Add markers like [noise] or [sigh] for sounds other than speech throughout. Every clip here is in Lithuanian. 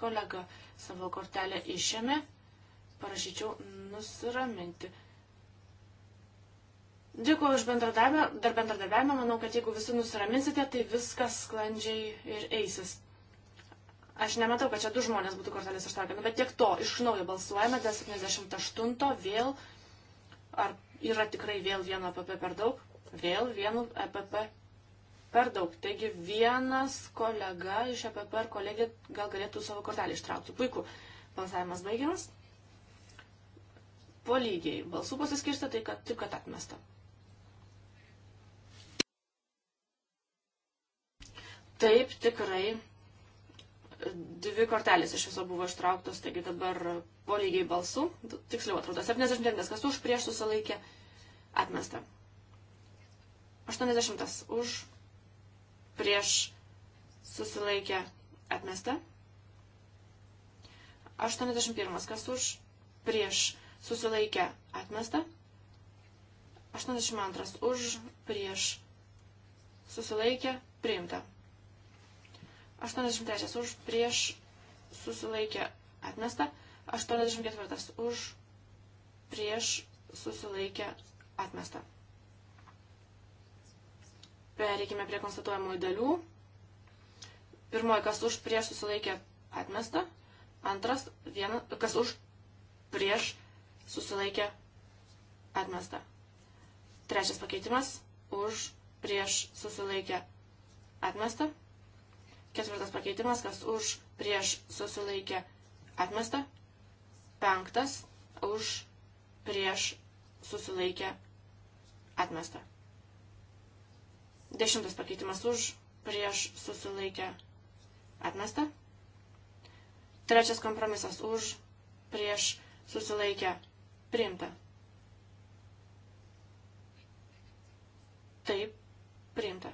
kolega savo kortelę išėmė, parašyčiau nusiraminti. Dėkuoju už bendradarbiavimą. Manau, kad jeigu visi nusiraminsite, tai viskas sklandžiai ir eisis. Aš nematau, kad čia du žmonės būtų kortelės ištraukę. Nu, bet tiek to, iš naujo balsuojame dėl 78 vėl. Ar yra tikrai vėl vieno EPP per daug? Vėl vienu EPP per daug. Taigi vienas kolega iš APP e ar kolegė gal galėtų savo kortelį ištraukti. Puiku. Balsavimas baigiamas. Po lygiai balsų pasiskirsta, tai kad tik kad atmesta. Taip, tikrai. Dvi kortelės iš viso buvo ištrauktos, taigi dabar po lygiai balsų, tiksliau atrodo, 79, kas už prieš susilaikė, atmesta. 80 už prieš susilaikę atmesta. 81. Kas už prieš susilaikę atmesta. 82. Už prieš susilaikę priimta. 83. Už prieš susilaikę atmesta. 84. Už prieš susilaikę atmesta. Pereikime prie konstatuojamųjų dalių. Pirmoji, kas už prieš susilaikė atmesta. Antras, viena, kas už prieš susilaikė atmesta. Trečias pakeitimas už prieš susilaikė atmesta. Ketvirtas pakeitimas, kas už prieš susilaikė atmesta. Penktas už prieš susilaikė atmesta. Dešimtas pakeitimas už, prieš susilaikę atmesta. Trečias kompromisas už, prieš susilaikę priimta. Taip, priimta.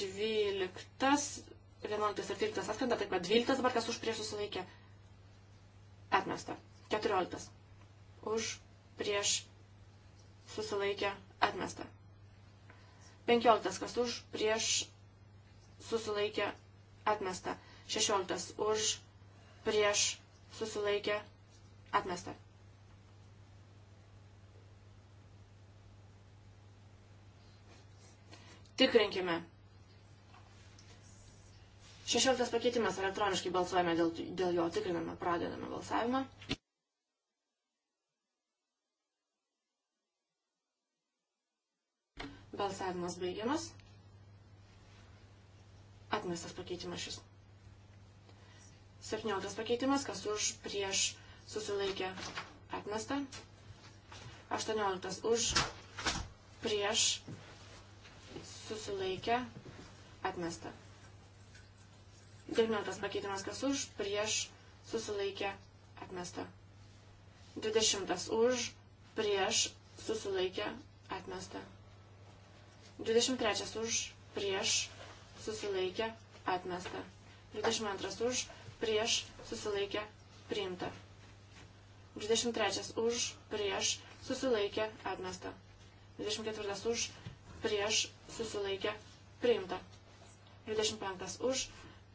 Dvyliktas, vienuoliktas ir tryliktas atskrenda, taip pat dvyliktas dabar kas už prieš susilaikė. Atmesta. Keturioliktas. Už prieš susilaikė Atmesta. 15. Kas už, prieš, susilaikė, atmesta. 16. Už, prieš, susilaikė, atmesta. Tikrinkime. 16 pakeitimas elektroniškai balsuojame dėl, dėl jo, tikriname, pradedame balsavimą. Balsavimas baigiamas. Atmestas pakeitimas šis. 17 pakeitimas, kas už prieš susilaikė atmestą. 18 už prieš susilaikė atmestą. 19 pakeitimas, kas už prieš susilaikė atmestą. 20 už prieš susilaikė atmestą. 23 už, prieš, susilaikė, atmesta. 22 už, prieš, susilaikė, priimta. 23 už, prieš, susilaikė, atmesta. 24 už, prieš, susilaikė, priimta. 25 už,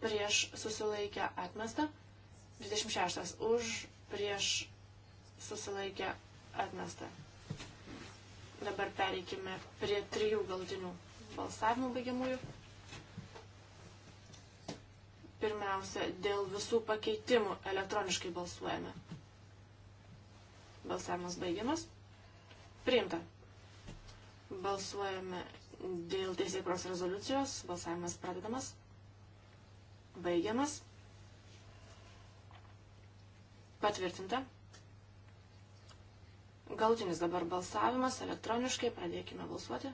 prieš, susilaikė, atmesta. 26 už, prieš, susilaikė, atmesta. Dabar pereikime prie trijų galtinių balsavimų baigiamųjų. Pirmiausia, dėl visų pakeitimų elektroniškai balsuojame. Balsavimas baigiamas. Priimta. Balsuojame dėl teisėkros rezoliucijos. Balsavimas pradedamas. Baigiamas. Patvirtinta. Galutinis dabar balsavimas elektroniškai. Pradėkime balsuoti.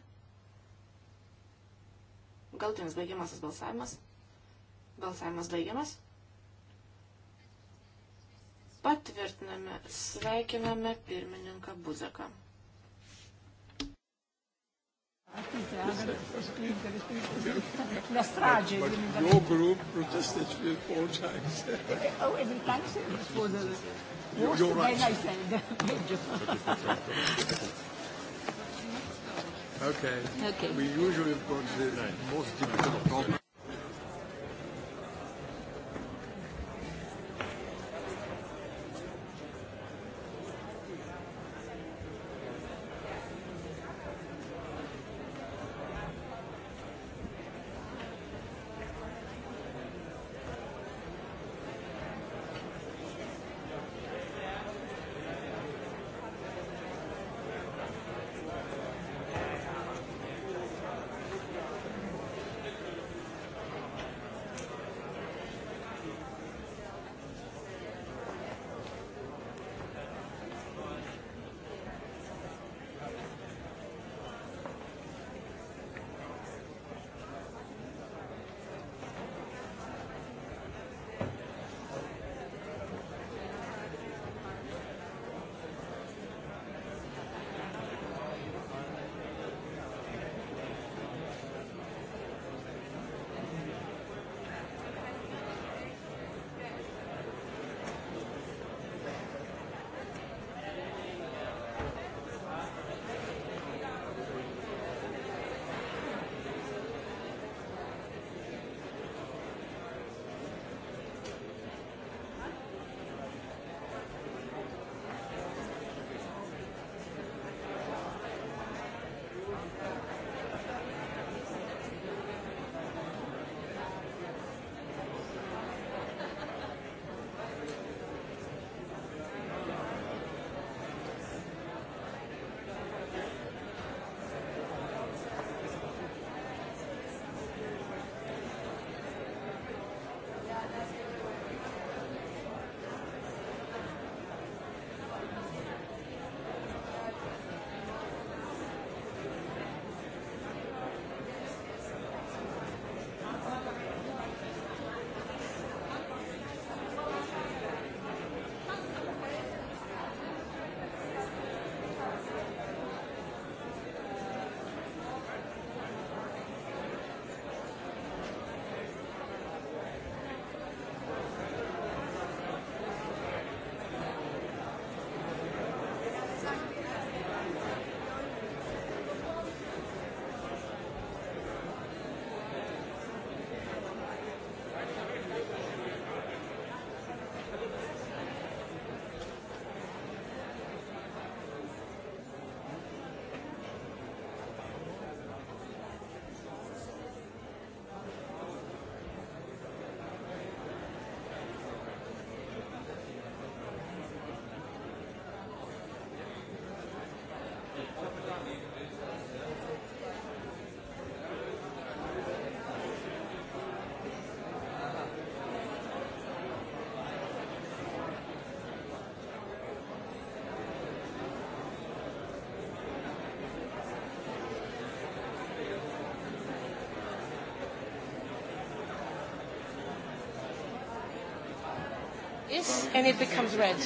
Galutinis baigiamasis balsavimas. Balsavimas baigiamas. Patvirtiname, sveikiname pirmininką Buzeką. La strage. But, but your group protested four times. oh, every time it was for the worst. You're right. Then I said, major. okay. Okay. We usually put the most difficult topic. this and it becomes red.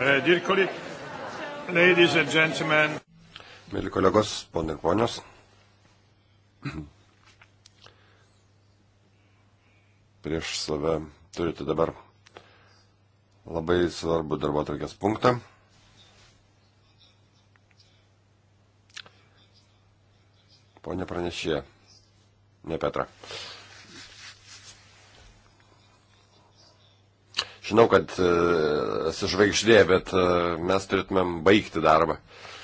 Uh, dear colleague, ladies and gentlemen. Mėly kolegos, ponai ir ponios. Prieš save turite dabar labai svarbų darbo atvarkės punktą. Pone pranešė, ne Petra. Žinau, kad e, esi žvaigždė, bet e, mes turėtumėm baigti darbą. Uh,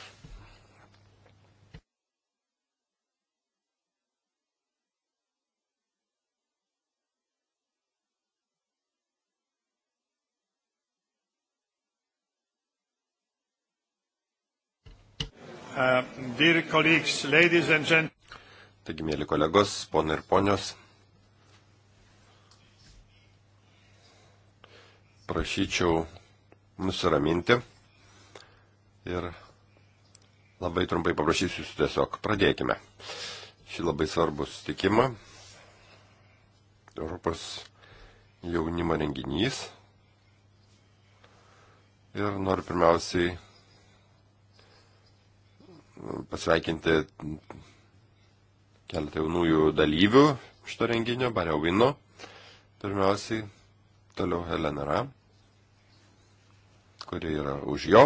Taigi, mėly kolegos, ponai ir ponios, prašyčiau nusiraminti ir labai trumpai paprašysiu jūsų tiesiog pradėkime šį labai svarbų sutikimą. Europos jaunimo renginys. Ir noriu pirmiausiai pasveikinti keletą jaunųjų dalyvių šito renginio, Bariauvino. Pirmiausiai, toliau Helena Ra, kuri yra už jo.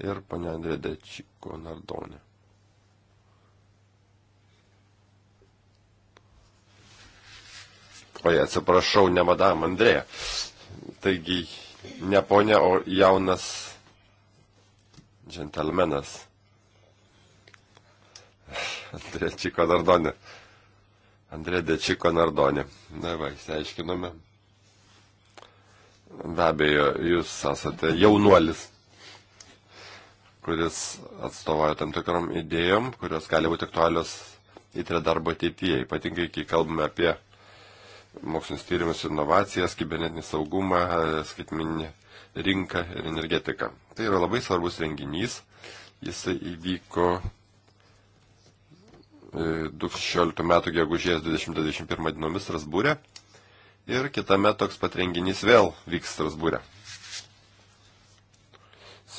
Ir ponia Andrė Dečiko Nardonė. Oi, atsiprašau, ne madam Andrė. Taigi, ne ponia, o jaunas džentelmenas. Andrė Čiko Nardonė. Andrė Dečiko Nardonė. Na, va, išsiaiškinome. Be abejo, jūs esate jaunuolis, kuris atstovauja tam tikrom idėjom, kurios gali būti aktualios įtrė darbo ateityje, ypatingai kai kalbame apie mokslinis tyrimus ir inovacijas, kibernetinį saugumą, skaitminį rinką ir energetiką. Tai yra labai svarbus renginys. Jis įvyko 2016 e, m. gegužės 20-21 dienomis Strasbūrė ir kitame toks pat renginys vėl vyks Strasbūrė.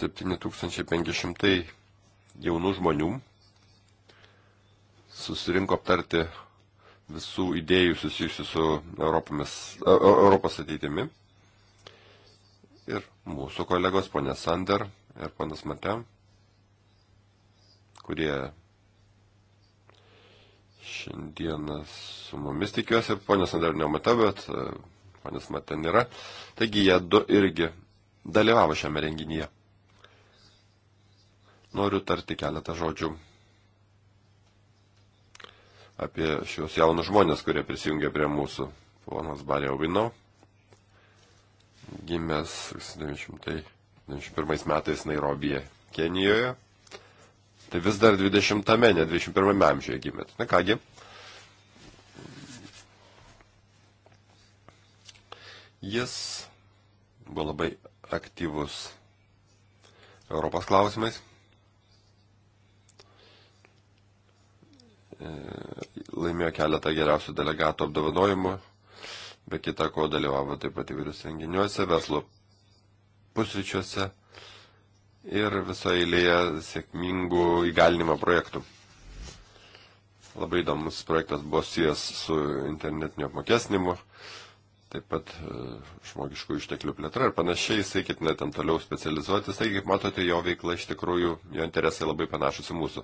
7500 jaunų žmonių susirinko aptarti visų idėjų susijusių su Europomis, Europos ateitimi mūsų kolegos, ponė Sander ir ponas Mate, kurie šiandieną su mumis tikiuosi, ponė Sander nematė, bet e, ponės Mate nėra. Taigi jie du irgi dalyvavo šiame renginyje. Noriu tarti keletą žodžių apie šios jaunus žmonės, kurie prisijungia prie mūsų. Ponas Barė Ovinau gimęs 1991 metais Nairobije, Kenijoje. Tai vis dar 20-ame, ne 21-ame amžiuje gimėt. Na kągi. Jis buvo labai aktyvus Europos klausimais. E, laimėjo keletą geriausių delegatų apdovanojimų Be kita ko dalyvavo taip pat įvairius renginiuose, verslo pusryčiuose ir viso eilėje sėkmingų įgalinimo projektų. Labai įdomus projektas buvo susijęs su internetiniu apmokesnimu, taip pat e, žmogiškų išteklių plėtra ir panašiai, jisai ketina ten toliau specializuotis, taigi, kaip matote, jo veikla iš tikrųjų, jo interesai labai panašus į mūsų.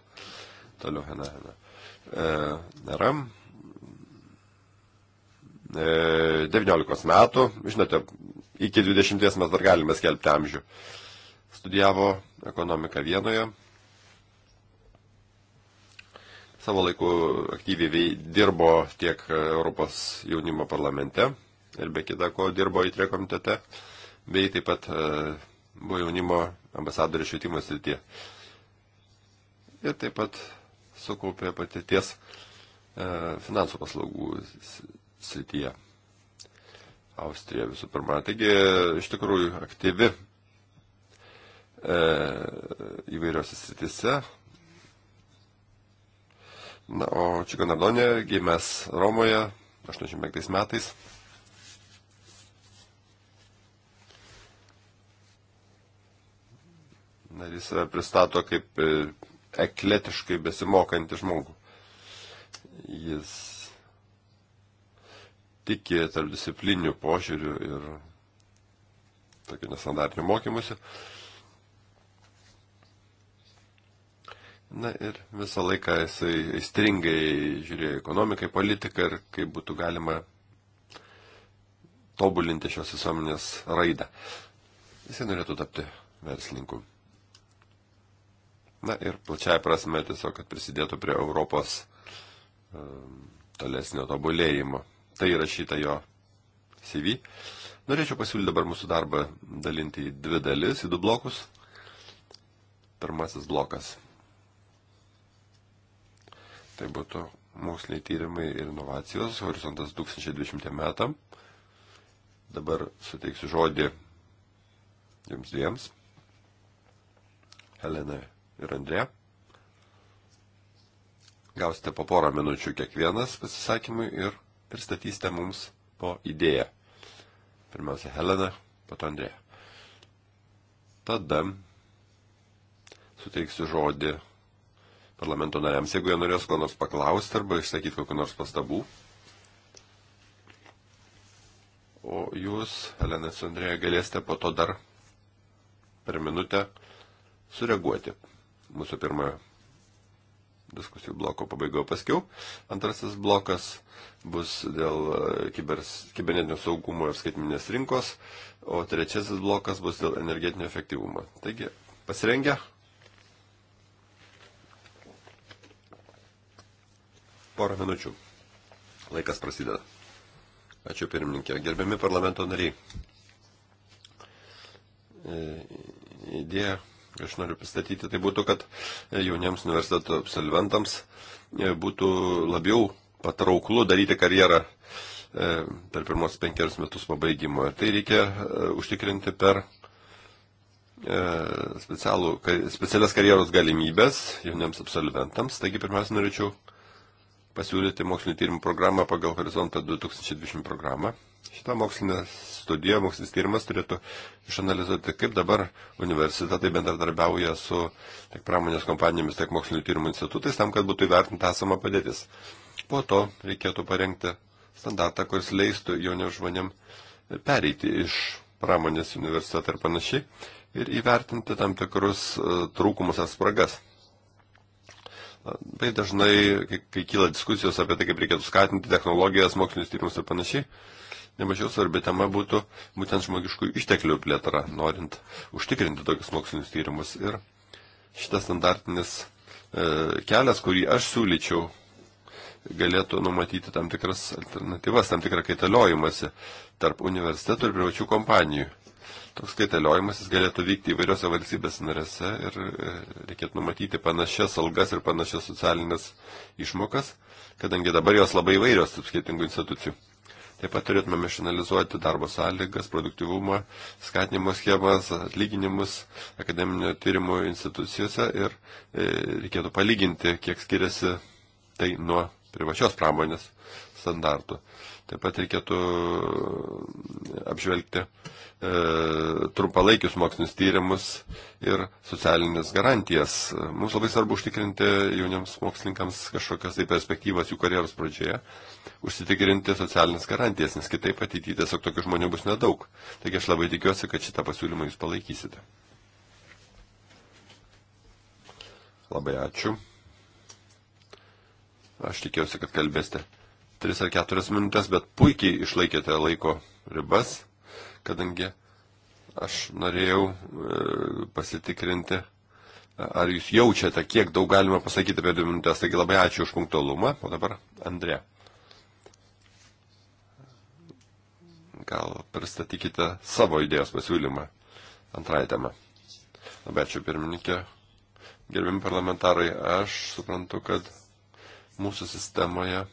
Toliau, hena, hena. E, RAM, 19 e, metų, žinote, iki 20 mes dar galime skelbti amžių. Studijavo ekonomiką Vienoje. Savo laiku aktyviai dirbo tiek Europos jaunimo parlamente ir be kita ko dirbo į trie komitete, bei taip pat e, buvo jaunimo ambasadorių švietimo srityje. Ir taip pat sukaupė patirties e, finansų paslaugų srityje. Austrija visų pirma. Taigi, iš tikrųjų, aktyvi e, įvairiose srityse. Na, o Čiganardonė gimęs Romoje 85 metais. Na, jis save pristato kaip e, ekletiškai besimokantį žmogų. Jis tiki tarp disciplinių požiūrių ir tokių nestandartinių mokymusių. Na ir visą laiką jisai stringai žiūrėjo ekonomikai, politiką ir kaip būtų galima tobulinti šios visuomenės raidą. Jisai norėtų tapti verslininku. Na ir plačiaja prasme tiesiog, kad prisidėtų prie Europos um, tolesnio tobulėjimo tai įrašyta jo CV. Norėčiau pasiūlyti dabar mūsų darbą dalinti į dvi dalis, į du blokus. Pirmasis blokas. Tai būtų moksliniai tyrimai ir inovacijos, horizontas 2020 metam. Dabar suteiksiu žodį jums dviems. Helena ir Andrė. Gausite po porą minučių kiekvienas pasisakymui ir pristatysite mums po idėją. Pirmiausia Helena, po to Andrėja. Tada suteiksiu žodį parlamento nariams, jeigu jie norės ko nors paklausti arba išsakyti kokiu nors pastabų. O jūs, Elena Sandrėja, galėsite po to dar per minutę sureaguoti. Mūsų pirmojo diskusijų bloko pabaigoje paskiau. Antrasis blokas bus dėl e, kibers, kibernetinio saugumo ir skaitminės rinkos, o trečiasis blokas bus dėl energetinio efektyvumo. Taigi, pasirengę? Porą minučių. Laikas prasideda. Ačiū pirmininkė. Gerbiami parlamento nariai. E, idėja, aš noriu pristatyti, tai būtų, kad e, jauniems universiteto absolventams būtų labiau patrauklu daryti karjerą e, per pirmos penkerius metus pabaigimo. Ir tai reikia e, užtikrinti per e, specialų, specialias karjeros galimybės jauniems absolventams. Taigi pirmiausia, norėčiau pasiūlyti mokslinio tyrimų programą pagal Horizontą 2020 programą. Šitą mokslinę studiją, mokslinis tyrimas turėtų išanalizuoti, kaip dabar universitetai bendradarbiauja su tiek pramonės kompanijomis, tiek mokslinio tyrimų institutais, tam, kad būtų įvertinta esama padėtis. Uh, Po to reikėtų parengti standartą, kuris leistų jauniem žmonėm pereiti iš pramonės universitetą ir panašiai ir įvertinti tam tikrus e, trūkumus ar spragas. Tai dažnai, kai, kai kyla diskusijos apie tai, kaip reikėtų skatinti technologijas, mokslinius tyrimus ir panašiai, nemažiau svarbi tema būtų būtent žmogiškų išteklių plėtra, norint užtikrinti tokius mokslinius tyrimus. Ir šitas standartinis e, kelias, kurį aš siūlyčiau galėtų numatyti tam tikras alternatyvas, tam tikrą kaitaliojimąsi tarp universitetų ir privačių kompanijų. Toks kaitaliojimas jis galėtų vykti įvairiose valstybės narėse ir e, reikėtų numatyti panašias algas ir panašias socialinės išmokas, kadangi dabar jos labai įvairios tarp skirtingų institucijų. Taip pat turėtume išanalizuoti darbo sąlygas, produktivumą, skatinimo schemas, atlyginimus akademinio tyrimo institucijose ir e, reikėtų palyginti, kiek skiriasi tai nuo privačios pramonės standartų. Taip pat reikėtų e, apžvelgti e, trumpalaikius mokslinius tyrimus ir socialinės garantijas. Mums labai svarbu užtikrinti jauniems mokslininkams kažkokias tai perspektyvas jų karjeros pradžioje, užsitikrinti socialinės garantijas, nes kitaip ateityje tiesiog tokių žmonių bus nedaug. Taigi aš labai tikiuosi, kad šitą pasiūlymą jūs palaikysite. Labai ačiū. Aš tikiuosi, kad kalbėsite 3 ar 4 minutės, bet puikiai išlaikėte laiko ribas, kadangi aš norėjau e, pasitikrinti, ar jūs jaučiate, kiek daug galima pasakyti per 2 minutės. Taigi labai ačiū už punktualumą. O dabar Andrė. Gal pristatykite savo idėjos pasiūlymą antrai temą. Labai ačiū pirmininkė. Gerbimi parlamentarai, aš suprantu, kad mūsų sistemoje e,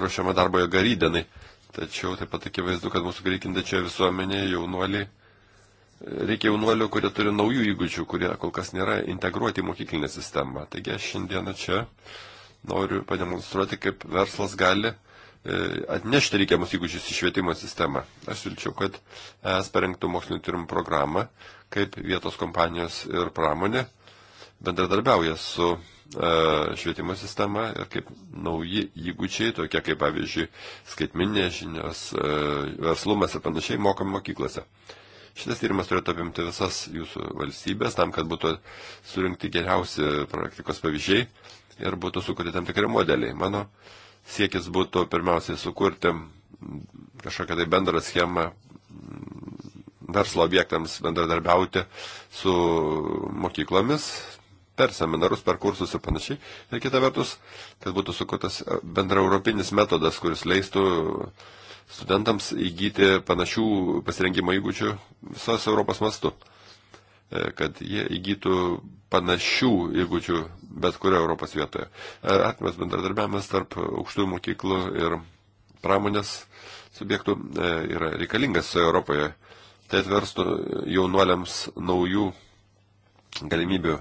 ruošiama darbo jėga rydenai. Tačiau taip pat akivaizdu, kad mūsų greikindačioje visuomenėje jaunuoliai, reikia jaunuolių, kurie turi naujų įgūdžių, kurie kol kas nėra integruoti į mokyklinę sistemą. Taigi aš šiandieną čia noriu pademonstruoti, kaip verslas gali e, atnešti reikiamus įgūdžius į švietimo sistemą. Aš siūlyčiau, kad ES parengtų mokslinio tyrimų programą, kaip vietos kompanijos ir pramonė bendradarbiauja su E, švietimo sistema ir kaip nauji įgūdžiai, tokie kaip pavyzdžiui skaitminės žinios, e, verslumas ir panašiai, mokami mokyklose. Šitas tyrimas turėtų apimti visas jūsų valstybės tam, kad būtų surinkti geriausi praktikos pavyzdžiai ir būtų sukurti tam tikri modeliai. Mano siekis būtų pirmiausiai sukurti kažkokią tai bendrą schemą verslo objektams bendradarbiauti su mokyklomis, per seminarus, per kursus ir panašiai. Ir kita vertus, kad būtų sukurtas e, bendraeuropinis metodas, kuris leistų studentams įgyti panašių pasirengimo įgūdžių visos Europos mastu. E, kad jie įgytų panašių įgūdžių bet kurioje Europos vietoje. E, atviras bendradarbiavimas tarp aukštųjų mokyklų ir pramonės subjektų yra reikalingas Europoje. Tai atverstų jaunuoliams naujų galimybių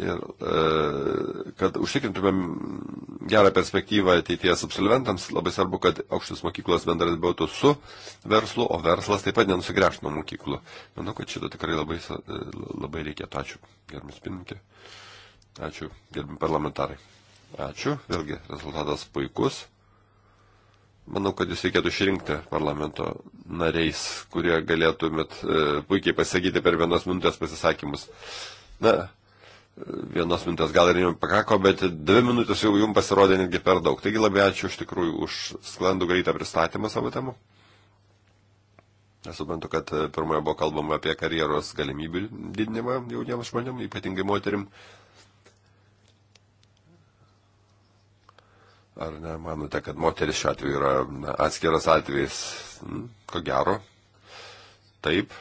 ir e, kad užtikrintumėm gerą perspektyvą ateities absolventams, labai svarbu, kad aukštus mokyklos bendradarbiautų su verslu, o verslas taip pat nenusigręš nuo mokyklų. Manau, kad šito tikrai labai, e, labai reikėtų. Ačiū, gerbimis pirmininkė. Ačiū, gerbim parlamentarai. Ačiū, vėlgi rezultatas puikus. Manau, kad jūs reikėtų išrinkti parlamento nariais, kurie galėtumėt e, puikiai pasakyti per vienos minutės pasisakymus. Na, vienos minutės gal ir jums pakako, bet dvi minutės jau jums pasirodė netgi per daug. Taigi labai ačiū iš tikrųjų už sklandų greitą pristatymą savo temų. Aš suprantu, kad pirmoje buvo kalbama apie karjeros galimybių didinimą jauniems žmonėms, ypatingai moterim. Ar ne, manote, kad moteris šiuo atveju yra na, atskiras atvejis? Ko gero. Taip.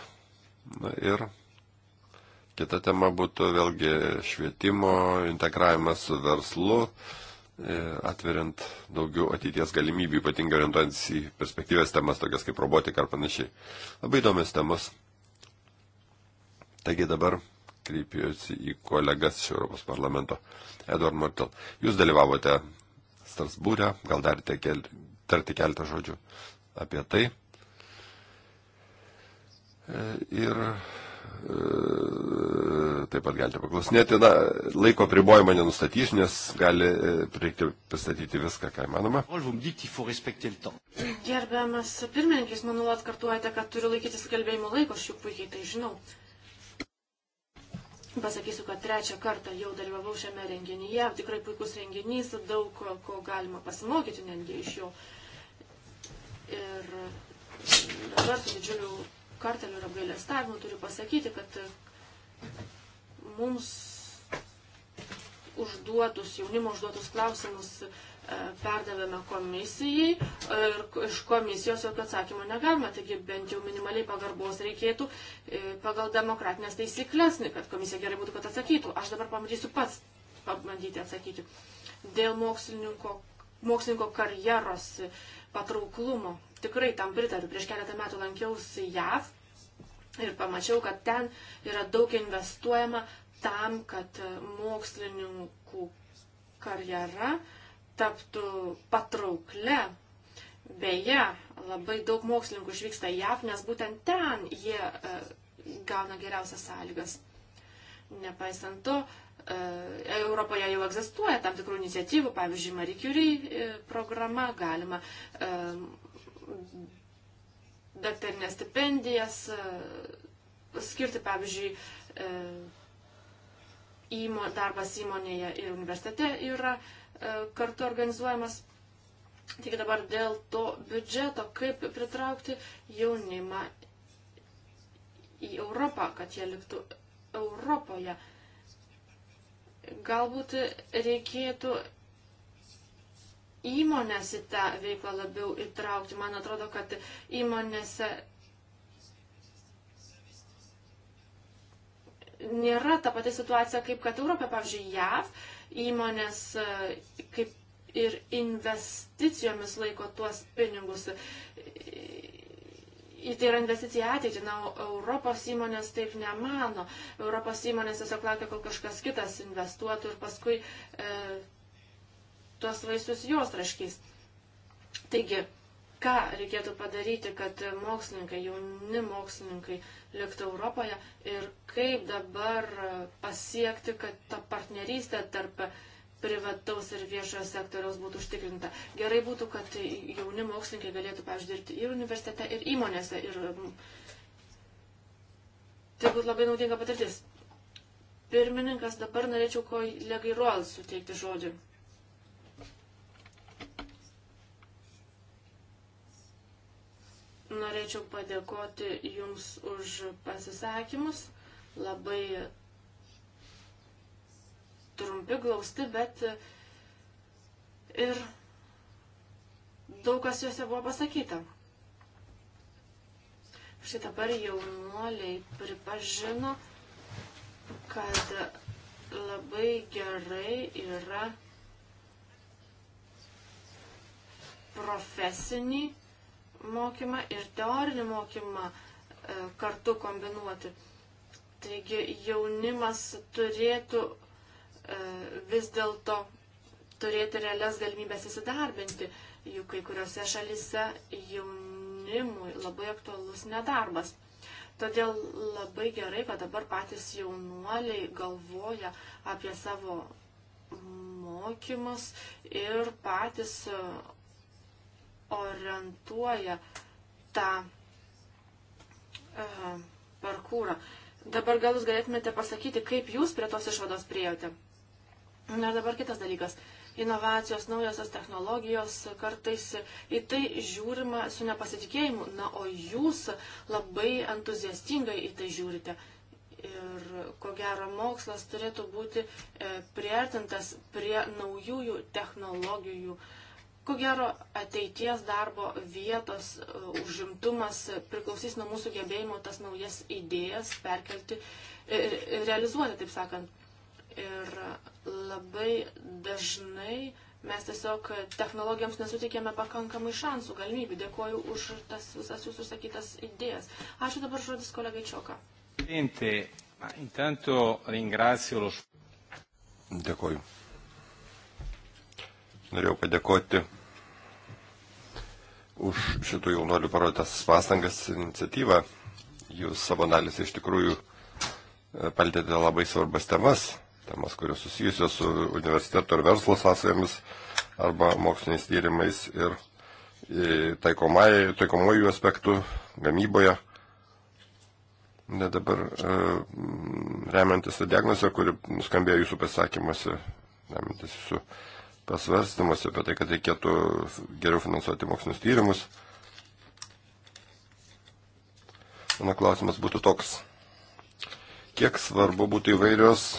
Na ir Kita tema būtų vėlgi švietimo, integravimas su verslu, e, atveriant daugiau ateities galimybių, ypatingai orientuojantis į perspektyvės temas, tokias kaip robotika ar panašiai. Labai įdomios temos. Taigi dabar kreipiuosi į kolegas iš Europos parlamento. Edward Mortel, jūs dalyvavote Strasbūrė, gal dar kel, tarti keletą žodžių apie tai. E, ir E, taip pat galite paklausinėti. Na, laiko pribojimą nenustatysiu, nes gali e, reikti pristatyti viską, ką įmanoma. Gerbiamas pirmininkis, man nuolat kartuojate, kad turiu laikytis kalbėjimo laiko, aš jau puikiai tai žinau. Pasakysiu, kad trečią kartą jau dalyvavau šiame renginyje, tikrai puikus renginys, daug ko galima pasimokyti netgi iš jo. Ir dabar su didžiuliu kartelių ir apgailestavimų turiu pasakyti, kad mums užduotus, jaunimo užduotus klausimus e, perdavėme komisijai ir iš komisijos jokio atsakymo negalime, taigi bent jau minimaliai pagarbos reikėtų e, pagal demokratinės taisyklės, kad komisija gerai būtų, kad atsakytų. Aš dabar pamatysiu pats pabandyti atsakyti. Dėl mokslininko, mokslininko karjeros patrauklumo. Tikrai tam pritariu. Prieš keletą metų lankiausi JAV ir pamačiau, kad ten yra daug investuojama tam, kad mokslininkų karjera taptų patrauklia. Beje, labai daug mokslininkų išvyksta į JAV, nes būtent ten jie e, gauna geriausias sąlygas. Nepaisant to, E, Europoje jau egzistuoja tam tikrų iniciatyvų, pavyzdžiui, Marie Curie e, programa, galima e, daktarinės stipendijas skirti, pavyzdžiui, įmo, darbas įmonėje ir universitete yra kartu organizuojamas. Tik dabar dėl to biudžeto, kaip pritraukti jaunimą į Europą, kad jie liktų Europoje. Uh, Galbūt reikėtų įmonės į tą veiklą labiau įtraukti. Man atrodo, kad įmonėse nėra ta pati situacija kaip kad Europė, pavyzdžiui, JAV įmonės e, kaip ir investicijomis laiko tuos pinigus į tai yra investicija į ateitį. Na, Europos įmonės taip nemano. Europos įmonės tiesiog laukia, kol kažkas kitas investuotų ir paskui e, tuos vaisius jos raškys. Taigi, ką reikėtų padaryti, kad mokslininkai, jauni mokslininkai liktų Europoje ir kaip dabar pasiekti, kad ta partnerystė tarp e, privataus ir viešojo sektoriaus būtų užtikrinta. Gerai būtų, kad jauni mokslininkai galėtų, pavyzdžiui, dirbti ir universitete, ir įmonėse. Ir mm, tai būtų labai naudinga patirtis. Pirmininkas, dabar norėčiau kolegai Roll suteikti žodžių. Norėčiau padėkoti Jums už pasisakymus. Labai trumpi, glausti, bet ir daug kas juose buvo pasakyta. Štai dabar jaunuoliai pripažino, kad labai gerai yra profesinį mokymą ir teorinį mokymą e, kartu kombinuoti. Taigi jaunimas turėtų E, vis dėlto turėti realias galimybės įsidarbinti, juk kai kuriuose šalise jaunimui labai aktualus nedarbas. Todėl labai gerai, kad dabar patys jaunuoliai galvoja apie savo mokymus ir patys orientuoja tą e, parkūrą. Dabar gal jūs galėtumėte pasakyti, kaip jūs prie tos išvados priejote? Na ir dabar kitas dalykas. Inovacijos, naujosios technologijos, kartais į tai žiūrima su nepasitikėjimu, na, o jūs labai entuziastingai į tai žiūrite. Ir ko gero mokslas turėtų būti e, priartintas prie naujųjų technologijų. Ko gero ateities darbo vietos e, užimtumas priklausys nuo mūsų gebėjimo tas naujas idėjas perkelti, e, realizuoti, taip sakant. Ir labai dažnai mes tiesiog technologijoms nesutikėme pakankamai šansų, galimybių. Dėkuoju už tas visas jūsų sakytas idėjas. Ačiū dabar žodis kolegai Čioka. Dėkuoju. Norėjau padėkoti už šitų jaunuolių parodytas pastangas iniciatyvą. Jūs savo analizę iš tikrųjų e, palėtėte labai svarbas temas temas, kurios susijusios su universiteto ir verslo sąsajomis arba moksliniais tyrimais ir e, taikomojų aspektų gamyboje. Ne dabar e, remiantis tą diagnozę, kuri nuskambėjo jūsų pasakymuose, remiantis jūsų pasvarstymuose apie tai, kad reikėtų geriau finansuoti mokslinius tyrimus. Mano klausimas būtų toks. Kiek svarbu būtų įvairios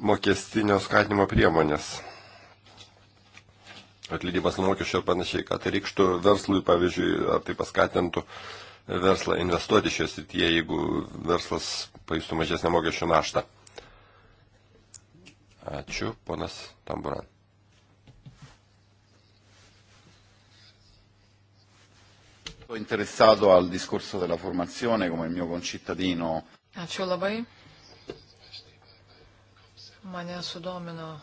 mokestinio skatinimo priemonės. Atlydimas nuo mokesčio ir panašiai. Ką tai reikštų verslui, pavyzdžiui, ar tai paskatintų verslą investuoti šioje srityje, jeigu verslas paistų mažesnę mokesčių naštą. Ačiū, ponas Tamburan. interessato al discorso della formazione come il mio concittadino. Ačiū labai. Mane sudomino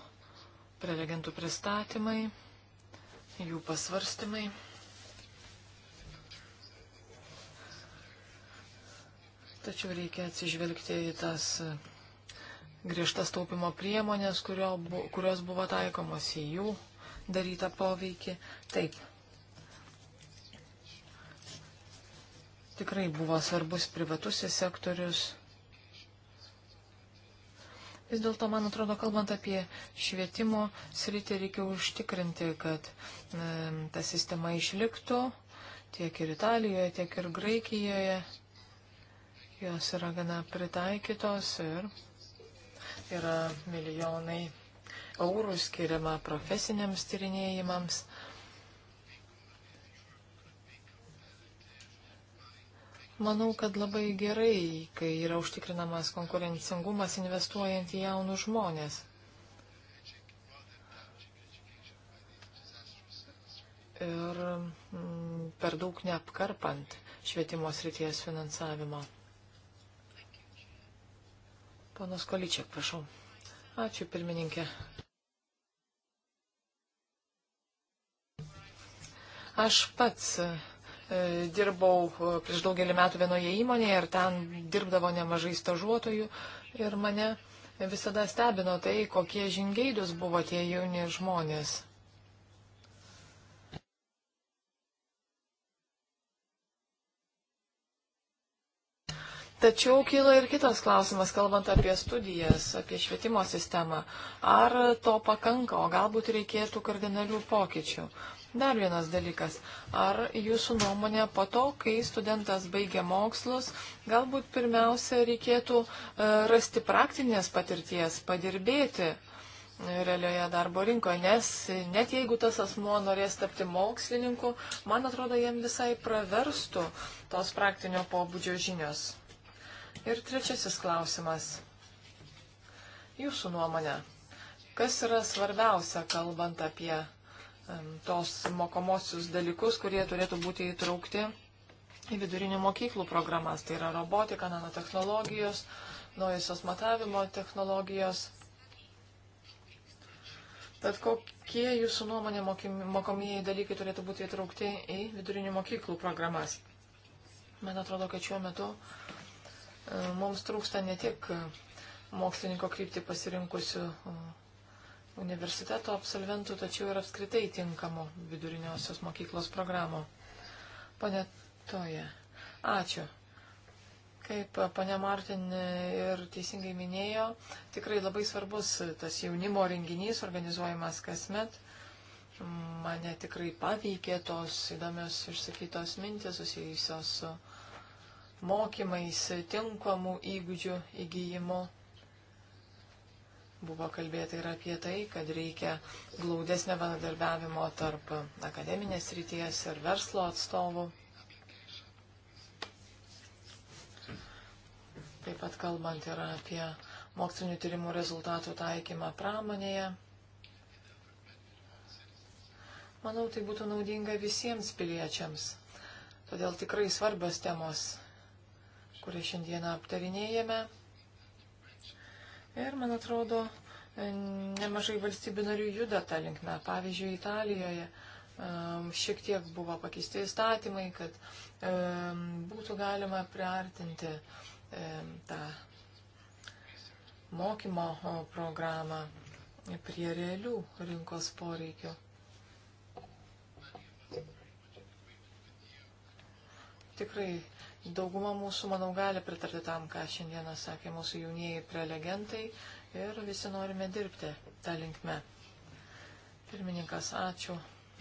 prelegentų pristatymai, jų pasvarstymai. Tačiau reikia atsižvelgti į tas griežtas taupimo priemonės, kurio, kurios buvo taikomos į jų darytą poveikį. Taip. Tikrai buvo svarbus privatusis sektorius. Vis dėlto, man atrodo, kalbant apie švietimo sritį, reikia užtikrinti, kad e, ta sistema išliktų tiek ir Italijoje, tiek ir Graikijoje. Jos yra gana pritaikytos ir yra milijonai eurų skiriama profesiniams tyrinėjimams. Manau, kad labai gerai, kai yra užtikrinamas konkurencingumas investuojant į jaunus žmonės. Ir mm, per daug neapkarpant švietimo srities finansavimo. Panas Kolyčiak, prašau. Ačiū, pirmininkė. Aš pats E, dirbau e, prieš daugelį metų vienoje įmonėje ir ten dirbdavo nemažai stažuotojų ir mane visada stebino tai, kokie žingeidus buvo tie jauni žmonės. Tačiau kyla ir kitas klausimas, kalbant apie studijas, apie švietimo sistemą. Ar to pakanka, o galbūt reikėtų kardinalių pokyčių? Dar vienas dalykas. Ar jūsų nuomonė po to, kai studentas baigia mokslus, galbūt pirmiausia reikėtų e, rasti praktinės patirties, padirbėti e, realioje darbo rinkoje, nes net jeigu tas asmuo norės tapti mokslininku, man atrodo, jam visai praverstų tos praktinio pobūdžio žinios. Ir trečiasis klausimas. Jūsų nuomonė, kas yra svarbiausia, kalbant apie tos mokomosius dalykus, kurie turėtų būti įtraukti į vidurinių mokyklų programas. Tai yra robotika, nanotehnologijos, naujasios matavimo technologijos. Tad kokie jūsų nuomonė mokomieji dalykai turėtų būti įtraukti į vidurinių mokyklų programas? Man atrodo, kad šiuo metu mums trūksta ne tik mokslininko kryptį pasirinkusių universiteto absolventų, tačiau ir apskritai tinkamų viduriniosios mokyklos programų. Pone Toje, ačiū. Kaip ponia Martin ir teisingai minėjo, tikrai labai svarbus tas jaunimo renginys organizuojamas kasmet. Mane tikrai paveikė tos įdomios išsakytos mintis susijusios su mokymais, tinkamų įgūdžių įgyjimu. Buvo kalbėta ir apie tai, kad reikia glaudesnio bendradarbiavimo tarp akademinės ryties ir verslo atstovų. Taip pat kalbant ir apie mokslinių tyrimų rezultatų taikymą pramonėje. Manau, tai būtų naudinga visiems piliečiams. Todėl tikrai svarbios temos, kurias šiandieną aptarinėjame. Ir, man atrodo, nemažai valstybių narių juda tą linkmę. Pavyzdžiui, Italijoje šiek tiek buvo pakeisti įstatymai, kad būtų galima priartinti tą mokymo programą prie realių rinkos poreikių. Tikrai Dauguma mūsų, manau, gali pritarti tam, ką šiandieną sakė mūsų jaunieji prelegentai ir visi norime dirbti tą linkme. Pirmininkas, ačiū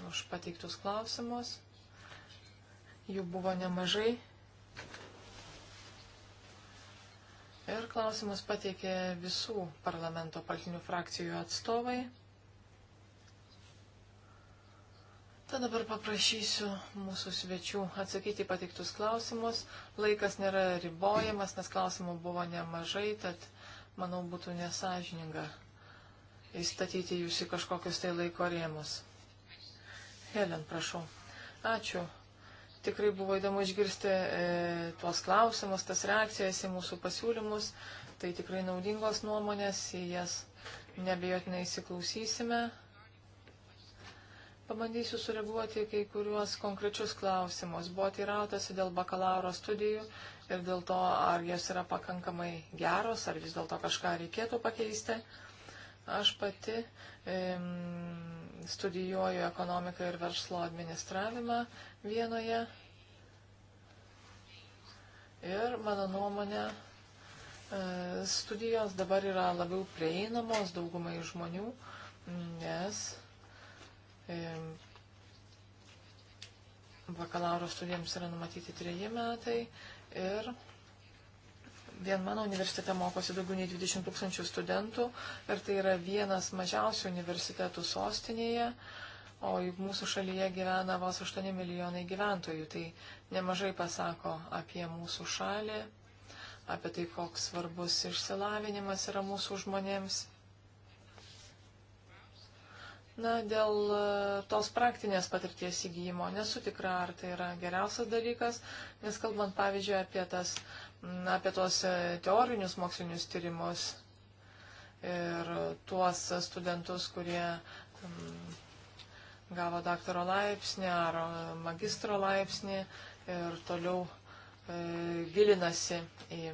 už pateiktus klausimus. Jų buvo nemažai. Ir klausimus pateikė visų parlamento partinių frakcijų atstovai. Tad dabar paprašysiu mūsų svečių atsakyti patiktus klausimus. Laikas nėra ribojamas, nes klausimų buvo nemažai, tad manau būtų nesažininga įstatyti jūs į kažkokius tai laiko rėmus. Helen, prašau. Ačiū. Tikrai buvo įdomu išgirsti e, tuos klausimus, tas reakcijas į mūsų pasiūlymus. Tai tikrai naudingos nuomonės, į jas nebejotinai įsiklausysime. Pabandysiu sureaguoti kai kuriuos konkrečius klausimus. Buvo teirautasi dėl bakalauro studijų ir dėl to, ar jos yra pakankamai geros, ar vis dėlto kažką reikėtų pakeisti. Aš pati e, studijuoju ekonomiką ir verslo administravimą vienoje. Ir mano nuomonė, e, studijos dabar yra labiau prieinamos daugumai žmonių, nes. Mm, E, bakalauro studijams yra numatyti treji metai ir vien mano universitete mokosi daugiau nei 20 tūkstančių studentų ir tai yra vienas mažiausių universitetų sostinėje, o juk mūsų šalyje gyvena vos 8 milijonai gyventojų, tai nemažai pasako apie mūsų šalį, apie tai, koks svarbus išsilavinimas yra mūsų žmonėms. Na, dėl e, tos praktinės patirties įgyjimo nesu tikra, ar tai yra geriausias dalykas, nes kalbant, pavyzdžiui, apie, tas, apie tuos e, teorinius mokslinius tyrimus ir tuos studentus, kurie gavo daktaro laipsnį ar e, magistro laipsnį ir toliau gilinasi į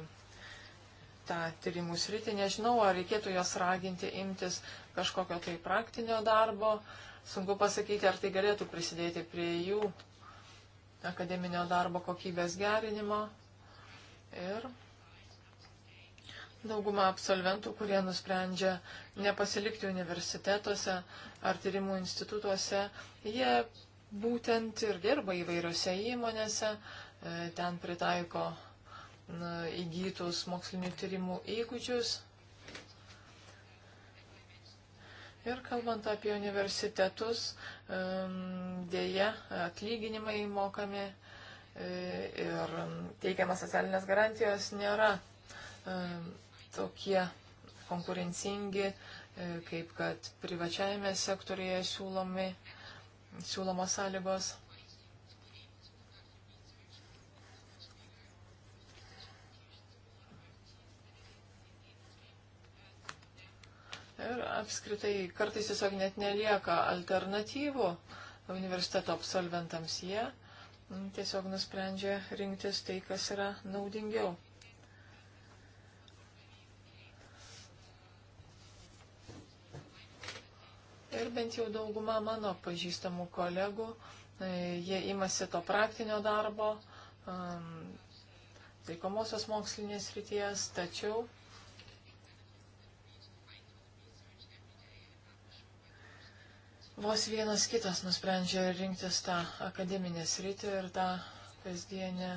tą tyrimų sritį. Nežinau, ar reikėtų jos raginti imtis kažkokio tai praktinio darbo. Sunku pasakyti, ar tai galėtų prisidėti prie jų akademinio darbo kokybės gerinimo. Ir dauguma absolventų, kurie nusprendžia nepasilikti universitetuose ar tyrimų institutuose, jie būtent ir dirba įvairiose įmonėse, e, ten pritaiko na, įgytus mokslinių tyrimų įgūdžius. Ir kalbant apie universitetus, dėja atlyginimai mokami e, ir teikiamas socialinės garantijos nėra tokie konkurencingi, e, kaip kad privačiajame sektorėje siūlomi, siūlomos sąlygos. Ir apskritai kartais tiesiog net nelieka alternatyvų universiteto absolventams. Jie mm, tiesiog nusprendžia rinktis tai, kas yra naudingiau. Ir bent jau dauguma mano pažįstamų kolegų, e, jie imasi to praktinio darbo, taikomosios mokslinės ryties, tačiau Vos vienas kitas nusprendžia rinktis tą akademinę sritį ir tą kasdienę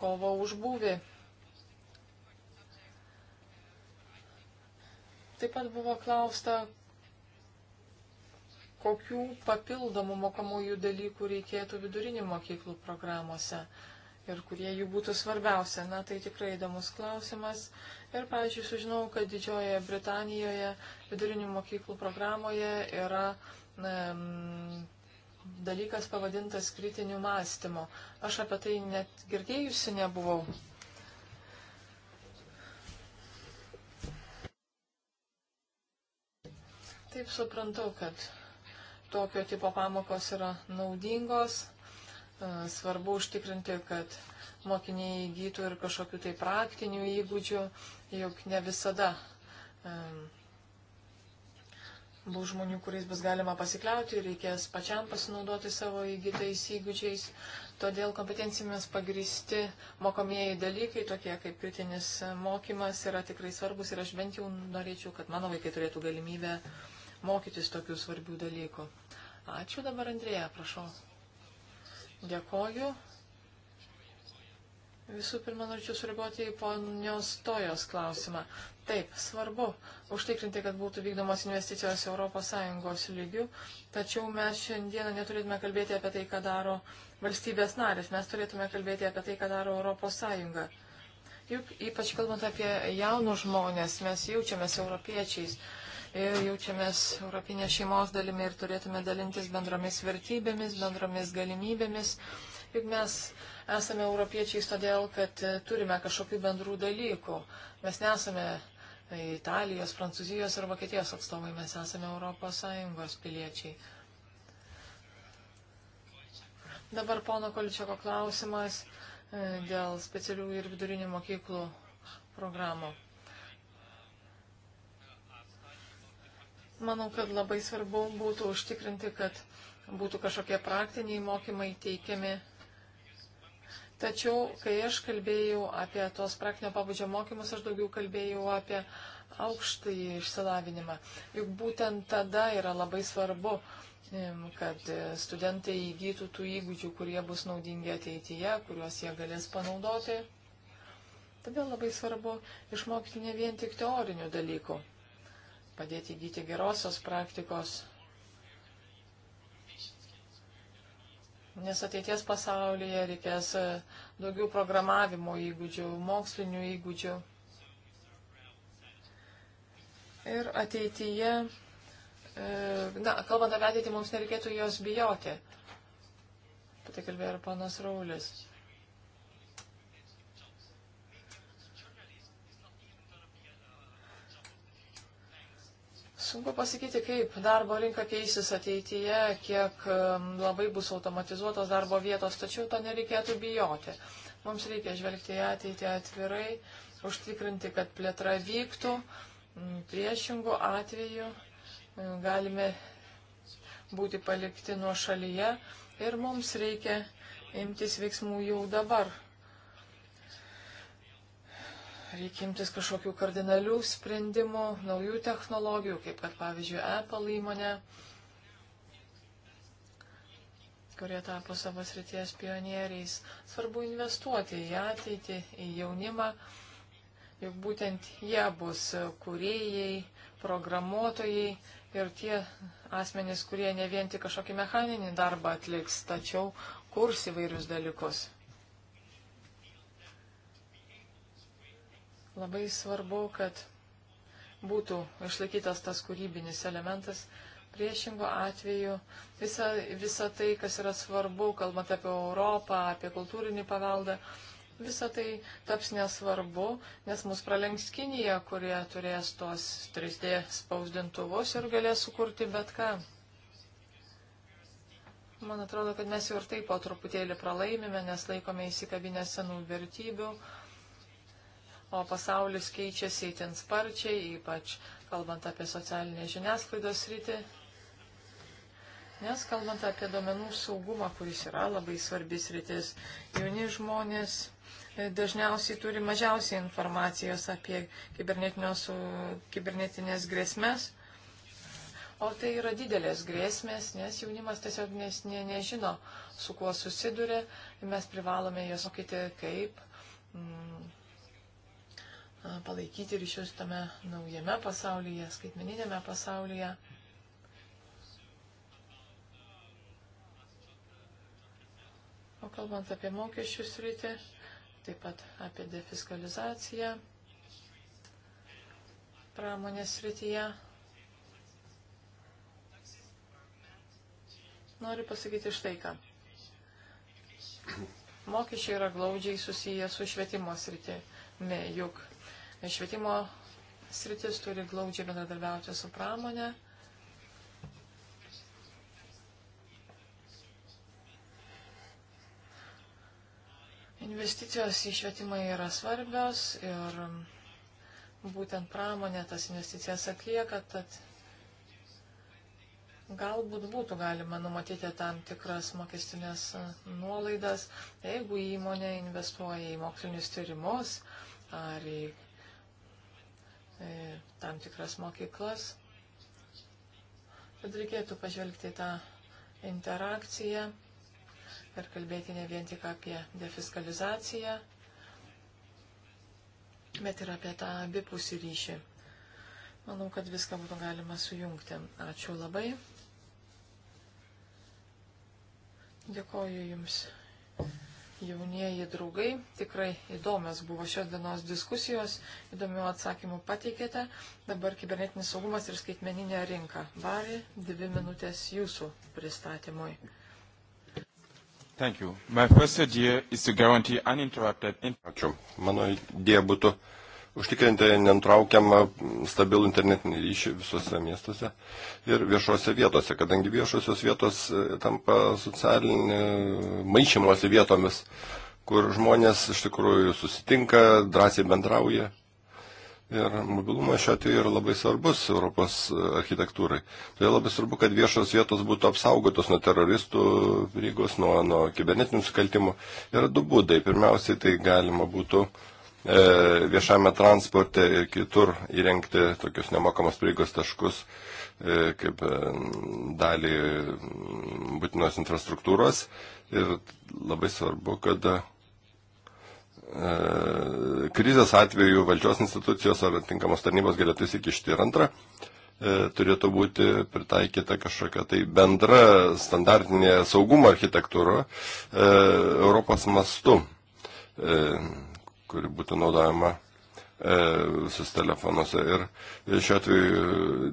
kovą už būvį. Taip pat buvo klausta, kokių papildomų mokamųjų dalykų reikėtų vidurinių mokyklų programuose ir kurie jų būtų svarbiausia. Na, tai tikrai įdomus klausimas. Ir, pavyzdžiui, sužinau, kad Didžiojoje Britanijoje vidurinių mokyklų programoje yra um, dalykas pavadintas kritiniu mąstymu. Aš apie tai net girdėjusi nebuvau. Taip suprantu, kad tokio tipo pamokos yra naudingos. E, svarbu užtikrinti, kad mokiniai įgytų ir kažkokiu tai praktiniu įgūdžiu, juk ne visada bus žmonių, kuriais bus galima pasikliauti, reikės pačiam pasinaudoti savo įgytais įgūdžiais. Todėl kompetencijomis pagristi mokomieji dalykai, tokie kaip kritinis mokymas, yra tikrai svarbus ir aš bent jau norėčiau, kad mano vaikai turėtų galimybę mokytis tokių svarbių dalykų. Ačiū dabar, Andrėja, prašau. Dėkoju. Visų pirma, norėčiau sureaguoti į ponios Tojos klausimą. Taip, svarbu užtikrinti, kad būtų vykdomos investicijos ES lygių, tačiau mes šiandieną neturėtume kalbėti apie tai, ką daro valstybės narės, mes turėtume kalbėti apie tai, ką daro ES. Juk ypač kalbant apie jaunus žmonės, mes jaučiamės europiečiais, e, jaučiamės europinės šeimos dalimi ir turėtume dalintis bendromis vertybėmis, bendromis galimybėmis. Juk mes esame europiečiais todėl, kad e, turime kažkokių bendrų dalykų. Mes nesame e, Italijos, Prancūzijos ir Vokietijos atstovai, mes esame Europos Sąjungos piliečiai. Dabar pono Količiako klausimas e, dėl specialių ir vidurinių mokyklų programų. Manau, kad labai svarbu būtų užtikrinti, kad būtų kažkokie praktiniai mokymai teikiami Tačiau, kai aš kalbėjau apie tos praktinio pabudžio mokymus, aš daugiau kalbėjau apie aukštąjį išsilavinimą. Juk būtent tada yra labai svarbu, kad e, studentai įgytų tų įgūdžių, kurie bus naudingi ateityje, kuriuos jie galės panaudoti. Todėl labai svarbu išmokti ne vien tik teorinių dalykų, padėti įgyti gerosios praktikos nes ateities pasaulyje reikės e, daugiau programavimo įgūdžių, mokslinių įgūdžių. Ir ateityje, e, na, kalbant apie ateitį, mums nereikėtų jos bijoti. Patai kalbėjo ir panas Raulis. Sunku pasakyti, kaip darbo rinka keisis ateityje, kiek labai bus automatizuotos darbo vietos, tačiau to nereikėtų bijoti. Mums reikia žvelgti į ateitį atvirai, užtikrinti, kad plėtra vyktų. Mm, priešingų atveju mm, galime būti palikti nuo šalyje ir mums reikia imtis veiksmų jau dabar. Reikia imtis kažkokių kardinalių sprendimų, naujų technologijų, kaip kad pavyzdžiui Apple įmonė, kurie tapo savo srities pionieriais. Svarbu investuoti į ateitį, į jaunimą, juk būtent jie bus kūrėjai, programuotojai ir tie asmenys, kurie ne vien tik kažkokį mechaninį darbą atliks, tačiau kurs įvairius dalykus. Labai svarbu, kad būtų išlaikytas tas kūrybinis elementas. Priešingo atveju visa, visa tai, kas yra svarbu, kalbant apie Europą, apie kultūrinį paveldą, visa tai taps nesvarbu, nes mus pralenks Kinija, kurie turės tuos 3D spausdintuvus ir galės sukurti bet ką. Man atrodo, kad mes jau ir taip po truputėlį pralaimime, nes laikome įsikabinę senų vertybių o pasaulis keičiasi įtin sparčiai, ypač kalbant apie socialinę žiniasklaidos rytį. Nes kalbant apie domenų saugumą, kuris yra labai svarbis rytis, jauni žmonės e, dažniausiai turi mažiausiai informacijos apie kibernetinės grėsmės. O tai yra didelės grėsmės, nes jaunimas tiesiog nes, ne, nežino, su kuo susiduria. Mes privalome juos mokyti, kaip mm, palaikyti ryšius tame naujame pasaulyje, skaitmeninėme pasaulyje. O kalbant apie mokesčių sritį, taip pat apie defiskalizaciją pramonės srityje. Noriu pasakyti štai ką. Mokesčiai yra glaudžiai susiję su švietimo sritimi, juk Švietimo sritis turi glaudžiai bendradarbiauti su pramonė. Investicijos į švietimą yra svarbios ir būtent pramonė tas investicijas atlieka, tad galbūt būtų galima numatyti tam tikras mokestinės nuolaidas, jeigu įmonė investuoja į mokslinius tyrimus ar į tam tikras mokyklas. Tad reikėtų pažvelgti tą interakciją ir kalbėti ne vien tik apie defiskalizaciją, bet ir apie tą abipusį ryšį. Manau, kad viską būtų galima sujungti. Ačiū labai. Dėkoju Jums jaunieji draugai. Tikrai įdomios buvo šios dienos diskusijos, įdomių atsakymų pateikėte. Dabar kibernetinis saugumas ir skaitmeninė rinka. Bari, dvi minutės jūsų pristatymui. Ačiū. Mano idėja būtų užtikrinti nentraukiamą stabilų internetinį ryšį visuose miestuose ir viešuose vietose, kadangi viešosios vietos e, tampa socialinė maišymosi vietomis, kur žmonės iš tikrųjų susitinka, drąsiai bendrauja. Ir mobilumas šiuo atveju yra labai svarbus Europos e, architektūrai. Todėl labai svarbu, kad viešos vietos būtų apsaugotos nuo teroristų prieigos, nuo, nuo kibernetinių nusikaltimų. Yra du būdai. Pirmiausiai tai galima būtų uh, E, viešame transporte ir kitur įrengti tokius nemokamos prieigos taškus e, kaip e, dalį būtinos infrastruktūros. Ir labai svarbu, kad krizės atveju valdžios institucijos ar tinkamos tarnybos galėtų įsikišti ir antrą turėtų būti pritaikyta kažkokia tai bendra standartinė saugumo architektūra Europos mastu kuri būtų naudojama e, visus telefonuose. Ir šiuo atveju e,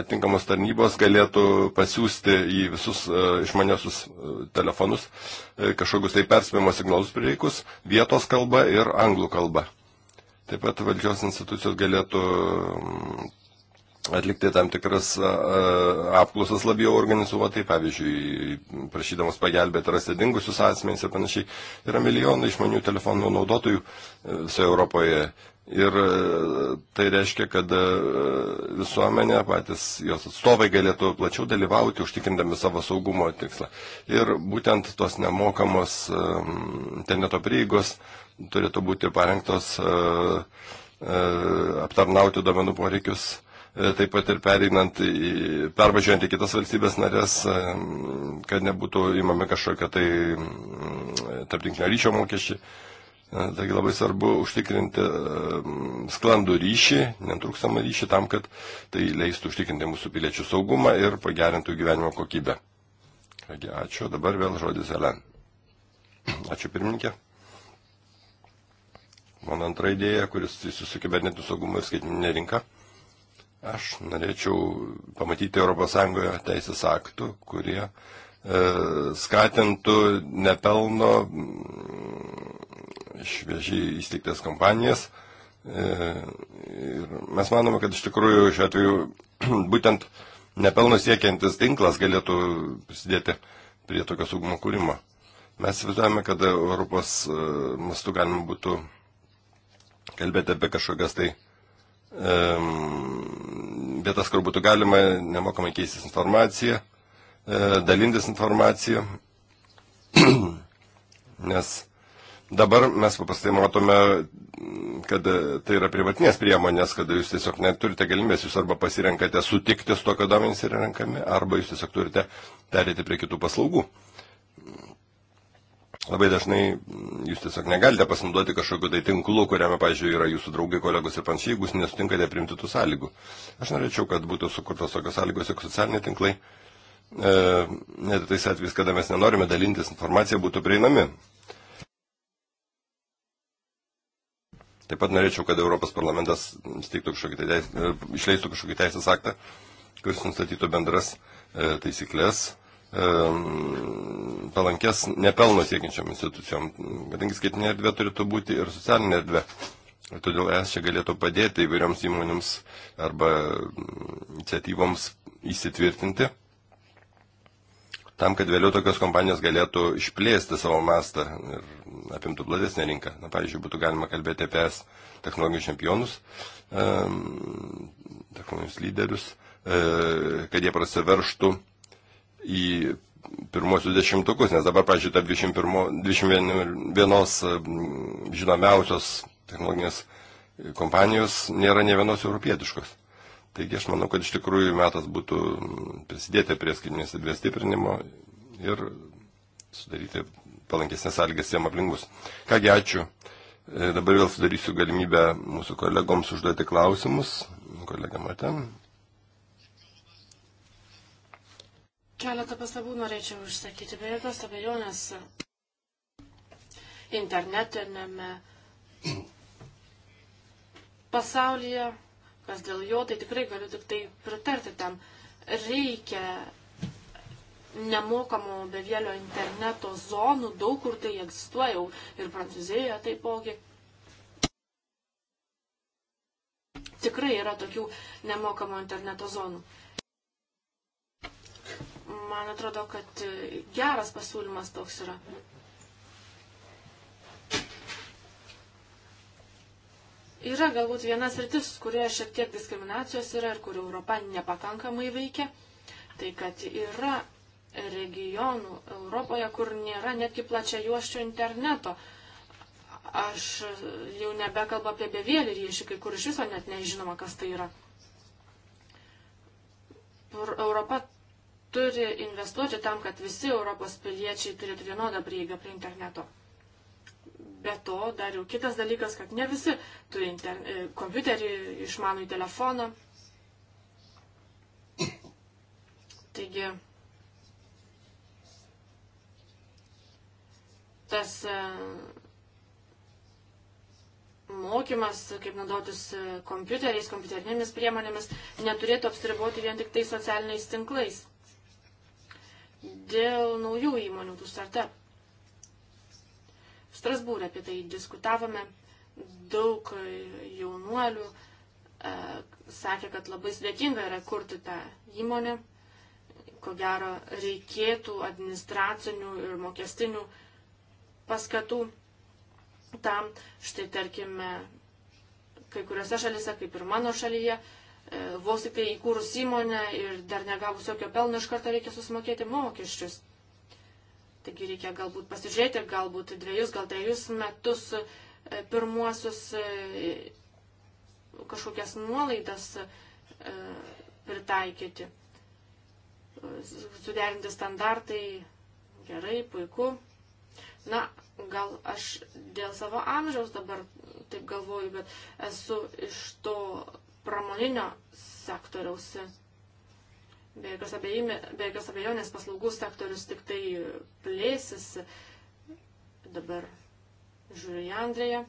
atinkamos tarnybos galėtų pasiūsti į visus e, išmaniosius telefonus kažkokius tai perspėjimo signalus prireikus vietos kalba ir anglų kalba. Taip pat valdžios institucijos galėtų atlikti tam tikras apklausas labiau organizuotai, pavyzdžiui, prašydamas pagelbėti rasti dingusius asmenys ir panašiai. Yra milijonai išmanių telefonų naudotojų e, visoje Europoje. Ir e, tai reiškia, kad e, visuomenė patys jos atstovai galėtų plačiau dalyvauti, užtikrindami savo saugumo tikslą. Ir būtent tos nemokamos interneto prieigos turėtų būti parengtos aptarnauti domenų poreikius E, taip pat ir pereinant, į, pervažiuojant į kitas valstybės narės, e, kad nebūtų įmami kažkokia tai mm, tarptinklinio ryšio mokesčiai. E, taigi labai svarbu užtikrinti sklandų ryšį, netrūkstamą ryšį tam, kad tai leistų užtikrinti mūsų piliečių saugumą ir pagerintų gyvenimo kokybę. Kągi, ačiū. Dabar vėl žodis Elen. [clears throat] Ačiū pirmininkė. Mano antra idėja, kuris susisukė bernetų saugumą ir skaitminė rinka. Aš norėčiau pamatyti ES teisės aktų, kurie e, skatintų nepelno mm, šviežiai įsteigtas kompanijas. E, ir mes manome, kad iš tikrųjų šiuo atveju [clears throat] būtent nepelno siekiantis tinklas galėtų prisidėti prie tokio saugumo kūrimo. Mes įsivaizduojame, kad Europos e, mastu galima būtų kalbėti apie kažkokias tai vietas, ehm, kur būtų galima nemokamai keistis informaciją, e, dalintis informaciją, [clears throat] nes dabar mes paprastai matome, kad e, tai yra privatinės priemonės, kada jūs tiesiog neturite galimybės, jūs arba pasirenkate sutikti su to, kad duomenys yra renkami, arba jūs tiesiog turite perėti prie kitų paslaugų labai dažnai mm, jūs tiesiog negalite pasinaudoti kažkokiu tai tinklu, kuriame, pažiūrėjau, yra jūsų draugai, kolegos ir panašiai, jeigu jūs nesutinkate priimti tų sąlygų. Aš norėčiau, kad būtų sukurtos tokios sąlygos, jog socialiniai tinklai, e, net tais atvejais, kada mes nenorime dalintis informaciją, būtų prieinami. Taip pat norėčiau, kad Europos parlamentas kažkokį tai teis, e, išleistų kažkokį teisės aktą, kuris nustatytų bendras e, taisyklės Ehm, palankės nepelno siekiančiam institucijom, kadangi skaitinė erdvė turėtų būti ir socialinė erdvė. Ir todėl es čia galėtų padėti įvairioms įmonėms arba mm, iniciatyvoms įsitvirtinti, tam, kad vėliau tokios kompanijos galėtų išplėsti savo mastą ir apimtų platesnę rinką. Na, pavyzdžiui, būtų galima kalbėti apie es technologijų čempionus, ehm, technologijos lyderius, e, kad jie prasiverštų į pirmosius dešimtukus, nes dabar, pažiūrėjau, tarp 21, 21 e, žinomiausios technologinės kompanijos nėra ne vienos europietiškos. Taigi aš manau, kad iš tikrųjų metas būtų prisidėti prie skaitinės erdvės stiprinimo ir sudaryti palankesnės sąlygas jiem aplinkus. Kągi, ačiū. E, dabar vėl sudarysiu galimybę mūsų kolegoms užduoti klausimus. Kolega Matem. Keletą pastabų norėčiau išsakyti. Be jokios abejonės internetinėme pasaulyje, kas dėl jo, tai tikrai galiu tik tai pritarti tam. Reikia nemokamo bevėlio interneto zonų, daug kur tai egzistuoja jau ir Prancūzijoje taipogi. Tikrai yra tokių nemokamo interneto zonų. Man atrodo, kad e, geras pasiūlymas toks yra. Yra galbūt vienas rytis, kurioje šiek tiek diskriminacijos yra ir kur Europa nepakankamai veikia. Tai kad yra regionų Europoje, kur nėra netgi plačia juoščio interneto. Aš jau nebekalbu apie bevėlį ryšį, kai kur iš viso net nežinoma, kas tai yra. Europa turi investuoti tam, kad visi Europos piliečiai turėtų vienodą prieigą prie interneto. Be to, dar jau kitas dalykas, kad ne visi turi interne, e, kompiuterį, išmanų į telefoną. Taigi, tas e, mokymas, kaip naudotis e, kompiuteriais, kompiuterinėmis priemonėmis, neturėtų apsiriboti vien tik tai socialiniais tinklais dėl naujų įmonių, tų startup. Strasbūrė apie tai diskutavome, daug jaunuolių e, sakė, kad labai sudėtinga yra kurti tą įmonę. Ko gero, reikėtų administracinių ir mokestinių paskatų tam. Štai tarkime, kai kuriuose šalise, kaip ir mano šalyje, e, E, vos tik tai įkūrus įmonę ir dar negavus jokio pelno iš karto reikia susimokėti mokesčius. Taigi reikia galbūt pasižiūrėti, galbūt dviejus, gal trejus metus e, pirmuosius e, kažkokias nuolaidas pritaikyti. Suderinti standartai gerai, puiku. Na, gal aš dėl savo amžiaus dabar taip galvoju, bet esu iš to pramoninio sektoriaus. Be jokios, abejimė, be jokios abejonės paslaugų sektorius tik tai plėsis. Dabar žiūriu į Andrėją.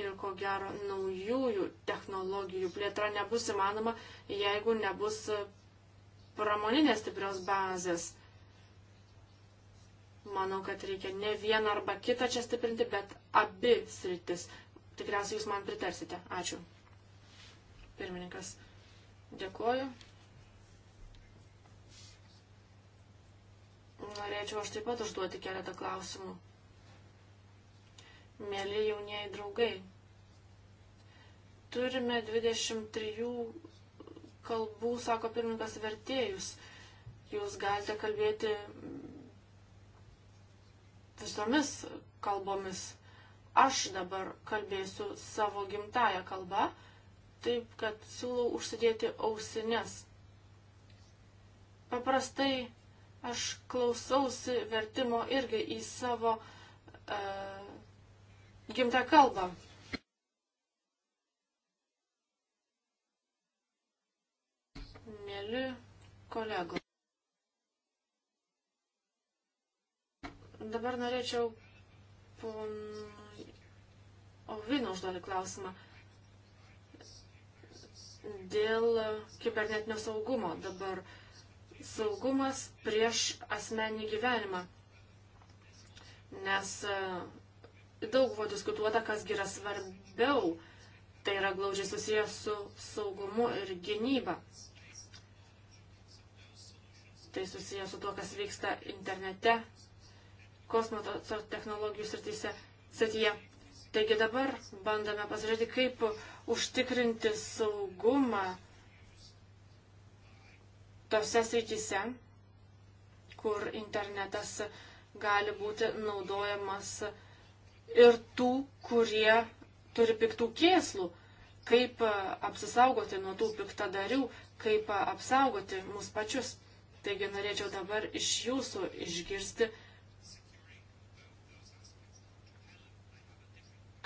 Ir ko gero naujųjų technologijų plėtra nebus įmanoma, jeigu nebus pramoninės stiprios bazės. Manau, kad reikia ne vieną arba kitą čia stiprinti, bet abi sritis. Tikriausiai jūs man pritarsite. Ačiū. Pirmininkas, dėkoju. Norėčiau aš taip pat užduoti keletą klausimų. Mėly jaunieji draugai, turime 23 kalbų, sako pirmininkas, vertėjus. Jūs galite kalbėti visomis kalbomis. Aš dabar kalbėsiu savo gimtają kalbą, Taip, kad siūlau užsidėti ausines. Paprastai aš klausausi vertimo irgi į savo uh, gimtą kalbą. Mėly kolegos. Dabar norėčiau ponui Ovino užduoti klausimą dėl kibernetinio saugumo. Dabar saugumas prieš asmenį gyvenimą. Nes e, daug buvo diskutuota, kas yra svarbiau. Tai yra glaudžiai susijęs su saugumu ir gynyba. Tai susijęs su tuo, kas vyksta internete, kosmoso technologijų srityse, srityje. Taigi dabar bandome pasižiūrėti, kaip užtikrinti saugumą tose srityse, kur internetas gali būti naudojamas ir tų, kurie turi piktų kėslų, kaip apsisaugoti nuo tų piktadarių, kaip apsaugoti mus pačius. Taigi norėčiau dabar iš jūsų išgirsti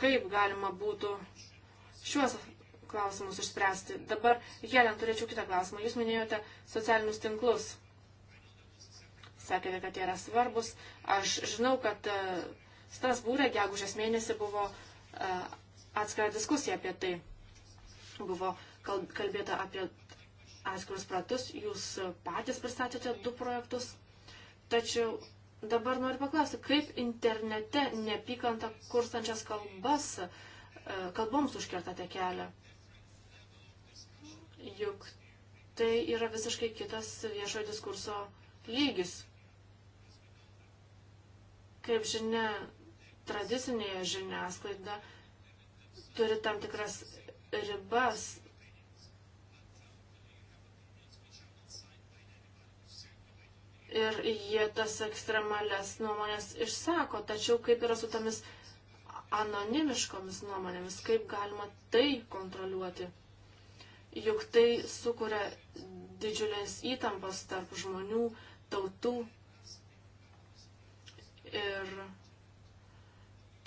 kaip galima būtų šiuos klausimus išspręsti. Dabar, Jelen, turėčiau kitą klausimą. Jūs minėjote socialinius tinklus. Sakėte, kad jie yra svarbus. Aš žinau, kad e, Strasbūrė gegužės mėnesį buvo e, atskira diskusija apie tai. Buvo kalbėta apie atskirus pratus. Jūs e, patys pristatėte du projektus. Tačiau Dabar noriu paklausti, kaip internete nepykantą kurstančias kalbas, e, kalboms užkertate kelią? Juk tai yra visiškai kitas viešojo diskurso lygis. Kaip žinia, tradicinėje žiniasklaida turi tam tikras ribas ir jie tas ekstremales nuomonės išsako. Tačiau kaip yra su tomis anonimiškomis nuomonėmis, kaip galima tai kontroliuoti? Juk tai sukuria didžiulės įtampos tarp žmonių, tautų. Ir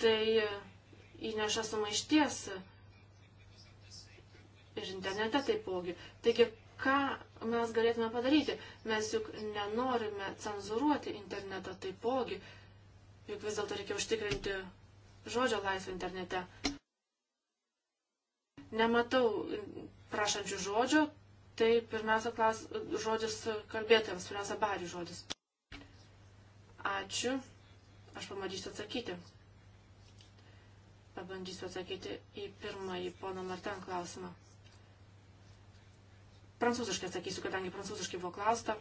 tai įneša sumaišties ir internete taipogi. Taigi, ką mes galėtume padaryti. Mes juk nenorime cenzuruoti internetą taipogi, juk vis dėlto reikia užtikrinti žodžio laisvę internete. Nematau prašančių žodžio, tai pirmiausia klaus, žodis kalbėtojams, pirmiausia bari žodis. Ačiū, aš pamatysiu atsakyti. Pabandysiu atsakyti į pirmąjį pono Marten klausimą. Prancūziškai atsakysiu, kadangi prancūziškai buvo klausta.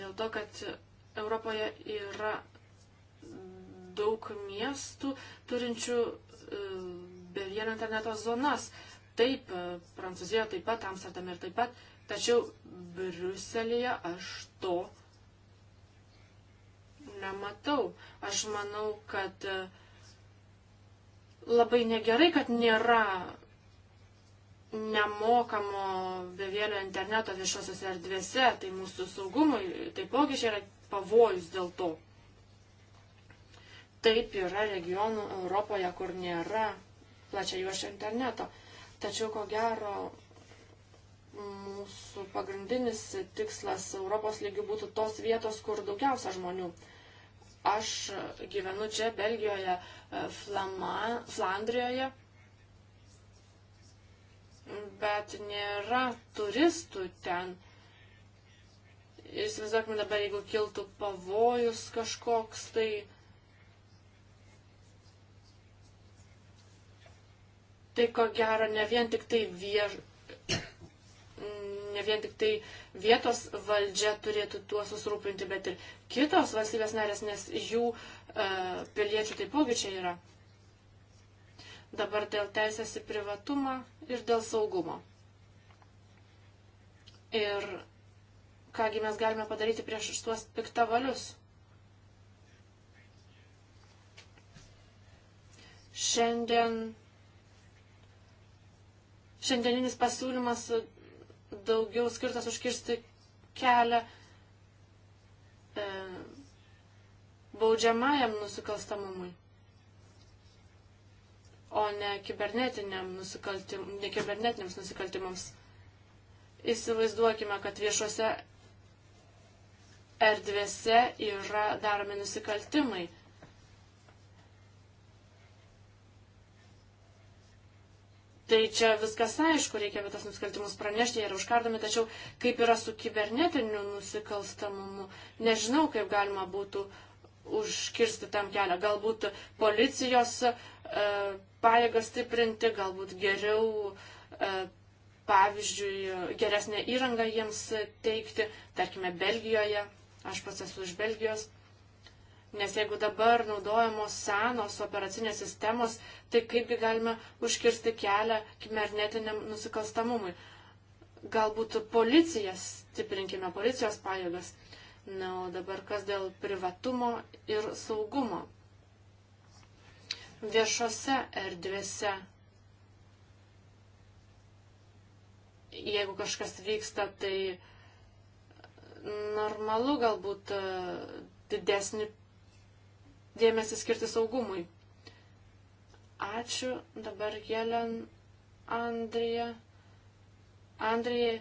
Dėl to, kad Europoje yra daug miestų turinčių e, bevien interneto zonas. Taip, e, Prancūzijoje taip pat, Amsterdame ir taip pat, tačiau Briuselėje aš to nematau. Aš manau, kad e, labai negerai, kad nėra nemokamo bevėlio interneto viešosiose erdvėse, tai mūsų saugumui taipogi čia yra pavojus dėl to. Taip yra regionų Europoje, kur nėra plačia juošio interneto. Tačiau, ko gero, mūsų pagrindinis tikslas Europos lygių būtų tos vietos, kur daugiausia žmonių. Aš gyvenu čia, Belgijoje, Flama, Flandrijoje bet nėra turistų ten. Įsivaizduokime dabar, jeigu kiltų pavojus kažkoks, tai. Tai ko gero ne vien tik tai vieš, ne vien tik tai vietos valdžia turėtų tuo susirūpinti, bet ir kitos valstybės narės, nes jų uh, piliečių taipogi čia yra. Uh, dabar dėl teisės į privatumą ir dėl saugumo. Ir kągi mes galime padaryti prieš tuos piktavalius. Šiandien, šiandieninis pasiūlymas daugiau skirtas užkirsti kelią e, baudžiamajam nusikalstamumui o ne, kibernetiniam nusikaltim, ne kibernetiniams nusikaltimams. Įsivaizduokime, kad viešuose erdvėse yra daromi nusikaltimai. Tai čia viskas aišku, reikia apie tas nusikaltimus pranešti, jie yra užkardomi, tačiau kaip yra su kibernetiniu nusikalstamumu, nežinau, kaip galima būtų užkirsti tam kelią. Galbūt policijos e, pajėgas stiprinti, galbūt geriau, e, pavyzdžiui, geresnę įrangą jiems teikti, tarkime, Belgijoje, aš pats esu iš Belgijos. Nes jeigu dabar naudojamos senos operacinės sistemos, tai kaipgi galime užkirsti kelią kibernetiniam nusikalstamumui. Galbūt policijas stiprinkime, policijos pajėgas. Na, o dabar kas dėl privatumo ir saugumo viešose erdvėse. Jeigu kažkas vyksta, tai normalu galbūt e, didesnį dėmesį skirti saugumui. Ačiū dabar Jelen Andrija. Andrija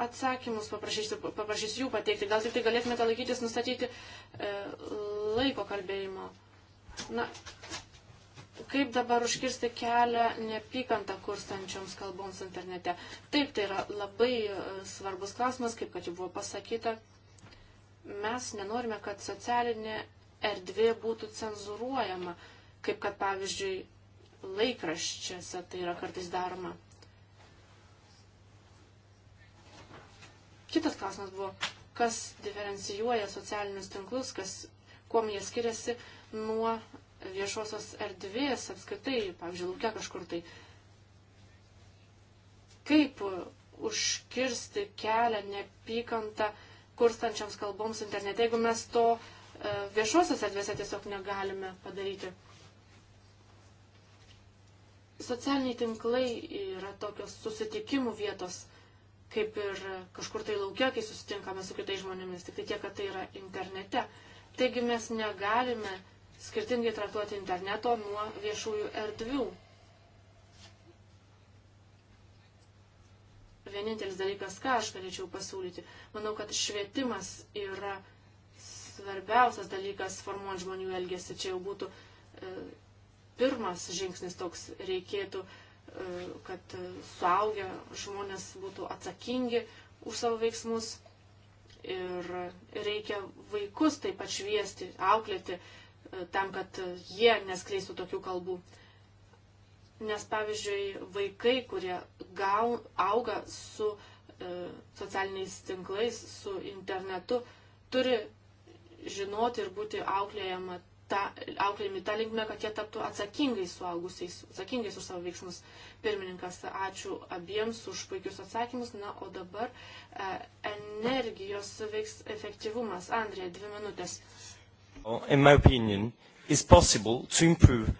atsakymus paprašysiu, paprašysiu jų pateikti. Gal tik tai galėtumėte laikytis nustatyti e, laiko kalbėjimo. Na, kaip dabar užkirsti kelią neapykantą kurstančioms kalboms internete? Taip, tai yra labai e, svarbus klausimas, kaip kad jau buvo pasakyta. Mes nenorime, kad socialinė erdvė būtų cenzuruojama, kaip kad pavyzdžiui laikraščiuose tai yra kartais daroma. Kitas klausimas buvo, kas diferencijuoja socialinius tinklus, kas, kuom jie skiriasi nuo viešosios erdvės apskritai, pavyzdžiui, laukia kažkur tai. Kaip užkirsti kelią neapykantą kurstančiams kalboms internete, jeigu mes to e, viešosios erdvėse tiesiog negalime padaryti. Socialiniai tinklai yra tokios susitikimų vietos, kaip ir kažkur tai laukia, kai susitinkame su kitais žmonėmis, tik tai tiek, kad tai yra internete. Taigi mes negalime skirtingai traktuoti interneto nuo viešųjų erdvių. Vienintelis dalykas, ką aš galėčiau pasiūlyti, manau, kad švietimas yra svarbiausias dalykas formuojant žmonių elgesį. Čia jau būtų e, pirmas žingsnis toks reikėtų e, kad suaugę žmonės būtų atsakingi už savo veiksmus ir reikia vaikus taip pat šviesti, auklėti, e, tam, kad jie neskleistų tokių kalbų. Nes pavyzdžiui, vaikai, kurie gau, auga su e, socialiniais tinklais, su internetu, turi žinoti ir būti auklėjama ta, auklėjami tą linkmę, kad jie taptų atsakingais suaugusiais, atsakingais už savo veiksmus. Pirmininkas, ačiū abiems už puikius atsakymus. Na, o dabar e, energijos veiks efektyvumas. Andrė, dvi minutės. In my opinion, is possible to improve.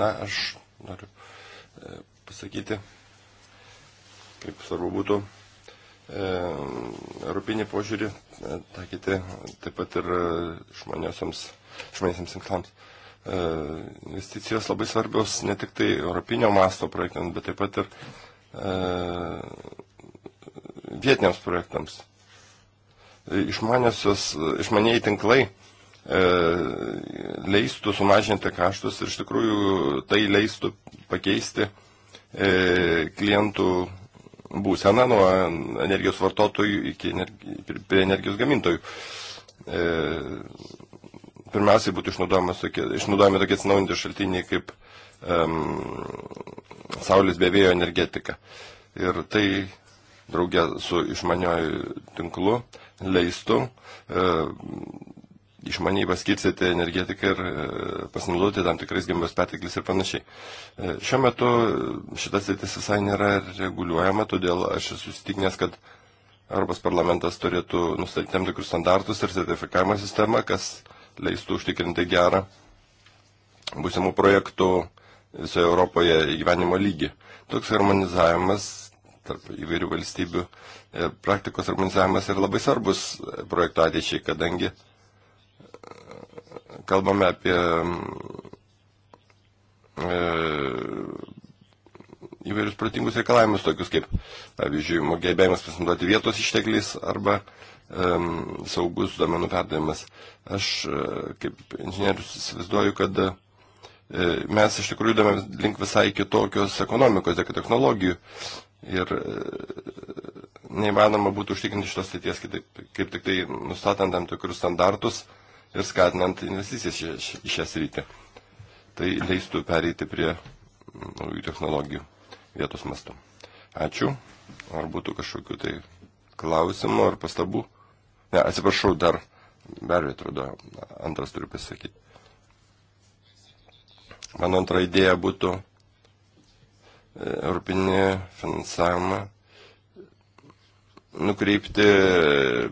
Na, aš noriu e, pasakyti, kaip svarbu būtų E, europinį požiūrį e, taikyti taip pat ir žmoniosiams, e, žmonėsiams tinklams. Investicijos labai svarbios ne tik tai europinio masto projektams, bet taip pat ir vietiniams projektams. Išmaniai tinklai leistų sumažinti kaštus ir iš tikrųjų tai leistų pakeisti klientų būseną nuo energijos vartotojų iki energi, prie energijos gamintojų. E, pirmiausiai būtų tokie, išnaudojami tokie atsinaujantys šaltiniai kaip um, saulės bevėjo energetika. Ir tai draugė su išmaniojų tinklu leistų e, išmaniai paskirsyti energetiką ir e, pasinaudoti tam tikrais gamybos perteklis ir panašiai. E, šiuo metu šitas sėtis visai nėra reguliuojama, todėl aš esu įsitikinęs, kad Europos parlamentas turėtų nustatyti tam tikrus standartus ir sertifikavimo sistemą, kas leistų užtikrinti gerą būsimų projektų visoje Europoje įgyvenimo lygį. Toks harmonizavimas tarp įvairių valstybių e, praktikos organizavimas yra labai svarbus projekto ateičiai, kadangi kalbame apie e, įvairius protingus reikalavimus, tokius kaip, pavyzdžiui, gebėjimas pasinaudoti vietos ištekliais arba um, saugus duomenų perdavimas. Aš e, kaip inžinierius įsivaizduoju, kad uh, mes iš tikrųjų judame link visai kitokios ekonomikos, dėka technologijų. Ir uh, neįmanoma būtų užtikrinti šitos srities, kaip tik tai nustatant tam tikrus standartus, uh, ir skatinant investicijas į šią sritį. Tai leistų pereiti prie naujų technologijų vietos mastu. Ačiū. Ar būtų kažkokių tai klausimų ar pastabų? Ne, atsiprašau, dar Bervė, atrodo, antras turiu pasakyti. Mano antra idėja būtų e, europinį finansavimą nukreipti e,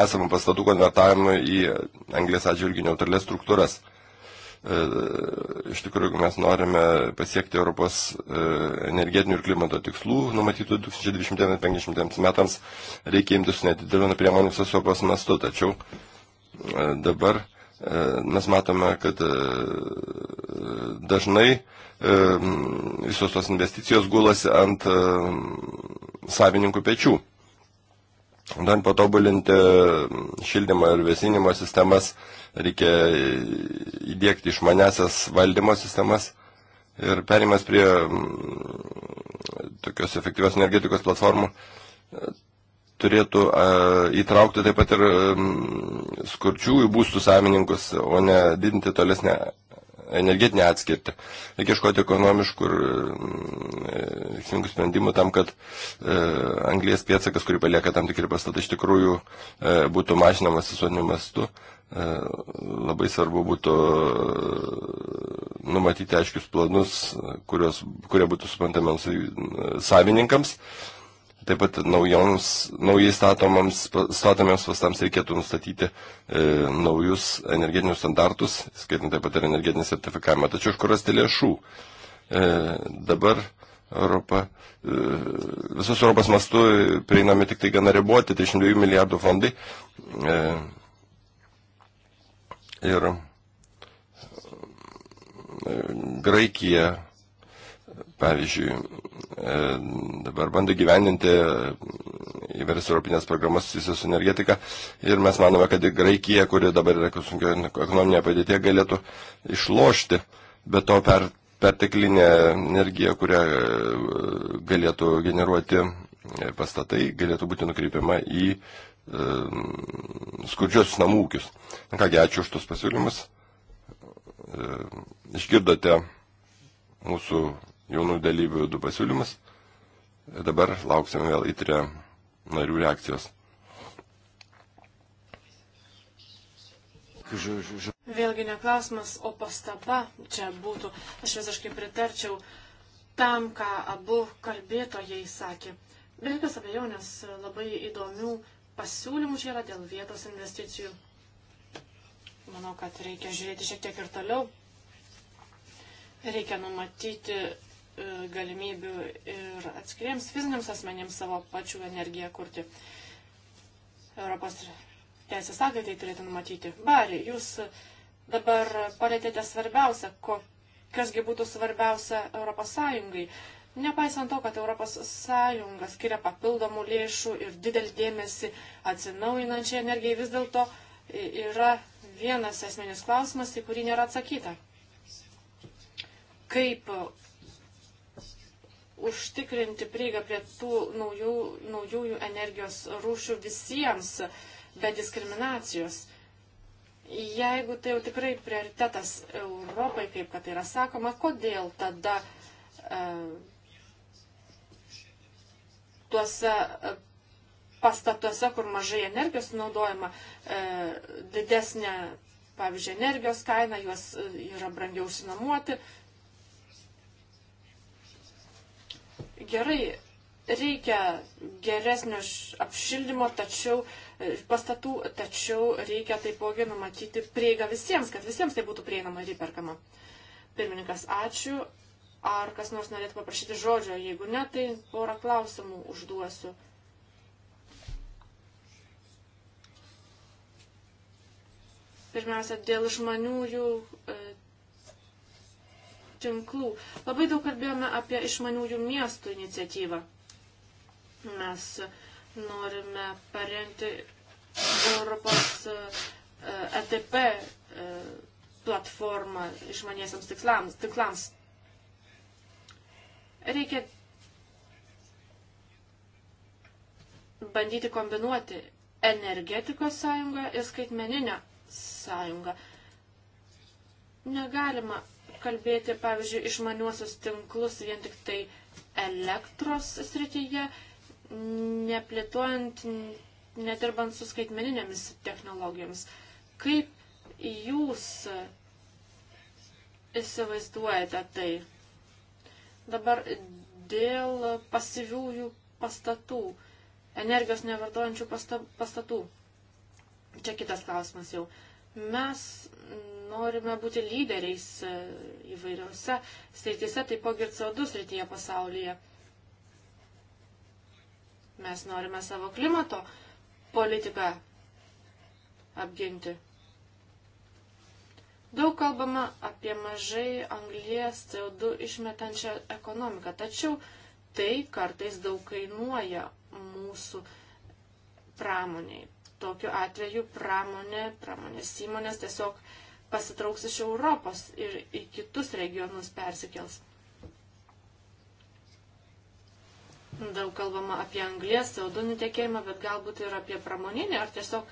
esamų pastatų konvertavimą į anglės atžvilgių neutralias struktūras. E, iš tikrųjų, jeigu mes norime pasiekti Europos e, energetinių ir klimato tikslų numatytų 2020-2050 metams, reikia imtis nedidelių priemonių visos Europos mastu. Tačiau dabar mes matome, kad dažnai visos tos investicijos gulasi ant savininkų pečių. Norint patobulinti mm, šildymo ir vėsinimo sistemas, reikia įdėkti išmanesias valdymo sistemas ir perimas prie mm, tokios efektyvios energetikos platformų e, turėtų a, e, įtraukti taip pat ir mm, skurčiųjų būstų savininkus, o ne didinti tolesnę energetinę atskirtį. Reikia iškoti ekonomiškų ir reikšmingų mm, sprendimų tam, kad e, anglės pėtsakas, kurį palieka tam tikri pastatai, iš tikrųjų e, būtų mažinamas visuotiniu mastu. E, labai svarbu būtų numatyti aiškius planus, kurios, kurie būtų suprantamiams savininkams. E, Taip pat naujoms, naujai statomams, statomiems pastams reikėtų nustatyti e, naujus energetinius standartus, skaitant taip pat ir energetinį sertifikavimą. Tačiau iš kur rasti lėšų? E, dabar Europa, e, visos Europos mastu prieinami tik tai gana riboti, 32 milijardų fondai. E, ir e, Graikija Pavyzdžiui, e, dabar bando gyveninti įvairias europinės programas susijusios su energetika ir mes manome, kad Graikija, kuri dabar yra sunkio ekonominėje padėtėje, galėtų išlošti, bet to per, perteklinė energija, kurią e, galėtų generuoti pastatai, galėtų būti nukreipiama į e, skurdžiosius namų ūkius. Na kągi, ačiū už tos pasiūlymus. E, išgirdote mūsų jaunų dalyvių du pasiūlymus. Dabar lauksime vėl įtrio narių reakcijos. Vėlgi neklausimas, o pastaba čia būtų. Aš visiškai pritarčiau tam, ką abu kalbėtojai sakė. Be jokios abejonės labai įdomių pasiūlymų čia yra dėl vietos investicijų. Manau, kad reikia žiūrėti šiek tiek ir toliau. Reikia numatyti E, galimybių ir atskiriems fiziniams asmenims savo pačių energiją kurti. Europos teisės aktai tai turėtų numatyti. Bari, jūs dabar palėtėte svarbiausią, ko, kasgi būtų svarbiausia Europos Sąjungai. Nepaisant to, kad Europos Sąjunga skiria papildomų lėšų ir didelį dėmesį atsinaujinančiai energijai, vis dėlto yra vienas esminis klausimas, į kurį nėra atsakyta. Kaip užtikrinti prieigą prie tų naujų, naujųjų energijos rūšių visiems be diskriminacijos. Jeigu tai jau tikrai prioritetas Europai, kaip kad yra sakoma, kodėl tada e, tuose e, pastatuose, kur mažai energijos naudojama, e, didesnė, pavyzdžiui, energijos kaina, juos e, yra brangiau užsinamuoti, Gerai, reikia geresnio apšildymo, tačiau e, pastatų, tačiau reikia taipogi numatyti prieigą visiems, kad visiems tai būtų prieinama ir įperkama. Pirmininkas, ačiū. Ar kas nors norėtų paprašyti žodžio? Jeigu ne, tai porą klausimų užduosiu. Pirmiausia, dėl išmaniųjų e, tinklų. Labai daug kalbėjome apie išmaniųjų miestų iniciatyvą. Mes norime parengti Europos ETP e e, platformą išmaniesiams tikslams. tikslams. Reikia bandyti kombinuoti energetikos sąjungą ir skaitmeninę sąjungą. Negalima kalbėti, pavyzdžiui, išmaniuosius tinklus vien tik tai elektros srityje, neplėtojant, netirbant su skaitmeninėmis technologijomis. Kaip jūs įsivaizduojate tai? Dabar dėl pasyviųjų pastatų, energijos nevartojančių pastatų. Čia kitas klausimas jau. Uh, Mes norime būti lyderiais e, įvairiose srityse, taipogi ir CO2 srityje pasaulyje. Mes norime savo klimato politiką apginti. Daug kalbama apie mažai anglies CO2 išmetančią ekonomiką, tačiau tai kartais daug kainuoja mūsų pramoniai tokiu atveju pramonė, pramonės įmonės tiesiog pasitrauks iš Europos ir į kitus regionus persikels. Daug kalbama apie anglės CO2 nutekėjimą, bet galbūt ir apie pramoninį ar tiesiog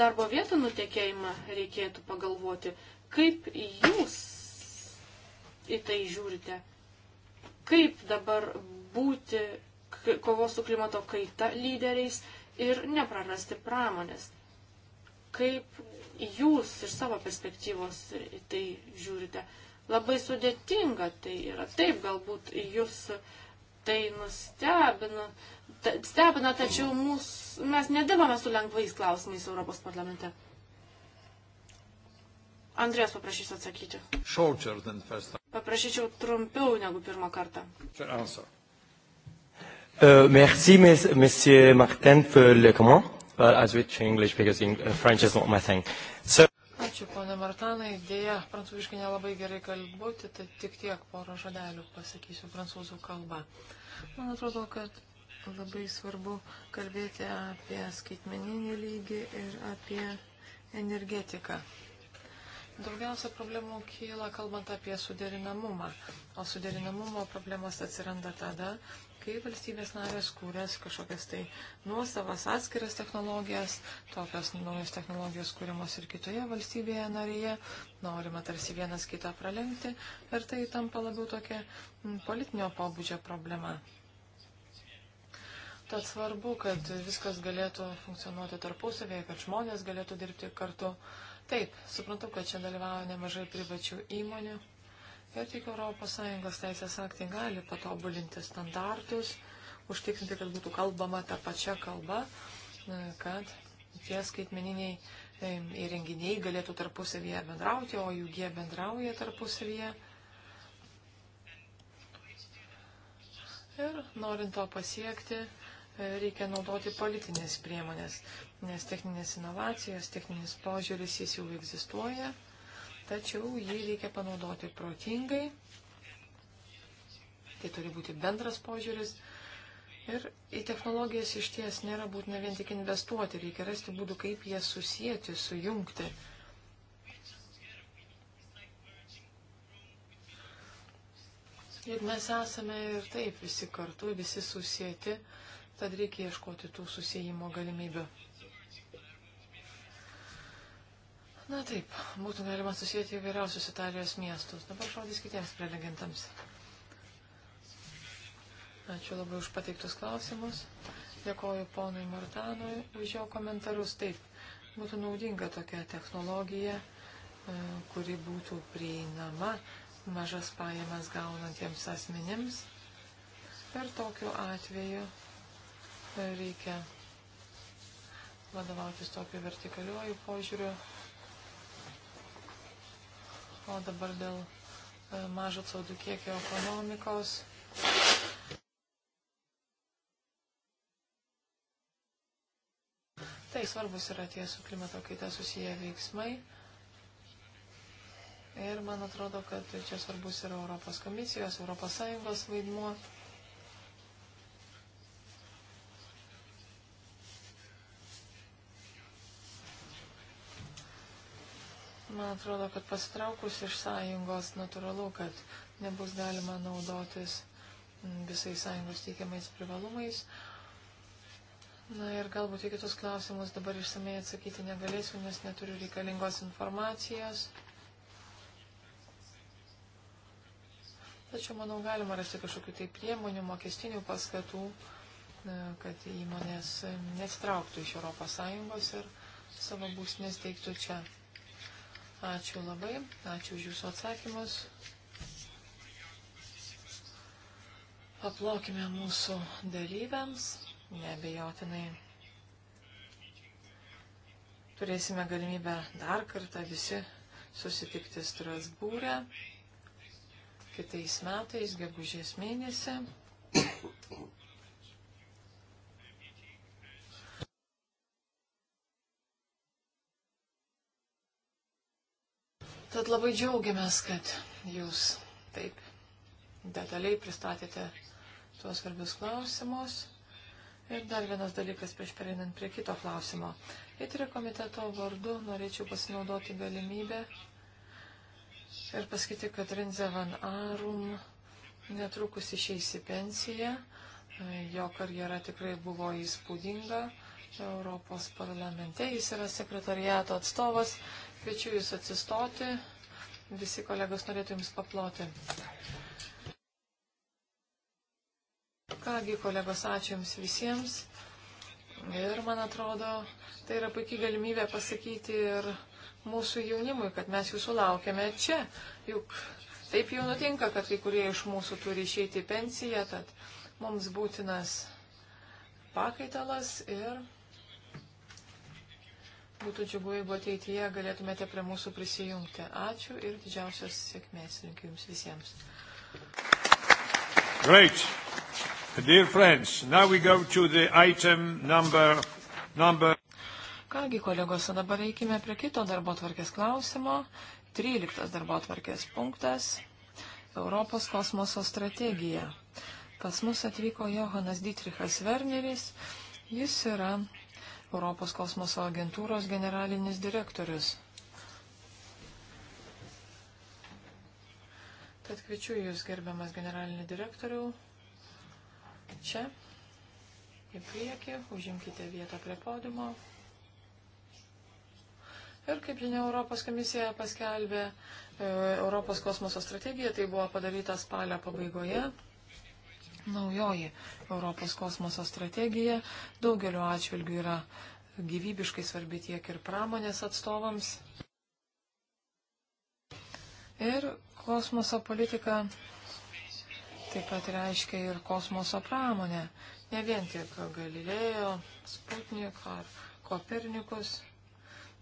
darbo vietų nutekėjimą reikėtų pagalvoti. Kaip jūs į tai žiūrite? Kaip dabar būti kovos su klimato kaita lyderiais? ir neprarasti pramonės. Kaip jūs iš savo perspektyvos į tai žiūrite? Labai sudėtinga tai yra. Taip, galbūt jūs tai nustebina, ta, stebina, tačiau mūs, mes nedavame su lengvais klausimais Europos parlamente. Andrės paprašysiu atsakyti. Paprašyčiau trumpiau negu pirmą kartą. Answer. Uh, merci, mes, Monsieur Martin, for le comment. But I switch to English because in, uh, French is not my thing. So, Ačiū, ponė Martanai. Dėja, prancūziškai nelabai gerai kalbuoti, tai tik tiek porą žodelių pasakysiu prancūzų kalbą. Man atrodo, kad labai svarbu kalbėti apie skaitmeninį lygį ir apie energetiką. Daugiausia problemų kyla kalbant apie suderinamumą, o suderinamumo problemas atsiranda tada, kai valstybės narės kūrės kažkokias tai nuosavas atskiras technologijas, tokios naujos technologijos kūrimos ir kitoje valstybėje narėje, norima tarsi vienas kitą pralenkti ir tai tampa labiau tokia politinio pobūdžio problema. Tad svarbu, kad viskas galėtų funkcionuoti tarpusavėje, kad žmonės galėtų dirbti kartu. Taip, suprantu, kad čia dalyvauja nemažai privačių įmonių. Ir tik ES teisės aktai gali patobulinti standartus, užtikrinti, kad būtų kalbama tą pačią kalbą, e, kad tie skaitmeniniai e, įrenginiai galėtų tarpusavyje bendrauti, o juk jie bendrauja tarpusavyje. Ir norint to pasiekti, e, reikia naudoti politinės priemonės, nes techninės inovacijos, techninis požiūris jis jau egzistuoja tačiau jį reikia panaudoti protingai. Tai turi būti bendras požiūris. Ir į technologijas iš ties nėra būtina vien tik investuoti, reikia rasti būdų, kaip jas susijęti, sujungti. Ir mes esame ir taip visi kartu, visi susijęti, tad reikia ieškoti tų susijimo galimybių. Na taip, būtų galima susijęti įvairiausius Italijos miestus. Dabar žodis kitiems prelegentams. Ačiū labai už pateiktus klausimus. Dėkoju ponui Martanui už jo komentarus. Taip, būtų naudinga tokia technologija, e, kuri būtų prieinama mažas pajamas gaunantiems asmenims. Per tokiu atveju e, reikia vadovautis tokiu vertikaliuoju požiūriu O dabar dėl e, mažo CO2 kiekio ekonomikos. Tai svarbus yra tie su klimato kaita susiję veiksmai. Ir man atrodo, kad čia svarbus yra Europos komisijos, Europos Sąjungos vaidmuo. Man atrodo, kad pastraukus iš sąjungos natūralu, kad nebus galima naudotis visais sąjungos teikiamais privalumais. Na ir galbūt į kitus klausimus dabar išsamei atsakyti negalėsiu, nes neturiu reikalingos informacijos. Tačiau, manau, galima rasti kažkokių tai priemonių, mokestinių paskatų, e, kad įmonės nesitrauktų iš ES ir savo būsnės teiktų čia. Ačiū labai, ačiū už Jūsų atsakymus. Aplokime mūsų dalyviams, nebejotinai. Turėsime galimybę dar kartą visi susitikti Strasbūrę kitais metais, gegužės mėnesį. Tad labai džiaugiamės, kad jūs taip detaliai pristatėte tuos svarbius klausimus. Ir dar vienas dalykas prieš pereinant prie kito klausimo. Įtrio komiteto vardu norėčiau pasinaudoti galimybę ir pasakyti, kad Renze Van Arum netrukus išeis į pensiją. Jo karjera tikrai buvo įspūdinga. Europos parlamente jis yra sekretariato atstovas Kviečiu Jūs atsistoti. Visi kolegos norėtų Jums paploti. Kągi, kolegos, ačiū Jums visiems. Ir, man atrodo, tai yra puikiai galimybė pasakyti ir mūsų jaunimui, kad mes Jūsų laukiame čia. Juk taip jau nutinka, kad kai kurie iš mūsų turi išeiti į pensiją, tad mums būtinas pakaitalas ir Būtų džiugu, jeigu ateityje galėtumėte prie mūsų prisijungti. Ačiū ir didžiausios sėkmės linkiu Jums visiems. Great. Dear friends, now we go to the item number. number... Kągi, kolegos, dabar eikime prie kito darbo tvarkės klausimo. 13 darbo tvarkės punktas - Europos kosmoso strategija. Pas mus atvyko Johanas Dietrichas Werneris. Jis yra Europos kosmoso agentūros generalinis direktorius. Tad kviečiu Jūs, gerbiamas generalinį direktorių, čia, į priekį, užimkite vietą prie podiumo. Ir kaip žinia, Europos komisija paskelbė e, Europos kosmoso strategiją, tai buvo padaryta spalio pabaigoje. Naujoji Europos kosmoso strategija daugeliu atžvilgių yra gyvybiškai svarbi tiek ir pramonės atstovams. Ir kosmoso politika taip pat reiškia ir kosmoso pramonę. Ne vien tik Galilėjo, Sputnik ar Kopernikus,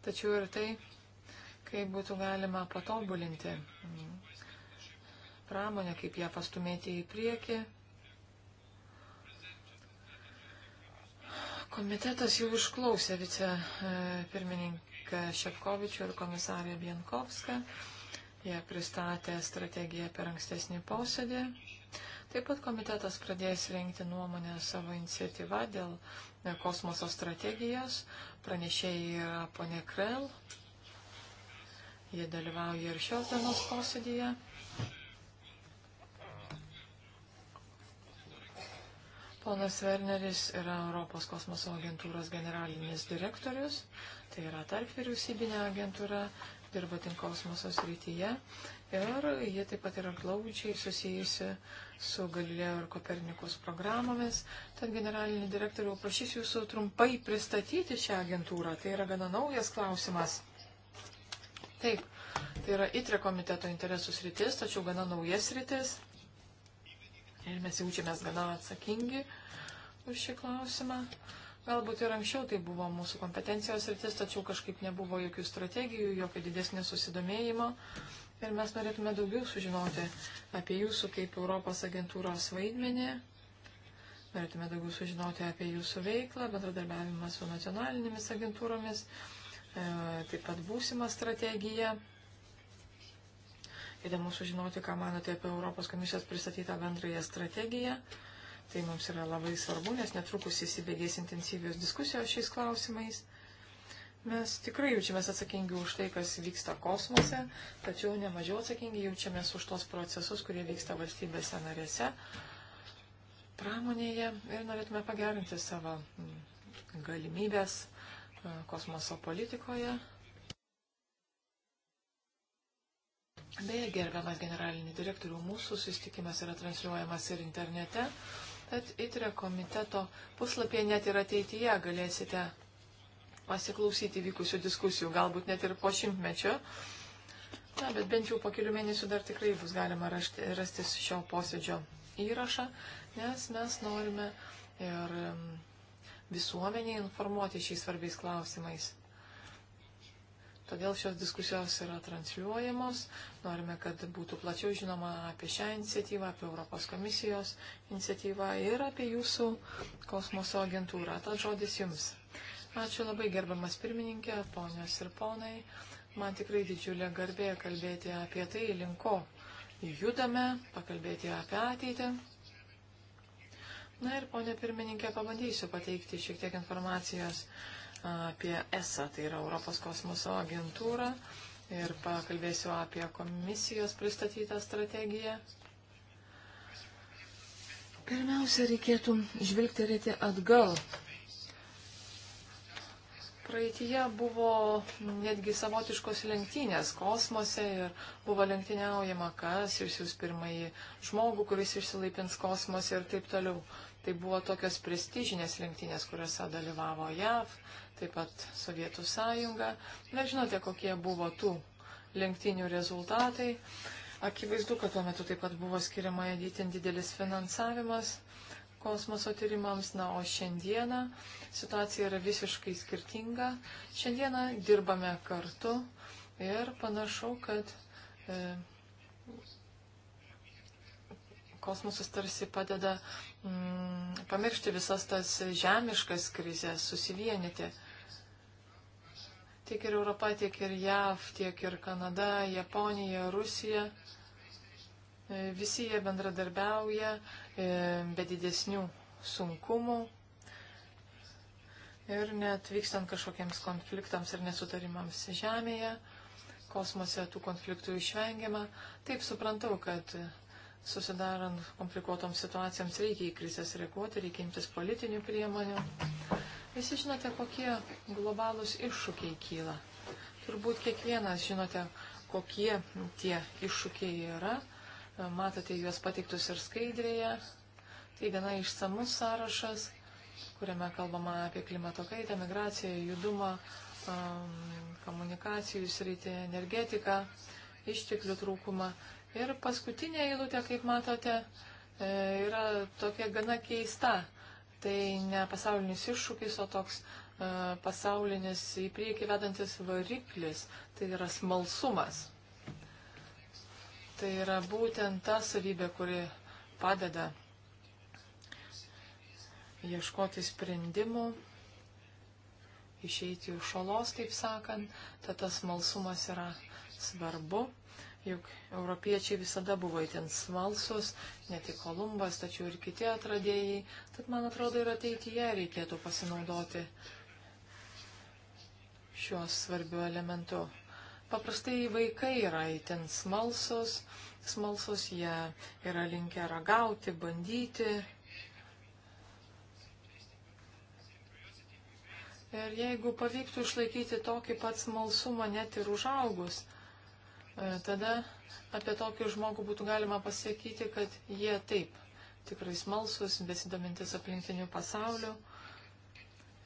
tačiau ir tai, kaip būtų galima patobulinti pramonę, kaip ją pastumėti į priekį. Komitetas jau išklausė vice pirmininką Šefkovičių ir komisarę Bienkovską. Jie pristatė strategiją per ankstesnį posėdį. Taip pat komitetas pradės rengti nuomonę savo iniciatyvą dėl kosmoso strategijos. Pranešėjai yra ponė Krell. Jie dalyvauja ir šios dienos posėdėje. Ponas Werneris yra Europos kosmoso agentūros generalinis direktorius, tai yra tarp vyriausybinė agentūra, dirba tik kosmoso srityje ir jie taip pat yra glaudžiai susijusi su Galileo ir Kopernikus programomis. Tad generalinį direktorių prašysiu jūsų trumpai pristatyti šią agentūrą, tai yra gana naujas klausimas. Taip, tai yra ITRE komiteto interesų sritis, tačiau gana naujas sritis. Ir mes jaučiamės gana atsakingi už šį klausimą. Galbūt ir anksčiau tai buvo mūsų kompetencijos rytis, tačiau kažkaip nebuvo jokių strategijų, jokio didesnio susidomėjimo. Ir mes norėtume daugiau sužinoti apie jūsų kaip Europos agentūros vaidmenį. Norėtume daugiau sužinoti apie jūsų veiklą, bendradarbiavimą su nacionalinėmis agentūromis, e, taip pat būsimą strategiją. Įdomu sužinoti, ką manote apie Europos komisijos pristatytą bendrąją strategiją. Tai mums yra labai svarbu, nes netrukus įsibėgės intensyvios diskusijos šiais klausimais. Mes tikrai jaučiamės atsakingi už tai, kas vyksta kosmose, tačiau nemažiau atsakingi jaučiamės už tos procesus, kurie vyksta valstybėse narėse, pramonėje ir norėtume pagerinti savo mm, galimybės e, kosmoso politikoje. Beje, gerbiamas generalinį direktorių, mūsų susitikimas yra transliuojamas ir internete, tad ITRE komiteto puslapyje net ir ateityje galėsite pasiklausyti vykusių diskusijų, galbūt net ir po šimtmečio. Na, bet bent jau po kelių mėnesių dar tikrai bus galima rašti, rasti šio posėdžio įrašą, nes mes norime ir mm, visuomenį informuoti šiais svarbiais klausimais. Todėl šios diskusijos yra transliuojamos. Norime, kad būtų plačiau žinoma apie šią iniciatyvą, apie Europos komisijos iniciatyvą ir apie jūsų kosmoso agentūrą. Tad žodis jums. Ačiū labai gerbiamas pirmininkė, ponios ir ponai. Man tikrai didžiulė garbė kalbėti apie tai, linko judame, pakalbėti apie ateitį. Na ir, ponė pirmininkė, pabandysiu pateikti šiek tiek informacijos apie ESA, tai yra Europos kosmoso agentūra, ir pakalbėsiu apie komisijos pristatytą strategiją. Pirmiausia, reikėtų žvilgterėti atgal. Praeitie buvo netgi savotiškos lenktynės kosmose ir buvo lenktyniaujama, kas išsiūs pirmąjį žmogų, kuris išsilaipins kosmose ir taip toliau. Tai buvo tokios prestižinės lenktynės, kuriuose dalyvavo JAV, taip pat Sovietų sąjunga. Nežinote, kokie buvo tų lenktynių rezultatai. Akivaizdu, kad tuo metu taip pat buvo skiriama įtin didelis finansavimas kosmoso tyrimams, na, o šiandieną situacija yra visiškai skirtinga. Šiandieną dirbame kartu ir panašu, kad e, kosmosas tarsi padeda mm, pamiršti visas tas žemiškas krizės, susivienyti. Tiek ir Europa, tiek ir JAV, tiek ir Kanada, Japonija, Rusija. E, visi jie bendradarbiauja e, be didesnių sunkumų. Ir net vykstant kažkokiems konfliktams ir nesutarimams Žemėje, kosmose tų konfliktų išvengiama. Taip suprantau, kad susidarant komplikuotoms situacijoms reikia į krizės reaguoti, reikia imtis politinių priemonių. Visi žinote, kokie globalūs iššūkiai kyla. Turbūt kiekvienas žinote, kokie tie iššūkiai yra. Matote juos pateiktus ir skaidrėje. Tai gana išsamus sąrašas, kuriame kalbama apie klimato kaitą, migraciją, judumą, um, komunikacijų sritį, energetiką, išteklių trūkumą Ir paskutinė eilutė, kaip matote, e, yra tokia gana keista. Tai ne pasaulinis iššūkis, o toks e, pasaulinis į priekį vedantis variklis, tai yra smalsumas. Tai yra būtent ta savybė, kuri padeda ieškoti sprendimų, išeiti iš šalos, taip sakant, tad tas malsumas yra svarbu juk europiečiai visada buvo itin smalsus, ne tik Kolumbas, tačiau ir kiti atradėjai. Tad, man atrodo, ir ateityje reikėtų pasinaudoti šiuo svarbiu elementu. Paprastai vaikai yra itin smalsus, smalsus jie yra linkę ragauti, bandyti. Ir jeigu pavyktų išlaikyti tokį pat smalsumą net ir užaugus, E, tada apie tokį žmogų būtų galima pasakyti, kad jie taip, tikrai smalsus, besidomintis aplinkiniu pasauliu.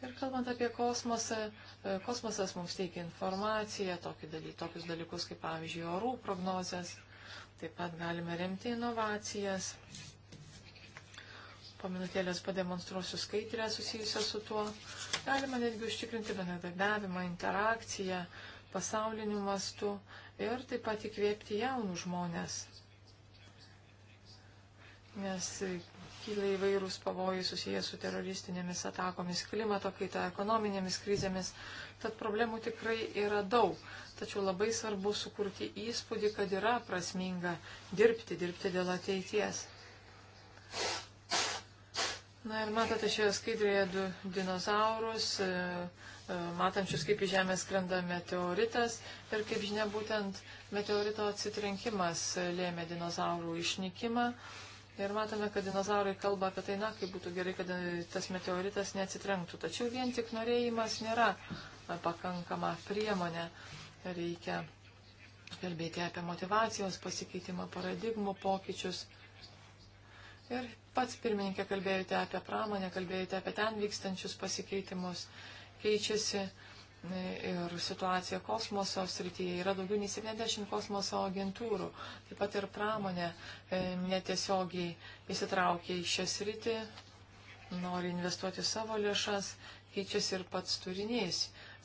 Ir kalbant apie kosmosą, e, kosmosas mums teikia informaciją, daly, tokius dalykus kaip, pavyzdžiui, orų prognozes. Taip pat galime remti inovacijas. Po minutėlės pademonstruosiu skaitrę susijusią su tuo. Galima netgi užtikrinti bendradarbiavimą, interakciją pasauliniu mastu ir taip pat įkvėpti jaunus žmonės. Nes kyla įvairūs pavojai susijęs su teroristinėmis atakomis, klimato kaita, ekonominėmis krizėmis, tad problemų tikrai yra daug. Tačiau labai svarbu sukurti įspūdį, kad yra prasminga dirbti, dirbti dėl ateities. Na ir matote šioje skaidrėje du dinozaurus. E, E, matančius, kaip į Žemę skrenda meteoritas ir kaip žinia, būtent meteorito atsitrenkimas lėmė dinozaurų išnykimą. Ir matome, kad dinozaurai kalba apie tai, na, kaip būtų gerai, kad tas meteoritas neatsitrenktų. Tačiau vien tik norėjimas nėra pakankama priemonė. Reikia kalbėti apie motivacijos pasikeitimą, paradigmų pokyčius. Ir pats pirmininkė kalbėjote apie pramonę, kalbėjote apie ten vykstančius pasikeitimus keičiasi e, ir situacija kosmoso srityje. Yra daugiau nei 70 kosmoso agentūrų. Taip pat ir pramonė e, netiesiogiai įsitraukia į šią sritį, nori investuoti savo lėšas, keičiasi ir pats turinys.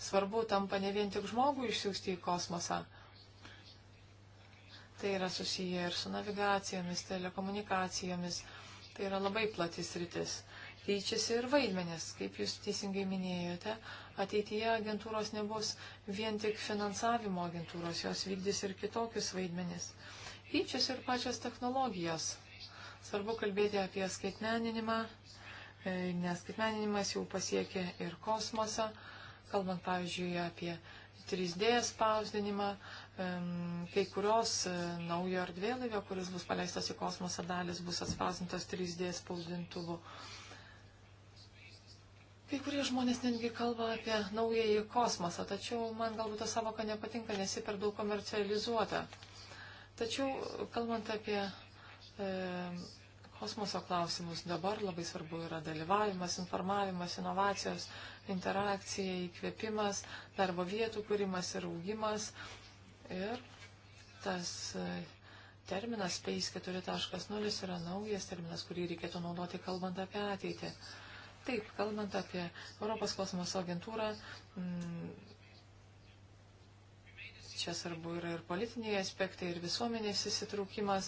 Svarbu tampa ne vien tik žmogų išsiųsti į kosmosą. Tai yra susiję ir su navigacijomis, telekomunikacijomis. Tai yra labai platis rytis keičiasi ir vaidmenis. Kaip jūs teisingai minėjote, ateityje agentūros nebus vien tik finansavimo agentūros, jos vykdys ir kitokius vaidmenis. Keičiasi ir pačios technologijos. Svarbu kalbėti apie skaitmeninimą, e, nes skaitmeninimas jau pasiekė ir kosmosą, kalbant pavyzdžiui apie 3D spausdinimą, kai kurios e, naujo erdvėlaivio, kuris bus paleistas į kosmosą dalis, bus atspausdintas 3D spausdintuvu. Kai kurie žmonės netgi kalba apie naująjį kosmosą, tačiau man galbūt ta savoka nepatinka, nes ji per daug komercializuota. Tačiau, kalbant apie e, kosmoso klausimus, dabar labai svarbu yra dalyvavimas, informavimas, inovacijos, interakcija, įkvėpimas, darbo vietų kūrimas ir augimas. Ir tas e, terminas Space 4.0 yra naujas terminas, kurį reikėtų naudoti kalbant apie ateitį. E, Taip, kalbant apie Europos kosmoso agentūrą, mm, čia svarbu yra ir politiniai aspektai, ir visuomenės įsitraukimas.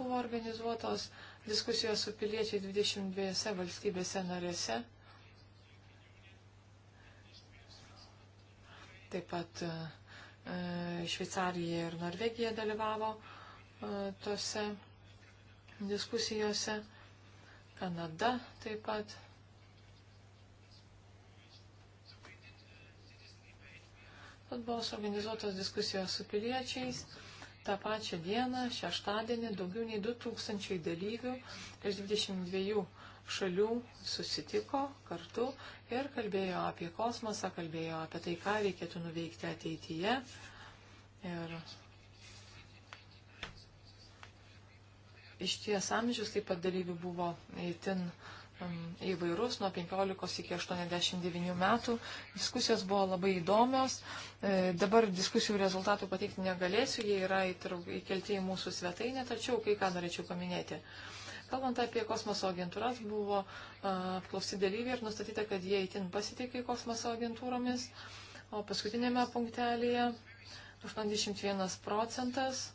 Buvo organizuotos diskusijos su piliečiai 22 valstybėse narėse. Taip pat e, Šveicarija ir Norvegija dalyvavo e, tose diskusijose. Kanada taip pat kad buvo suorganizuotos diskusijos su piliečiais. Ta pačią dieną, šeštadienį, daugiau nei 2000 dalyvių iš 22 šalių susitiko kartu ir kalbėjo apie kosmosą, kalbėjo apie tai, ką reikėtų nuveikti ateityje. Ir iš ties amžius taip pat dalyvių buvo įtin. E, įvairus, nuo 15 iki 89 metų. Diskusijos buvo labai įdomios. E, dabar diskusijų rezultatų pateikti negalėsiu, jie yra įkelti į mūsų svetainę, tačiau kai ką norėčiau paminėti. Kalbant apie kosmoso agentūras, buvo apklausti dalyviai ir nustatyta, kad jie įtin pasitikė kosmoso agentūromis. O paskutinėme punktelėje 81 procentas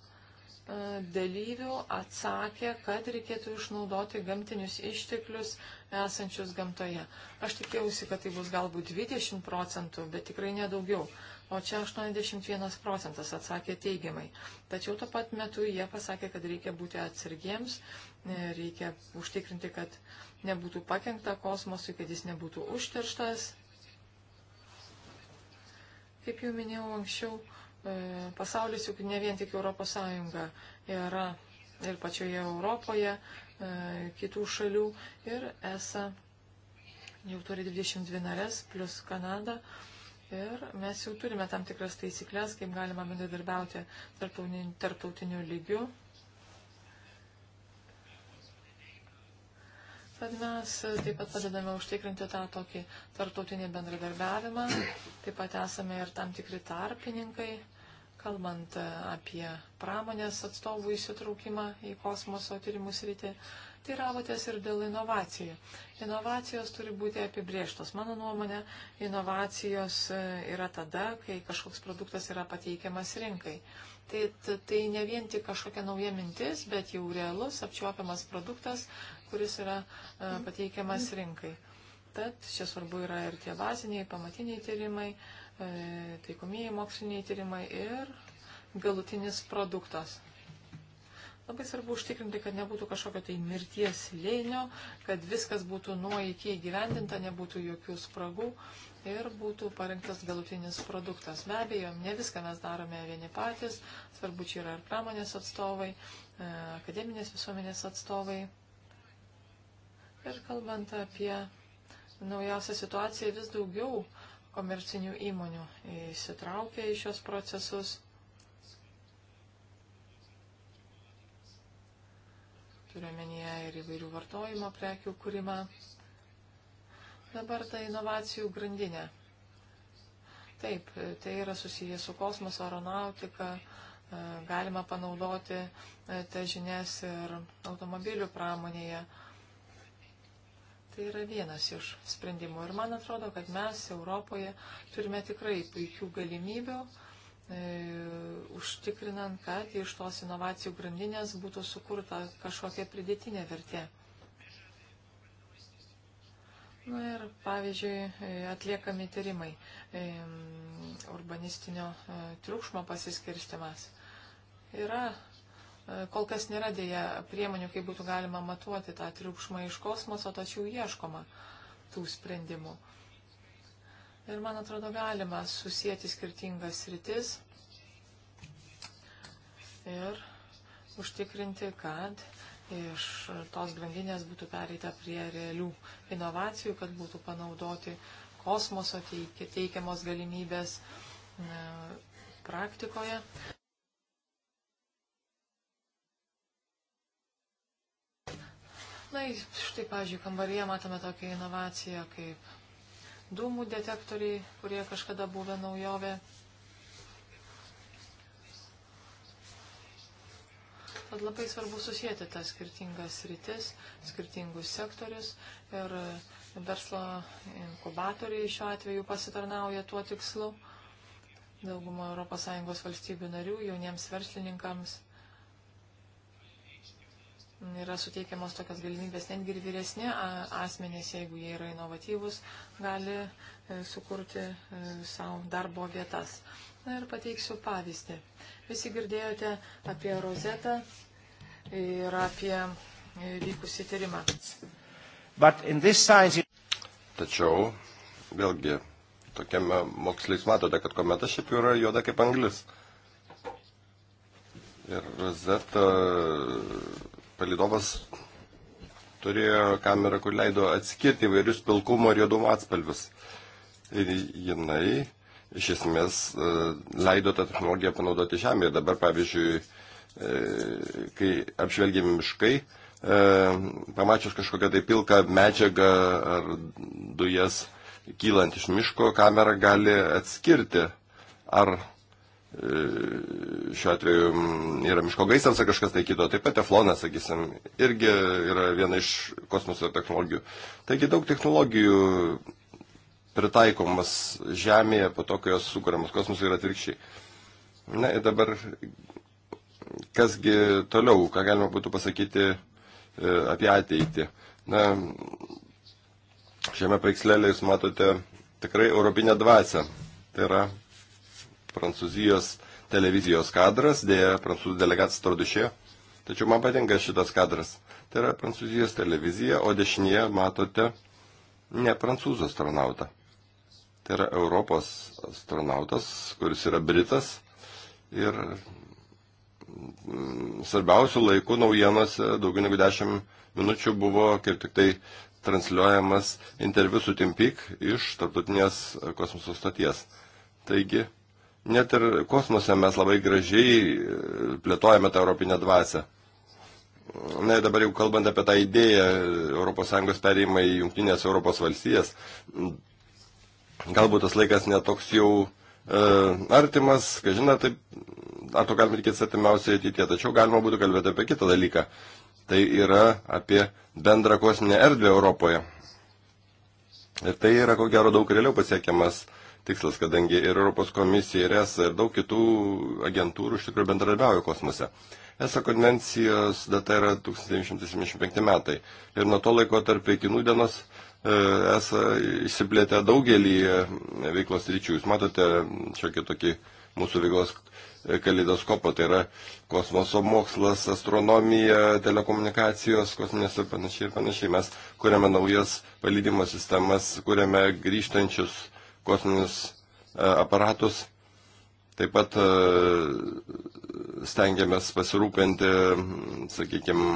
E, dalyvių atsakė, kad reikėtų išnaudoti gamtinius išteklius esančius gamtoje. Aš tikėjausi, kad tai bus galbūt 20 procentų, bet tikrai nedaugiau. O čia 81 procentas atsakė teigiamai. Tačiau tuo pat metu jie pasakė, kad reikia būti atsargiems, e, reikia užtikrinti, kad nebūtų pakengta kosmosui, kad jis nebūtų užterštas. Kaip jau minėjau anksčiau, E, pasaulis juk ne vien tik Europos Sąjunga yra ir pačioje Europoje, e, kitų šalių ir ESA jau turi 22 narės plus Kanada. Ir mes jau turime tam tikras taisyklės, kaip galima bendradarbiauti tarptautiniu lygiu. bet mes e, taip pat padedame užtikrinti tą tokį tartautinį bendradarbiavimą, taip pat esame ir tam tikri tarpininkai, kalbant e, apie pramonės atstovų įsitraukimą į kosmoso tyrimus rytį. Tai ravotės ir dėl inovacijų. Inovacijos turi būti apibrieštos. Mano nuomonė, inovacijos e, yra tada, kai kažkoks produktas yra pateikiamas rinkai. Tai, tai, tai ne vien tik kažkokia nauja mintis, bet jau realus apčiuopiamas produktas, kuris yra a, e, pateikiamas rinkai. Tad čia svarbu yra ir tie baziniai, pamatiniai tyrimai, e, taikomieji moksliniai tyrimai ir galutinis produktas. Labai svarbu užtikrinti, kad nebūtų kažkokio tai mirties lėnio, kad viskas būtų nuo iki įgyvendinta, nebūtų jokių spragų ir būtų parengtas galutinis produktas. Be abejo, ne viską mes darome vieni patys, svarbu čia yra ir pramonės atstovai, e, akademinės visuomenės atstovai. Ir kalbant apie naujausią situaciją, vis daugiau komercinių įmonių įsitraukia į šios procesus. Turiuomenyje ir įvairių vartojimo prekių kūrimą. Dabar ta inovacijų grandinė. Taip, tai yra susijęs su kosmoso aeronautika, e, galima panaudoti e, tą žinias ir automobilių pramonėje. Tai yra vienas iš sprendimų. Ir man atrodo, kad mes Europoje turime tikrai puikių galimybių e, užtikrinant, kad iš tos inovacijų grandinės būtų sukurta kažkokia pridėtinė vertė. Na ir pavyzdžiui, atliekami tyrimai, urbanistinio e, triukšmo pasiskirstimas. Yra, e, kol kas nėra dėja priemonių, kaip būtų galima matuoti tą triukšmą iš kosmoso, tačiau ieškoma tų sprendimų. Ir man atrodo, galima susijęti skirtingas rytis ir užtikrinti, kad iš tos grandinės būtų pereita prie realių inovacijų, kad būtų panaudoti kosmoso teikiamos galimybės praktikoje. Na, štai, pažiūrėjau, kambaryje matome tokią inovaciją kaip dūmų detektoriai, kurie kažkada buvę naujovė. Tad labai svarbu susijęti tas skirtingas rytis, skirtingus sektorius ir verslo inkubatoriai šiuo atveju pasitarnauja tuo tikslu. Daugumo ES valstybių narių jauniems verslininkams yra suteikiamos tokias galimybės, netgi ir vyresni asmenys, jeigu jie yra inovatyvūs, gali e, sukurti e, savo darbo vietas. Na ir pateiksiu pavyzdį. Visi girdėjote apie rozetą ir apie e, vykusį tyrimą. Size... Tačiau, vėlgi, tokiame moksliais matote, kad kometa šiaip yra juoda kaip anglis. Ir rozeta palidovas turėjo kamerą, kur leido atskirti įvairius pilkumo ir juodumo atspalvius. Ir jinai iš esmės e, leido tą technologiją panaudoti žemėje. Ir dabar, pavyzdžiui, e, kai apžvelgėme miškai, e, pamačius kažkokią tai pilką medžiagą ar dujas kylant iš miško, kamera gali atskirti, ar šiuo atveju yra miško gaisras ar kažkas tai kito, taip pat teflonas, sakysim, irgi yra viena iš kosmoso technologijų. Taigi daug technologijų pritaikomas Žemėje, po to, kai jos sukūriamas kosmosui ir atvirkščiai. Na ir dabar, kasgi toliau, ką galima būtų pasakyti e, apie ateitį. Na, šiame paikslelė jūs matote tikrai europinę dvasę. Tai yra prancūzijos televizijos kadras, dėja prancūzų delegatas Tordušė. Tačiau man patinka šitas kadras. Tai yra prancūzijos televizija, o dešinėje matote ne prancūzų astronautą. Tai yra Europos astronautas, kuris yra Britas. Ir mm, svarbiausių laikų naujienose daugiau negu 10 minučių buvo kaip tik tai transliuojamas interviu su Timpik iš tarptautinės kosmoso stoties. Taigi, net ir kosmose mes labai gražiai e, plėtojame tą europinę dvasę. Na ir dabar jau kalbant apie tą idėją ES perėjimą į Junktinės Europos valstijas, Galbūt tas laikas netoks jau e, artimas, kad žinot, taip, ar to galima tikėtis atimiausiai ateitie, tačiau galima būtų kalbėti apie kitą dalyką. Tai yra apie bendrą kosminę erdvę Europoje. Ir tai yra, ko gero, daug realiau pasiekiamas tikslas, kadangi ir Europos komisija, ir ESA, ir daug kitų agentūrų iš tikrųjų bendradarbiauja kosmose. ESA konvencijos data yra 1975 metai. Ir nuo to laiko tarp iki nūdienos E, esą išsiplėtę daugelį veiklos ryčių. Jūs matote šiokį tokį mūsų veiklos kalidoskopą, tai yra kosmoso mokslas, astronomija, telekomunikacijos, kosminės ir panašiai ir panašiai. Mes kuriame naujas palydimo sistemas, kuriame grįžtančius kosminius e, aparatus Taip pat e, stengiamės pasirūpinti, sakykime,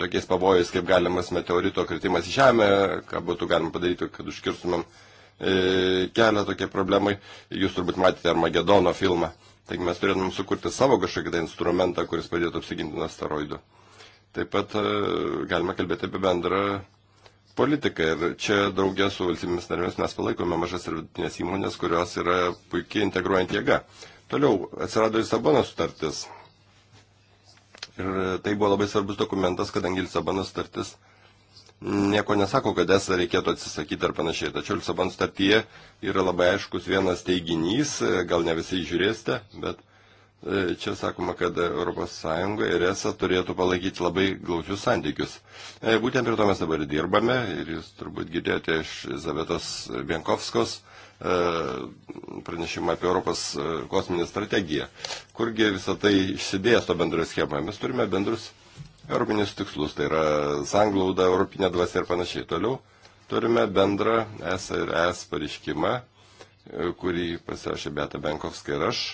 tokiais pavojais, kaip galimas meteorito kritimas į Žemę, ką būtų galima padaryti, kad užkirstumėm e, kelią tokiai problemai. Jūs turbūt matėte Armagedono filmą. Taigi mes turėtumėm sukurti savo kažkokį tai instrumentą, kuris padėtų apsiginti nuo steroidų. Taip pat e, galime kalbėti apie bendrą politiką. Ir čia draugė su valstybėmis narėmis mes palaikome mažas ir vidutinės įmonės, kurios yra puikiai integruojant jėga. Toliau atsirado Lisabono sutartis. Ir tai buvo labai svarbus dokumentas, kadangi Lisabono sutartis nieko nesako, kad esą reikėtų atsisakyti ar panašiai. Tačiau Lisabono sutartyje yra labai aiškus vienas teiginys, gal ne visi žiūrėsite, bet E, čia sakoma, kad ES ir ESA turėtų palaikyti labai glaučius santykius. E, būtent prie to mes dabar dirbame ir jūs turbūt girdėjote iš Zavetos Bienkovskos e, pranešimą apie Europos kosminę strategiją. Kurgi visą tai išsidėsto bendroje schemoje? Mes turime bendrus europinius tikslus, tai yra sanglauda, europinė dvasia ir panašiai. Toliau turime bendrą ES ir ES pareiškimą, kurį pasirašė Beta Benkovska ir aš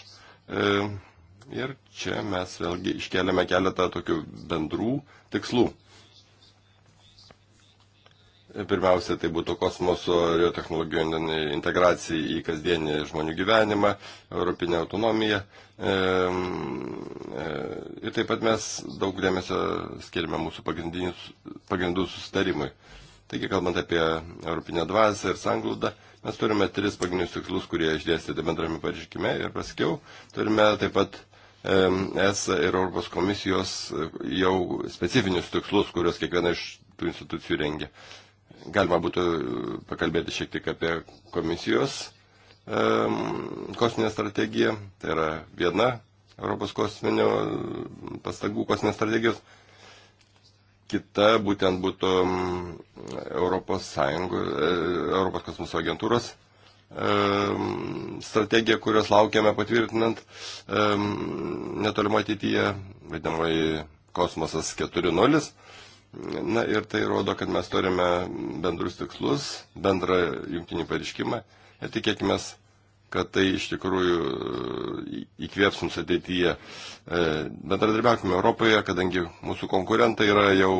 Ir čia mes vėlgi iškeliame keletą tokių bendrų tikslų. Pirmiausia, tai būtų kosmoso ir jo technologijų integracija į kasdienį žmonių gyvenimą, europinę autonomiją. E, ir taip pat mes daug dėmesio skiriame mūsų pagrindų sustarimui. Taigi, kalbant apie europinę dvasę ir sanglaudą, mes turime tris pagrindinius tikslus, kurie išdėstyti bendrame pareiškime ir paskiau turime taip pat ES ir Europos komisijos e, jau specifinius tikslus, kuriuos kiekviena iš tų institucijų rengia. Galima būtų e, pakalbėti šiek tiek apie komisijos kosminę strategiją. Tai yra viena Europos kosminio pastangų kosminės strategijos. Kita būtent būtų Europos, Sąjungo, e, Europos kosmoso agentūros strategija, kurios laukiame patvirtinant netolimo ateityje, vadinamoji kosmosas 4.0. Na ir tai rodo, kad mes turime bendrus tikslus, bendrą jungtinį pareiškimą ir tikėkime, kad tai iš tikrųjų e, įkvėps mums ateityje. E, bendradarbiaukime Europoje, kadangi mūsų konkurentai yra jau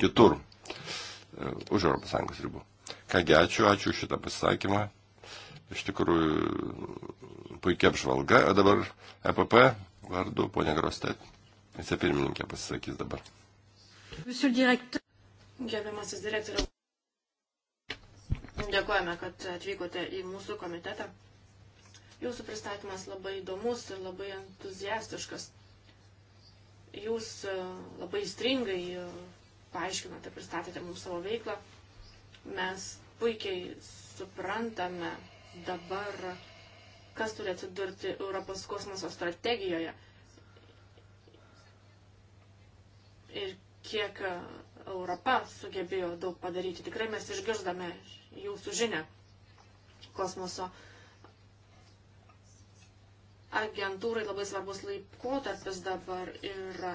kitur, e, už ES ribų. Kągi, ačiū, ačiū šitą pasisakymą iš tikrųjų puikia apžvalga. O dabar EPP vardu ponia Grostet. Vicepirmininkė pasisakys dabar. Gerbiamasis direktoriau, dėkojame, kad atvykote į mūsų komitetą. Jūsų pristatymas labai įdomus ir labai entuziastiškas. Jūs e, labai stringai e, paaiškinote, pristatėte mums savo veiklą. Mes puikiai suprantame, dabar, kas turi atsidurti Europos kosmoso strategijoje ir kiek Europa sugebėjo daug padaryti. Tikrai mes išgirdome jūsų žinę kosmoso agentūrai labai svarbus laikotarpis dabar yra,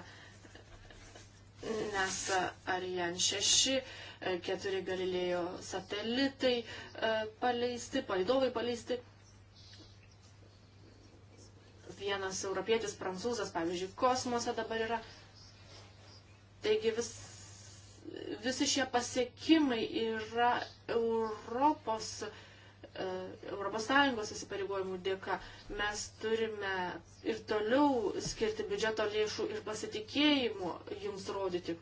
nes Ariane 6 E, keturi Galilėjo satelitai e, paleisti, palidovai paleisti. Vienas europietis, prancūzas, pavyzdžiui, kosmose dabar yra. Taigi vis, visi šie pasiekimai yra Europos, e, Europos Sąjungos įsipareigojimų dėka. Mes turime ir toliau skirti biudžeto lėšų ir pasitikėjimo jums rodyti,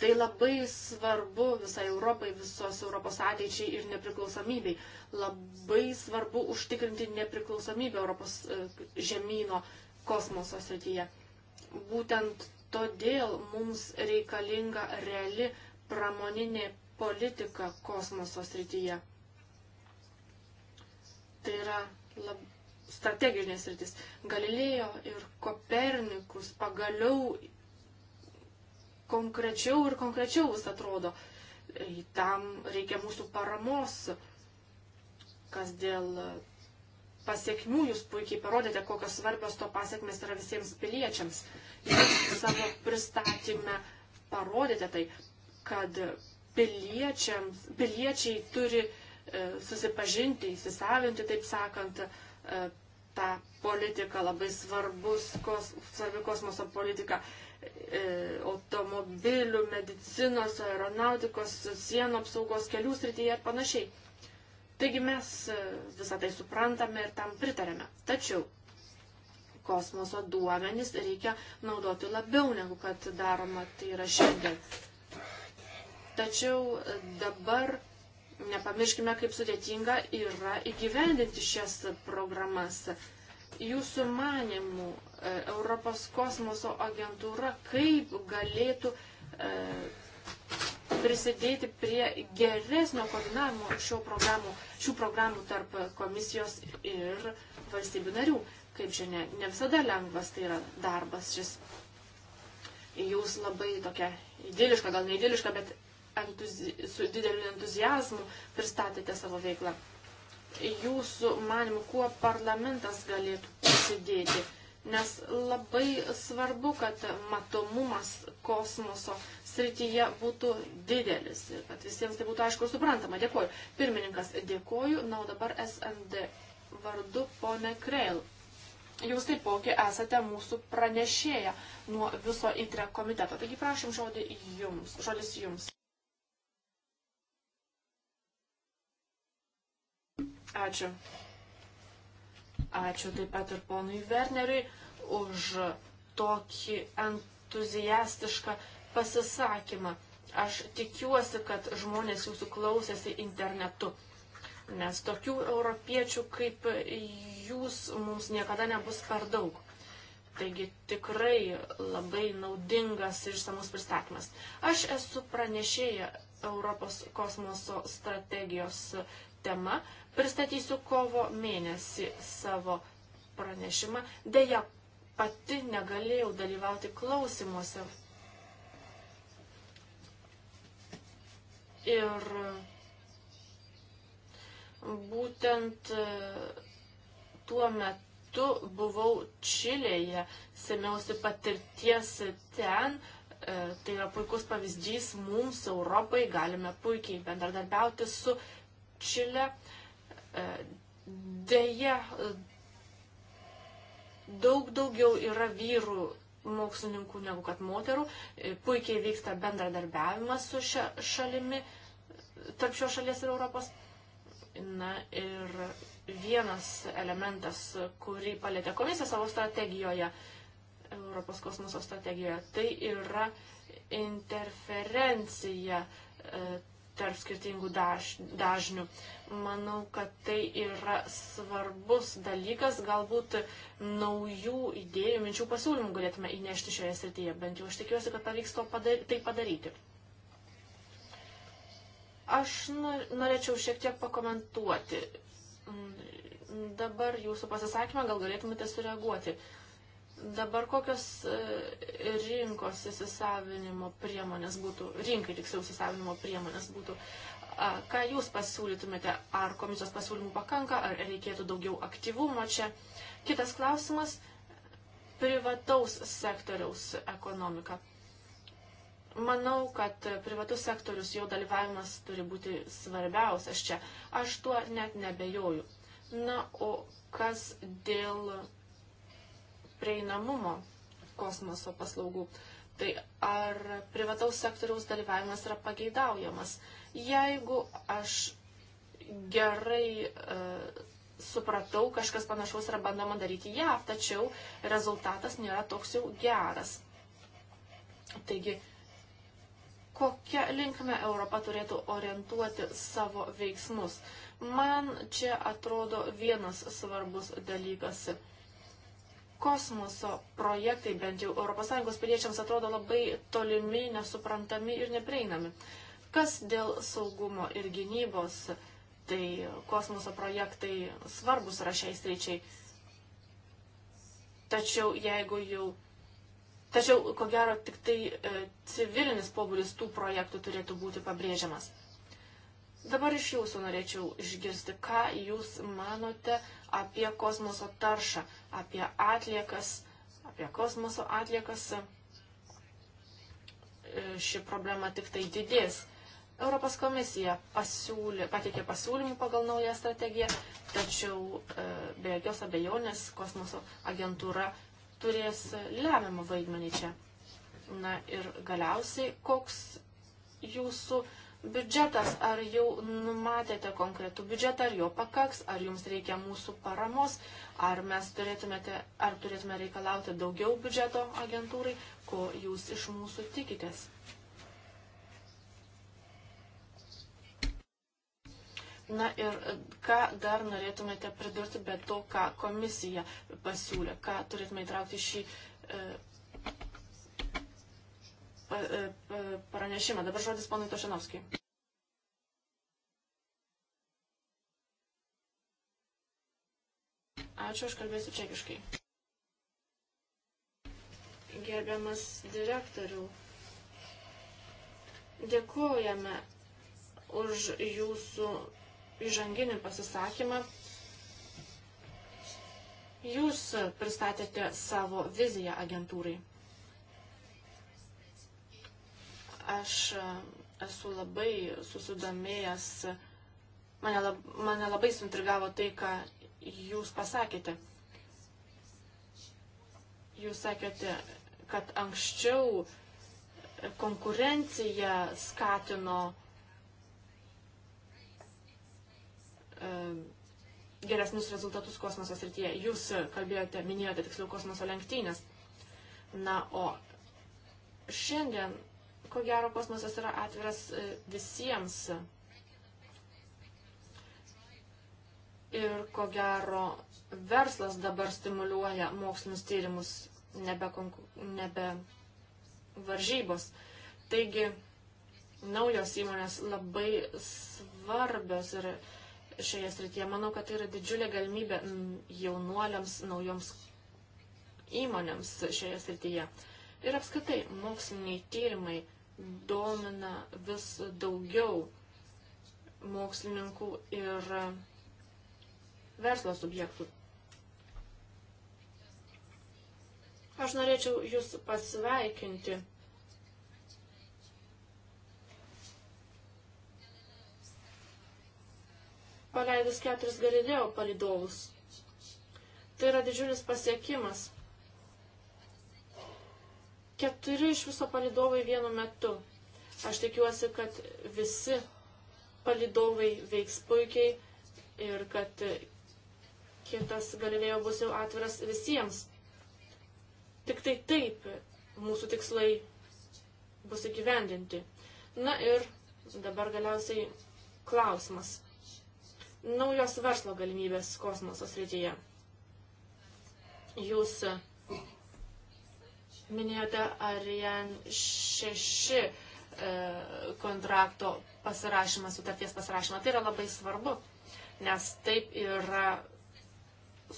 Tai labai svarbu visai Europai, visos Europos ateičiai ir nepriklausomybei. Labai svarbu užtikrinti nepriklausomybę Europos e, žemynų kosmoso srityje. Būtent todėl mums reikalinga reali pramoninė politika kosmoso srityje. Tai yra lab... strateginės sritis. Galilėjo ir Kopernikus pagaliau konkrečiau ir konkrečiau vis atrodo. Tam reikia mūsų paramos, kas dėl pasiekmių jūs puikiai parodėte, kokios svarbios to pasiekmes yra visiems piliečiams. Jūs savo pristatymę parodėte tai, kad piliečiai turi e, susipažinti, įsisavinti, taip sakant, e, tą politiką, labai svarbus, kos, svarbi kosmoso politika. E, automobilių, medicinos, aeronautikos, sienų apsaugos, kelių srityje ir panašiai. Taigi mes e, visą tai suprantame ir tam pritarėme. Tačiau kosmoso duomenys reikia naudoti labiau negu kad daroma tai yra šiandien. Tačiau e, dabar nepamirškime, kaip sudėtinga yra įgyvendinti šias programas. Jūsų manimų, Europos kosmoso agentūra kaip galėtų e, prisidėti prie geresnio koordinavimo šių programų, šių programų tarp komisijos ir valstybių narių. Kaip žinia, ne visada lengvas tai yra darbas šis. Jūs labai tokia idiliška, gal ne idiliška, bet entuzi, su dideliu entuzijazmu pristatėte savo veiklą. Jūsų manimu, kuo parlamentas galėtų prisidėti? nes labai svarbu, kad matomumas kosmoso srityje būtų didelis ir kad visiems tai būtų aišku ir suprantama. Dėkuoju. Pirmininkas, dėkuoju. Na, o dabar SND vardu ponė Kreil. Jūs taipogi esate mūsų pranešėja nuo viso ITRE komiteto. Taigi prašom žodį jums, žodis jums. Ačiū. Ačiū taip pat ir ponui Werneriui už tokį entuziastišką pasisakymą. Aš tikiuosi, kad žmonės jūsų klausėsi internetu, nes tokių europiečių kaip jūs mums niekada nebus per daug. Taigi tikrai labai naudingas išsamus pristatymas. Aš esu pranešėja Europos kosmoso strategijos tema Pristatysiu kovo mėnesį savo pranešimą. Deja, pati negalėjau dalyvauti klausimuose. Ir būtent e, tuo metu buvau Čilėje, semiausi patirties ten. E, tai yra puikus pavyzdys mums, Europai, galime puikiai bendradarbiauti su Čilė. Uh, E, deja, daug daugiau yra vyrų mokslininkų negu kad moterų. E, puikiai vyksta bendradarbiavimas su šia šalimi, tarp šio šalies ir Europos. Na ir vienas elementas, kurį palėtė komisija savo strategijoje, Europos kosmoso strategijoje, tai yra interferencija e, tarp skirtingų daž, dažnių. Manau, kad tai yra svarbus dalykas, galbūt naujų idėjų, minčių pasiūlymų galėtume įnešti šioje srityje, bent jau aš tikiuosi, kad pavyks to padar tai padaryti. Aš norėčiau šiek tiek pakomentuoti mm, dabar jūsų pasisakymą, gal galėtumėte sureaguoti. Uh, Dabar kokios e, rinkos įsisavinimo priemonės būtų, rinkai tiksliau įsisavinimo priemonės būtų, ką jūs pasiūlytumėte, ar komisijos pasiūlymų pakanka, ar reikėtų daugiau aktyvumo čia. Kitas klausimas - privataus sektoriaus ekonomika. Manau, kad privatus sektorius, jo dalyvavimas turi būti svarbiausias čia. Aš tuo net nebejoju. Na, o kas dėl prieinamumo kosmoso paslaugų. Tai ar privataus sektoriaus dalyvavimas yra pageidaujamas? Jeigu aš gerai uh, supratau, kažkas panašaus yra bandoma daryti JAV, tačiau rezultatas nėra toks jau geras. Taigi, kokia linkme Europa turėtų orientuoti savo veiksmus? Man čia atrodo vienas svarbus dalykas kosmoso projektai bent jau ES piliečiams atrodo labai tolimi, nesuprantami ir neprieinami. Kas dėl saugumo ir gynybos, tai kosmoso projektai svarbus yra šiai streičiai. Tačiau jeigu jau. Tačiau, ko gero, tik tai e, civilinis pobūdis tų projektų turėtų būti pabrėžiamas. Dabar iš jūsų norėčiau išgirsti, ką jūs manote apie kosmoso taršą, apie atliekas, apie kosmoso atliekas. E, ši problema tik tai didės. Europos komisija pasiūlė, pateikė pasiūlymų pagal naują strategiją, tačiau e, be jokios abejonės kosmoso agentūra turės lemiamą vaidmenį čia. Na ir galiausiai, koks jūsų uh, biudžetas, ar jau numatėte konkretų biudžetą, ar jo pakaks, ar jums reikia mūsų paramos, ar mes turėtumėte, ar turėtume reikalauti daugiau biudžeto agentūrai, ko jūs iš mūsų tikitės. Na ir e, ką dar norėtumėte pridurti be to, ką komisija pasiūlė, ką turėtume įtraukti šį e, E, pranešimą. Dabar žodis ponui Tošinovskijai. Ačiū, aš kalbėsiu čekiškai. Gerbiamas direktorių, dėkojame už jūsų įžanginį pasisakymą. Jūs pristatėte savo viziją agentūrai. Aš e, esu labai susidomėjęs, mane, lab, mane labai suintrigavo tai, ką jūs pasakėte. Jūs sakėte, kad anksčiau konkurencija skatino e, geresnius rezultatus kosmoso srityje. Jūs kalbėjote, minėjote tiksliau kosmoso lenktynės. Na, o šiandien ko gero kosmosas yra atviras e, visiems. Ir ko gero verslas dabar stimuliuoja mokslinius tyrimus, nebe, konku, nebe varžybos. Taigi naujos įmonės labai svarbios ir šioje srityje. Manau, kad tai yra didžiulė galimybė jaunuoliams, naujoms įmonėms šioje srityje. Ir apskritai, moksliniai tyrimai domina vis daugiau mokslininkų ir verslo subjektų. Aš norėčiau Jūs pasveikinti. Paleidus keturis Galileo palidovus. Tai yra didžiulis pasiekimas. Keturi iš viso palidovai vienu metu. Aš tikiuosi, kad visi palidovai veiks puikiai ir kad kitas galilėjo bus jau atviras visiems. Tik tai taip mūsų tikslai bus įgyvendinti. Na ir dabar galiausiai klausimas. Naujos verslo galimybės kosmoso srityje. Jūs minėjote Arijan 6 e, kontrakto pasirašymą, sutarties pasirašymą. Tai yra labai svarbu, nes taip yra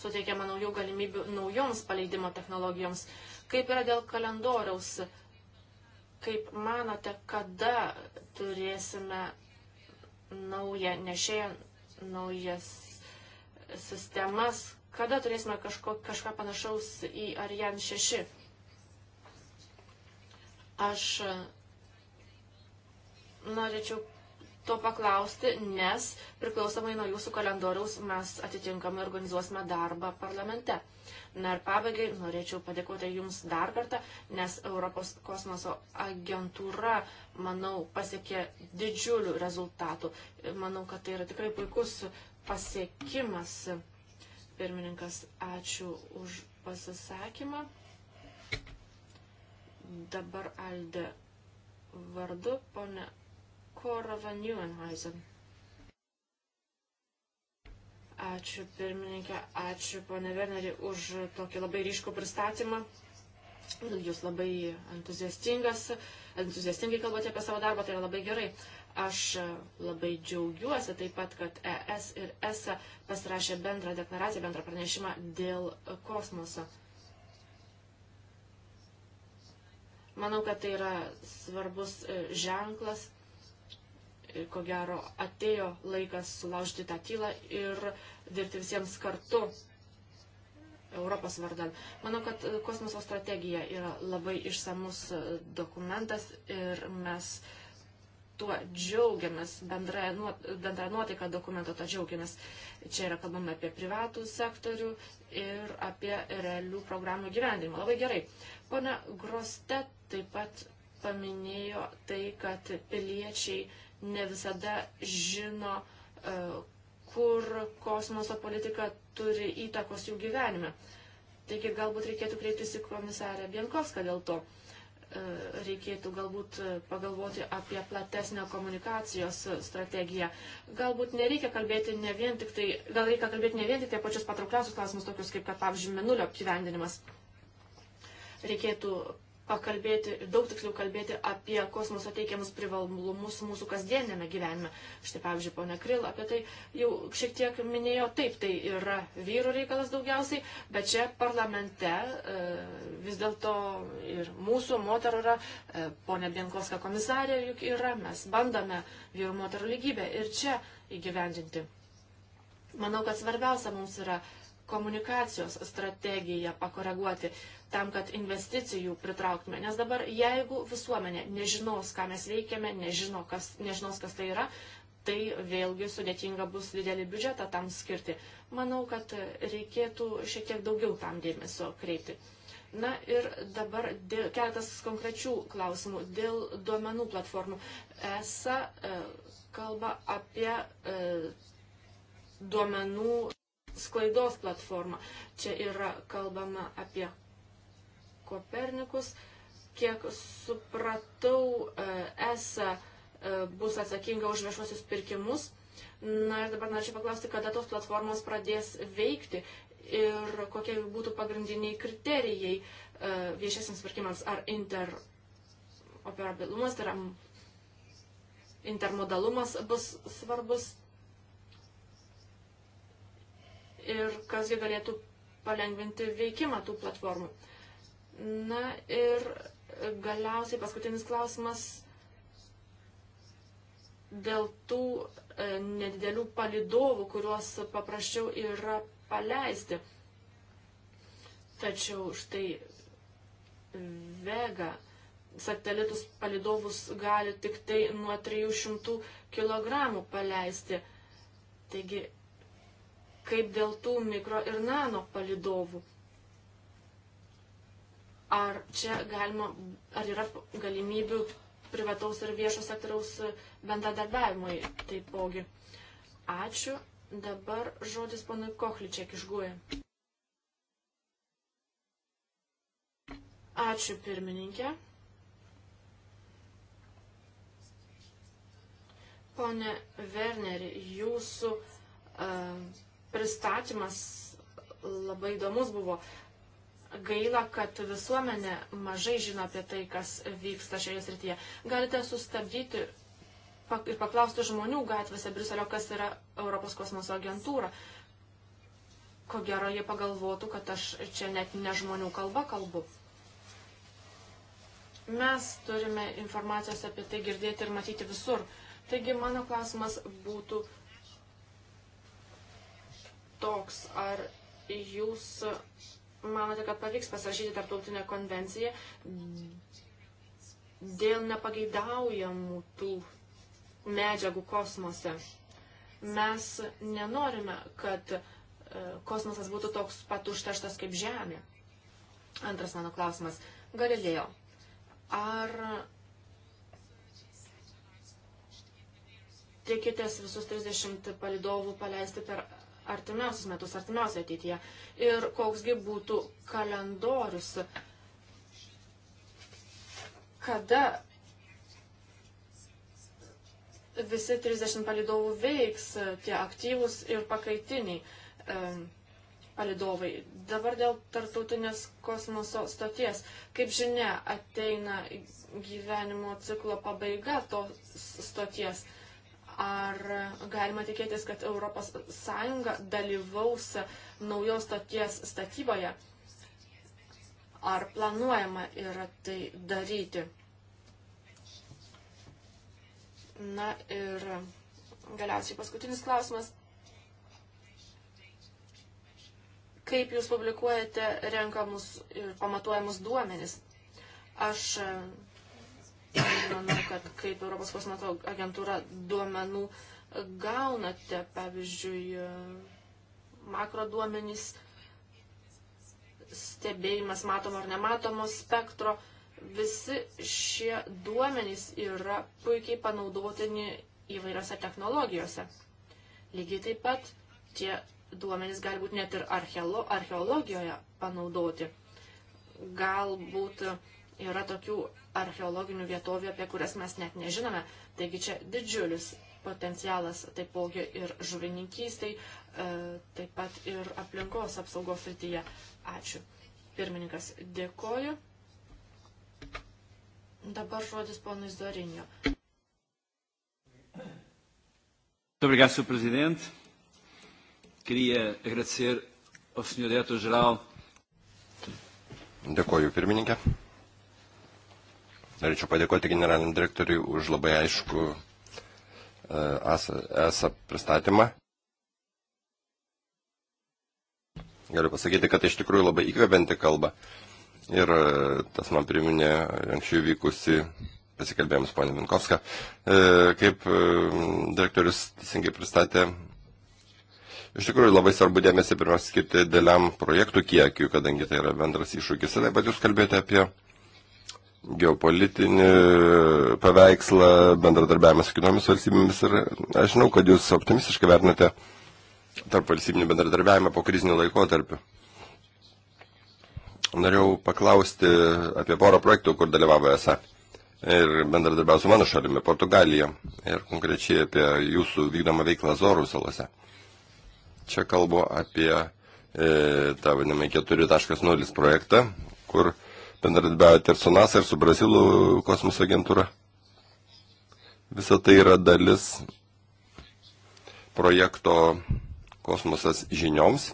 suteikiama naujų galimybių naujoms paleidimo technologijoms. Kaip yra dėl kalendoriaus? Kaip manote, kada turėsime naują nešėją, naujas sistemas, kada turėsime kažko, kažką panašaus į Arijan 6? Aš e, norėčiau to paklausti, nes priklausomai nuo jūsų kalendoriaus mes atitinkamai organizuosime darbą parlamente. Na ir pabaigai norėčiau padėkoti Jums dar kartą, nes Europos kosmoso agentūra, manau, pasiekė didžiulių rezultatų. Manau, kad tai yra tikrai puikus pasiekimas. Pirmininkas, ačiū už pasisakymą. Dabar Alde vardu ponė Cora van Nieuwenhuizen. Ačiū pirmininkė, ačiū ponė Vernerį už tokį labai ryškų pristatymą. Jūs labai entuziastingas, entuziastingai kalbate apie savo darbą, tai yra labai gerai. Aš labai džiaugiuosi taip pat, kad ES ir ESA pasirašė bendrą deklaraciją, bendrą pranešimą dėl kosmoso. Manau, kad tai yra svarbus e, ženklas. E, ko gero, atėjo laikas sulaužti tą tylą ir dirbti visiems kartu Europos vardan. Manau, kad e, kosmoso strategija yra labai išsamus dokumentas ir mes uh, tuo džiaugiamės, bendra, bendra nuotaika dokumento to džiaugiamės. Čia yra kalbama apie privatų sektorių ir apie realių programų gyvendinimą. Labai gerai. Pone Groste taip pat paminėjo tai, kad piliečiai ne visada žino, e, kur kosmoso politika turi įtakos jų gyvenime. Taigi galbūt reikėtų kreiptis į komisarę Bienkovską dėl to. Uh, E, reikėtų galbūt e, pagalvoti apie platesnę komunikacijos strategiją. Galbūt nereikia kalbėti ne vien tik tai, gal reikia kalbėti ne vien tik tai pačius patraukliausius klausimus, tokius kaip, kad, pavyzdžiui, minulio apgyvendinimas. Reikėtų pakalbėti, daug tiksliau kalbėti apie kosmoso teikiamus privalumus mūsų kasdienėme gyvenime. Štai pavyzdžiui, ponia Kril apie tai jau šiek tiek minėjo, taip, tai yra vyrų reikalas daugiausiai, bet čia parlamente e, vis dėlto ir mūsų moterų yra, e, ponia Bienkovska komisarė juk yra, mes bandome vyrų moterų lygybę ir čia įgyvendinti. Manau, kad svarbiausia mums yra komunikacijos strategiją pakoreguoti tam, kad investicijų pritrauktume. Nes dabar, jeigu visuomenė nežinos, ką mes veikiame, nežino, kas, nežinos, kas tai yra, tai vėlgi sudėtinga bus didelį biudžetą tam skirti. Manau, kad reikėtų šiek tiek daugiau tam dėmesio kreipti. Na ir dabar dėl, keletas konkrečių klausimų dėl duomenų platformų. ESA e, kalba apie e, duomenų sklaidos platformą. Čia yra kalbama apie Kopernikus. Kiek supratau, e, ESA e, bus atsakinga už viešuosius pirkimus. Na ir dabar norėčiau paklausti, kada tos platformos pradės veikti ir kokie būtų pagrindiniai kriterijai e, viešiesiams pirkimams. Ar interoperabilumas, tai yra intermodalumas bus svarbus ir kasgi galėtų palengventi veikimą tų platformų. Na ir galiausiai paskutinis klausimas dėl tų e, nedidelių palidovų, kuriuos paprasčiau yra paleisti. Tačiau štai Vega satelitus palidovus gali tik tai nuo 300 kg paleisti. Taigi, kaip dėl tų mikro ir nano palidovų? Ar čia galima, ar yra galimybių privataus ir viešo sektoriaus bendradarbiavimui taipogi? Ačiū. Dabar žodis ponui Kohličiak išguoja. Ačiū pirmininkė. Pone Werneri, jūsų uh, pristatymas labai įdomus buvo gaila, kad visuomenė mažai žino apie tai, kas vyksta šioje srityje. Galite sustabdyti ir paklausti žmonių gatvėse Briuselio, kas yra Europos kosmoso agentūra. Ko gero, jie pagalvotų, kad aš čia net ne žmonių kalba kalbu. Mes turime informacijos apie tai girdėti ir matyti visur. Taigi mano klausimas būtų toks, ar jūs manote, kad pavyks pasirašyti tarptautinę konvenciją dėl nepageidaujamų tų medžiagų kosmose? Mes nenorime, kad e, kosmosas būtų toks pat užterštas kaip Žemė. Antras mano klausimas. Galilėjo, ar tikitės visus 30 palidovų paleisti per artimiausius metus, artimiausią ateityje. Ir koksgi būtų kalendorius, kada visi 30 palidovų veiks, tie aktyvus ir pakaitiniai e, palidovai. Dabar dėl tartautinės kosmoso stoties. Kaip žinia, ateina gyvenimo ciklo pabaiga tos stoties. E, Ar galima tikėtis, kad ES dalyvaus naujos stoties statyboje? Ar planuojama yra tai daryti? Na ir galiausiai paskutinis klausimas. Kaip jūs publikuojate renkamus ir pamatuojamus duomenis? Aš Manau, kad kaip Europos kosmoso agentūra duomenų gaunate, pavyzdžiui, makroduomenys, stebėjimas matomo ar nematomo spektro, visi šie duomenys yra puikiai panaudotini įvairiose technologijose. Lygiai taip pat tie duomenys gali būti net ir archeolo, archeologijoje panaudoti. Galbūt yra tokių archeologinių vietovių, apie kurias mes net nežinome. Taigi čia didžiulis potencialas taipogi ir žuvininkystai, e, taip pat ir aplinkos apsaugos srityje. Ačiū. Pirmininkas, dėkoju. Dabar žodis ponui Zorinio. Obrigado, Sr. Presidente. Queria agradecer ao Sr. Diretor-Geral. Dėkoju, pirmininkė. Norėčiau padėkoti generaliniam direktoriui už labai aišku e, esą pristatymą. Galiu pasakyti, kad tai iš tikrųjų labai įkvepianti kalba. Ir e, tas man priminė anksčiau vykusi pasikalbėjimus ponė Vinkovska, e, kaip direktorius teisingai pristatė. Iš tikrųjų labai svarbu dėmesį pirmiausia skirti dėliam projektų kiekiu, kadangi tai yra bendras iššūkis. Taip pat jūs kalbėjote apie geopolitinį paveikslą, bendradarbiavimą su kitomis valstybėmis ir aš žinau, kad jūs optimistiškai vertinate tarp valstybinį bendradarbiavimą po krizinio laikotarpio. Norėjau paklausti apie porą projektų, kur dalyvavo ESA ir bendradarbiavo su mano šalimi, Portugalija ir konkrečiai apie jūsų vykdomą veiklą Zorų salose. Čia kalbu apie e, tą vadinamą 4.0 projektą, kur e, bendradarbiaujate ir su NASA, ir su Brazilų kosmoso agentūra. Visa tai yra dalis projekto kosmosas žinioms.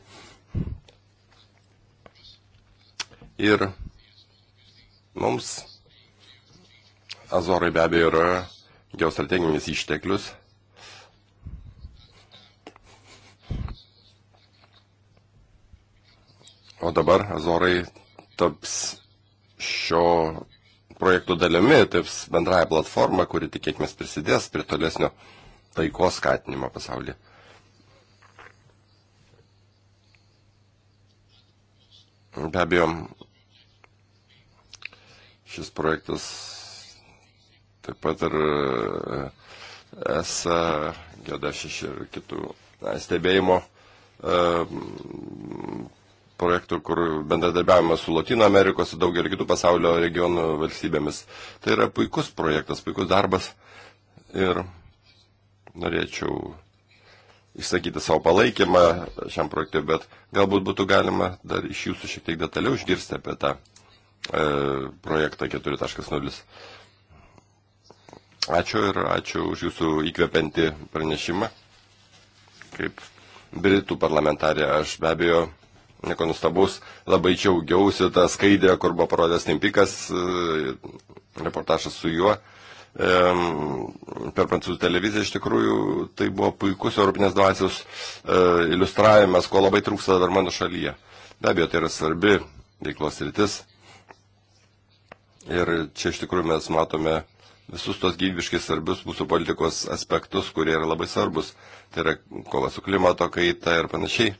Ir mums Azorai be abejo yra geostrateginis išteklius. O dabar Azorai taps šio projekto dalimi, taip bendraja platforma, kuri tikėkime prisidės prie tolesnio taikos skatinimo pasaulyje. Be abejo, šis projektas taip pat ir esą GD6 ir kitų e, stebėjimo e, projektų, kur bendradarbiavame su Latino Amerikos, su daugelį kitų pasaulio regionų valstybėmis. Tai yra puikus projektas, puikus darbas ir norėčiau išsakyti savo palaikymą šiam projektui, bet galbūt būtų galima dar iš jūsų šiek tiek detaliau išgirsti apie tą e, projektą 4.0. Ačiū ir ačiū už jūsų įkvepiantį pranešimą. Kaip Britų parlamentarė, aš be abejo nieko nustabus, labai džiaugiausi tą skaidrę, kur buvo parodęs Timpikas, e, reportažas su juo. Per prancūzų televiziją iš tikrųjų tai buvo puikus europinės dvasios e, iliustravimas, ko labai trūksta dar mano šalyje. Be abejo, tai yra svarbi veiklos rytis. Ir čia iš tikrųjų mes matome visus tos gyvybiškai svarbius mūsų politikos aspektus, kurie yra labai svarbus. Tai yra kova su klimato kaita ir panašiai.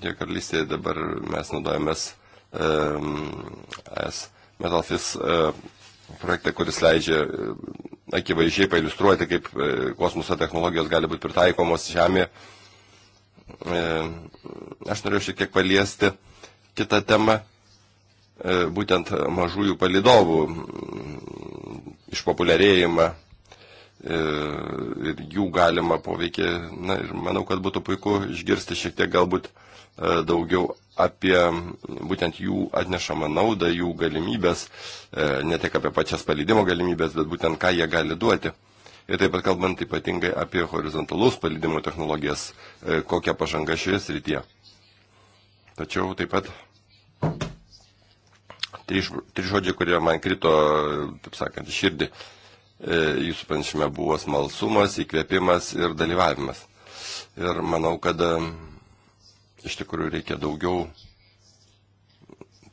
Dievo karalystėje dabar mes naudojamės ES Metalfis e, projektą, kuris leidžia e, akivaizdžiai pailistruoti, kaip e, kosmoso technologijos gali būti pritaikomos Žemėje. Aš norėjau šiek tiek paliesti kitą temą, būtent mažųjų palidovų išpopuliarėjimą E, ir jų galima poveikį. Na ir manau, kad būtų puiku išgirsti šiek tiek galbūt e, daugiau apie būtent jų atnešamą naudą, jų galimybės, e, ne tik apie pačias palydimo galimybės, bet būtent ką jie gali duoti. Ir taip pat kalbant ypatingai apie horizontalus palydimo technologijas, kokią pažangą šioje srityje. Tačiau taip pat trys, trys žodžiai, kurie man krito, taip sakant, širdį. Uh, E, jūsų pranešime buvo smalsumas, įkvėpimas ir dalyvavimas. Ir manau, kad e, iš tikrųjų reikia daugiau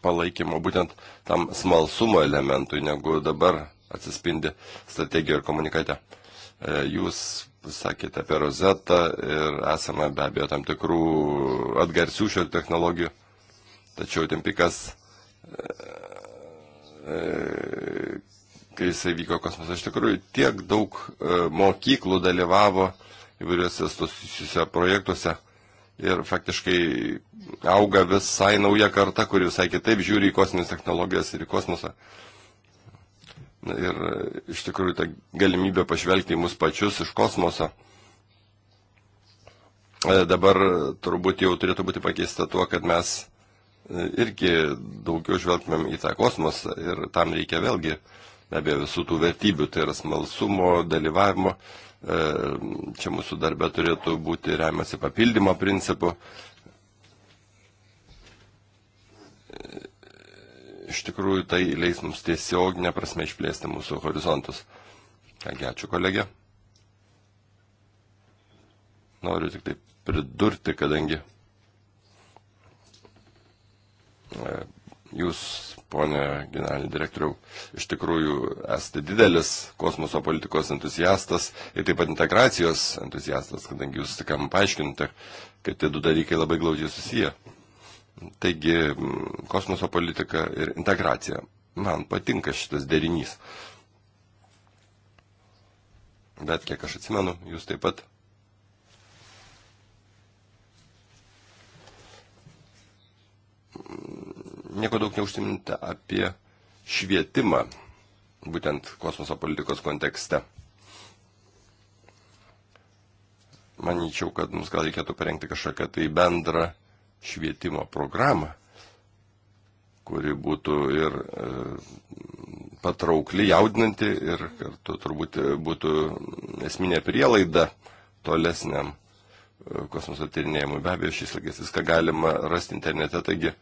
palaikymo būtent tam smalsumo elementui, negu dabar atsispindi strategijoje ir komunikate. E, jūs sakėte apie rozetą ir esame be abejo tam tikrų atgarsių šio technologijų, tačiau tempikas kai jisai vyko kosmosą. Iš tikrųjų, tiek daug e, mokyklų dalyvavo įvairiuose susijusiuose projektuose ir faktiškai auga visai nauja karta, kuri visai kitaip žiūri į kosminės technologijas ir į kosmosą. Ir e, iš tikrųjų ta galimybė pažvelgti į mus pačius iš kosmoso e, dabar turbūt jau turėtų būti pakeista tuo, kad mes irgi daugiau žvelgtumėm į tą kosmosą ir tam reikia vėlgi uh, be abejo visų tų vertybių, tai yra smalsumo, dalyvavimo. E, čia mūsų darbė turėtų būti remiasi papildymo principu. Iš tikrųjų, tai leis mums tiesiog neprasme išplėsti mūsų horizontus. Kągi, ačiū kolegė. Noriu tik tai pridurti, kadangi e, jūs ponė generalinė direktoriau. Iš tikrųjų, esate didelis kosmoso politikos entuziastas ir taip pat integracijos entuziastas, kadangi jūs tikam paaiškinate, kad tie du dalykai labai glaudžiai susiję. Taigi, mm, kosmoso politika ir integracija. Man patinka šitas derinys. Bet kiek aš atsimenu, jūs taip pat nieko daug neužsiminta apie švietimą, būtent kosmoso politikos kontekste. Manyčiau, kad mums gal reikėtų parengti kažkokią tai bendrą švietimo programą, kuri būtų ir e, patraukli, jaudinanti ir kartu turbūt būtų esminė prielaida tolesniam e, kosmoso tyrinėjimui. Be abejo, šis laikas viską galima rasti internete, taigi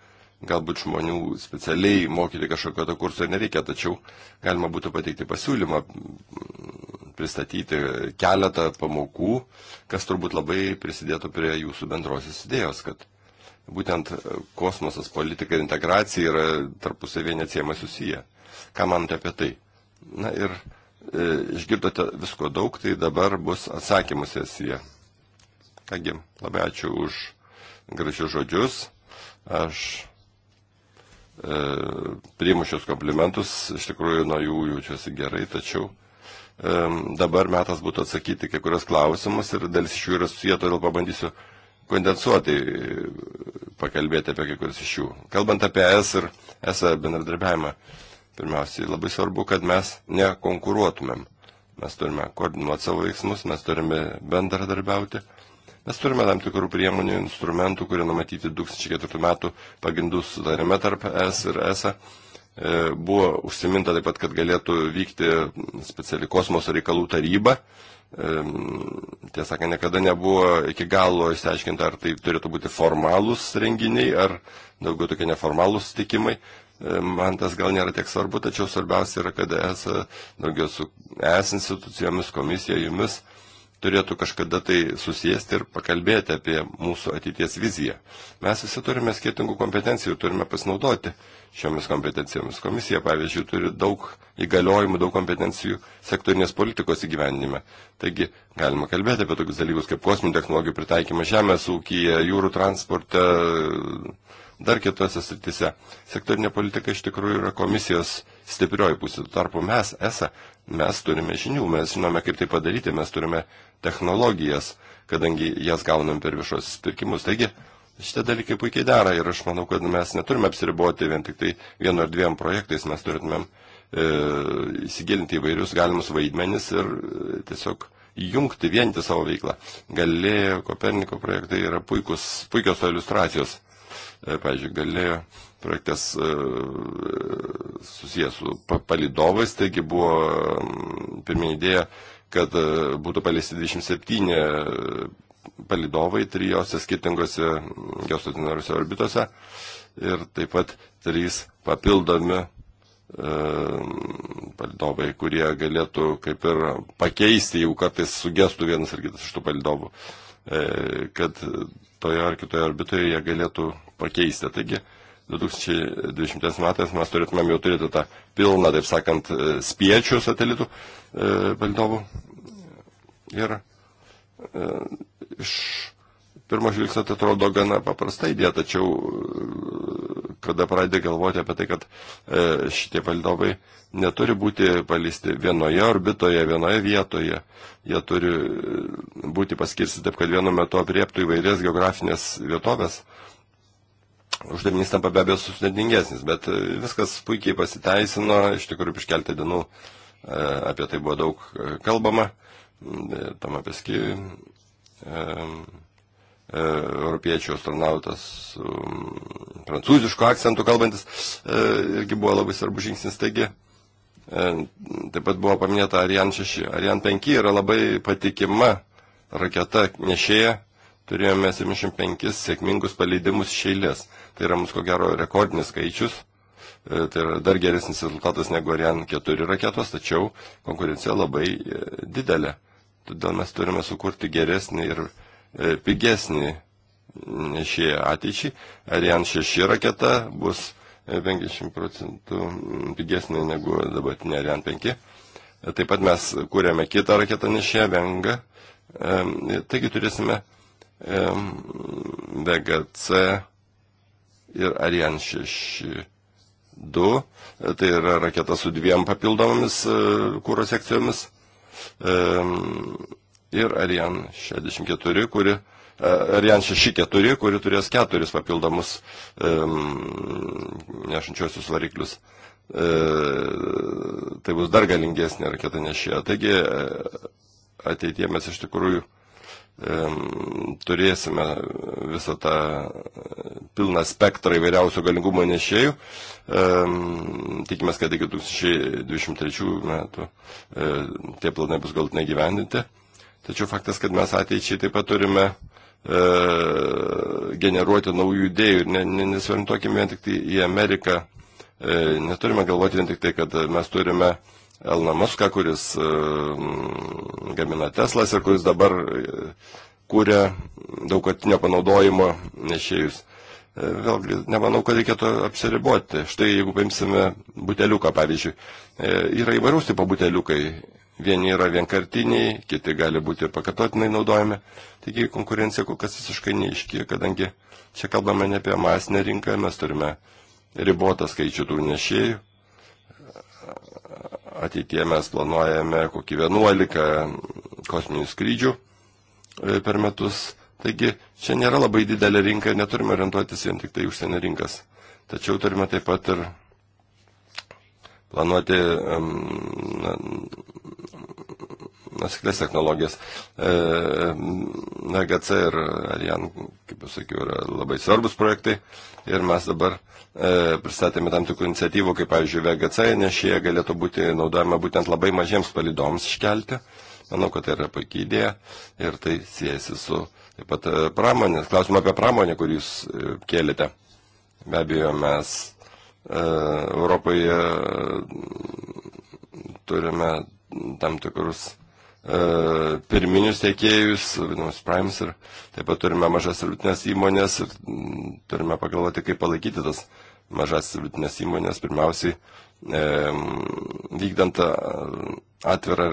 galbūt žmonių specialiai mokyti kažkokio to kurso nereikia, tačiau galima būtų pateikti pasiūlymą, mm, pristatyti keletą pamokų, kas turbūt labai prisidėtų prie jūsų bendrosios idėjos, kad būtent kosmosas, politika ir integracija yra tarpusavėje neatsiemai susiję. Ką manote apie tai? Na ir e, išgirdote visko daug, tai dabar bus atsakymų sesija. Kągi, labai ačiū už gražius žodžius. Aš E, priimu šios komplimentus, iš tikrųjų nuo jų jaučiuosi gerai, tačiau e, dabar metas būtų atsakyti kai kurios klausimus ir dalis iš jų yra susiję, todėl pabandysiu kondensuotai e, pakalbėti apie kai kurias iš jų. Kalbant apie ES ir ES bendradarbiavimą, pirmiausiai labai svarbu, kad mes nekonkuruotumėm. Mes turime koordinuoti savo veiksmus, mes turime bendradarbiauti Mes turime tam tikrų priemonių, instrumentų, kurie numatyti 2004 metų pagrindų sudarime tarp ES ir ESA. E, buvo užsiminta taip pat, kad galėtų vykti speciali kosmoso reikalų taryba. E, tiesą sakant, niekada nebuvo iki galo išsiaiškinta, ar tai turėtų būti formalūs renginiai, ar daugiau tokie neformalūs sutikimai. E, man tas gal nėra tiek svarbu, tačiau svarbiausia yra, kad es, daugiau su es institucijomis, komisija, jumis, uh, turėtų kažkada tai susijęsti ir pakalbėti apie mūsų ateities viziją. Mes visi turime skirtingų kompetencijų, turime pasinaudoti šiomis kompetencijomis. Komisija, pavyzdžiui, turi daug įgaliojimų, daug kompetencijų sektorinės politikos įgyvendinime. Taigi galima kalbėti apie tokius dalykus kaip kosminių technologijų pritaikymą žemės ūkyje, jūrų transporte, dar kitose sritise. Sektorinė politika iš tikrųjų yra komisijos stiprioji pusė. Tuo tarpu mes, ESA, Mes turime žinių, mes žinome, kaip tai padaryti, mes turime technologijas, kadangi jas gaunam per viešosius pirkimus. Taigi, šitie dalykai puikiai dera ir aš manau, kad mes neturime apsiriboti vien tik tai vienu ar dviem projektais, mes turėtumėm e, įsigilinti įvairius galimus vaidmenis ir e, tiesiog jungti, vienti savo veiklą. Galėjo, Koperniko projektai yra puikus, puikios iliustracijos. E, pavyzdžiui, galėjo projektas e, susijęs su palidovais, taigi buvo pirminė idėja, kad e, būtų paliesti 27 e, palidovai trijose skirtingose geostacionariuose orbitose ir taip pat trys papildomi palidovai, kurie galėtų kaip ir pakeisti, jau kartais sugestų vienas ar kitas iš tų palidovų, kad toje ar kitoje orbitoje jie galėtų pakeisti. Taigi 2020 metais mes turėtumėm jau turėti tą pilną, taip sakant, e, spiečių satelitų e, valdovų. Ir e, iš pirmo žvilgsnio tai atrodo gana paprasta idėja, tačiau kada pradė galvoti apie tai, kad šitie valdovai neturi būti palisti vienoje orbitoje, vienoje vietoje. Jie turi būti paskirsti taip, kad vienu metu apriektų įvairias geografinės vietovės uždavinys tampa be abejo susidėtingesnis, bet e, viskas puikiai pasiteisino, iš tikrųjų prieš keltą dienų e, apie tai buvo daug e, kalbama, mm, tam apie ski europiečių astronautas su mm, prancūzišku akcentu kalbantis, irgi buvo labai svarbus žingsnis. Taigi, taip pat buvo paminėta Ariane 6. Ariane 5 yra labai patikima raketa nešėja, turėjome 75 sėkmingus paleidimus šeilės. Tai yra mūsų ko gero rekordinis skaičius. E, tai yra dar geresnis rezultatas negu Ariane 4 raketos, tačiau konkurencija labai e, didelė. Todėl mes turime sukurti geresnį ir e, pigesnį šį ateičiai. Ariane 6 raketa bus 50 procentų pigesnė negu dabartinė Ariane 5. Taip pat mes kūrėme kitą raketą nešėją, vengą. Taigi turėsime DGC ir Ariane 6. 2, tai yra raketa su dviem papildomomis e, kūro sekcijomis ir Ariane 64, kuri e, Ariane 64, kuri turės keturis papildomus nešančiosius variklius. E, tai bus dar galingesnė raketa nešėja. Taigi ateitie mes iš tikrųjų turėsime visą tą pilną spektrą įvairiausių galingumo nešėjų. Tikimės, kad iki 2023 metų e, tie planai bus galtinai gyvendinti. Tačiau faktas, kad mes ateičiai taip pat turime e, generuoti naujų idėjų ir ne, ne, nesverintuokime vien tik tai į Ameriką. E, neturime galvoti vien tik tai, kad mes turime uh, Elna Muska, kuris e, gamina Teslas ir kuris dabar e, kūrė daugkartinio panaudojimo nešėjus. E, vėlgi, nemanau, kad reikėtų apsiriboti. Štai jeigu paimsime buteliuką, pavyzdžiui, yra įvairiaus tipo buteliukai. Vieni yra vienkartiniai, kiti gali būti ir pakatotinai naudojami. Taigi konkurencija kol kas visiškai neiški, kadangi čia kalbame ne apie masinę rinką, mes turime ribotą skaičių tų nešėjų ateitie mes planuojame kokį 11 kosminių skrydžių e, per metus. Taigi čia nėra labai didelė rinka ir neturime orientuotis vien tik tai užsienio rinkas. Tačiau turime taip pat ir planuoti um, nusiklės technologijas. E, NGC ir Arian, kaip jau sakiau, yra labai svarbus projektai ir mes dabar e, pristatėme tam tikrų iniciatyvų, kaip pavyzdžiui VGC, nes šie galėtų būti naudojama būtent labai mažiems palidoms iškelti. Manau, kad tai yra puikiai idėja ir tai siejasi su taip pat e, pramonės, klausimą apie pramonę, kurį jūs kėlėte. Be abejo, mes e, Europoje turime tam tikrus E, pirminius tiekėjus, vadinamus primes ir taip pat turime mažas ir vidutinės įmonės ir mm, turime pagalvoti, kaip palaikyti tas mažas ir vidutinės įmonės, pirmiausiai e, mm, vykdant e, atvirą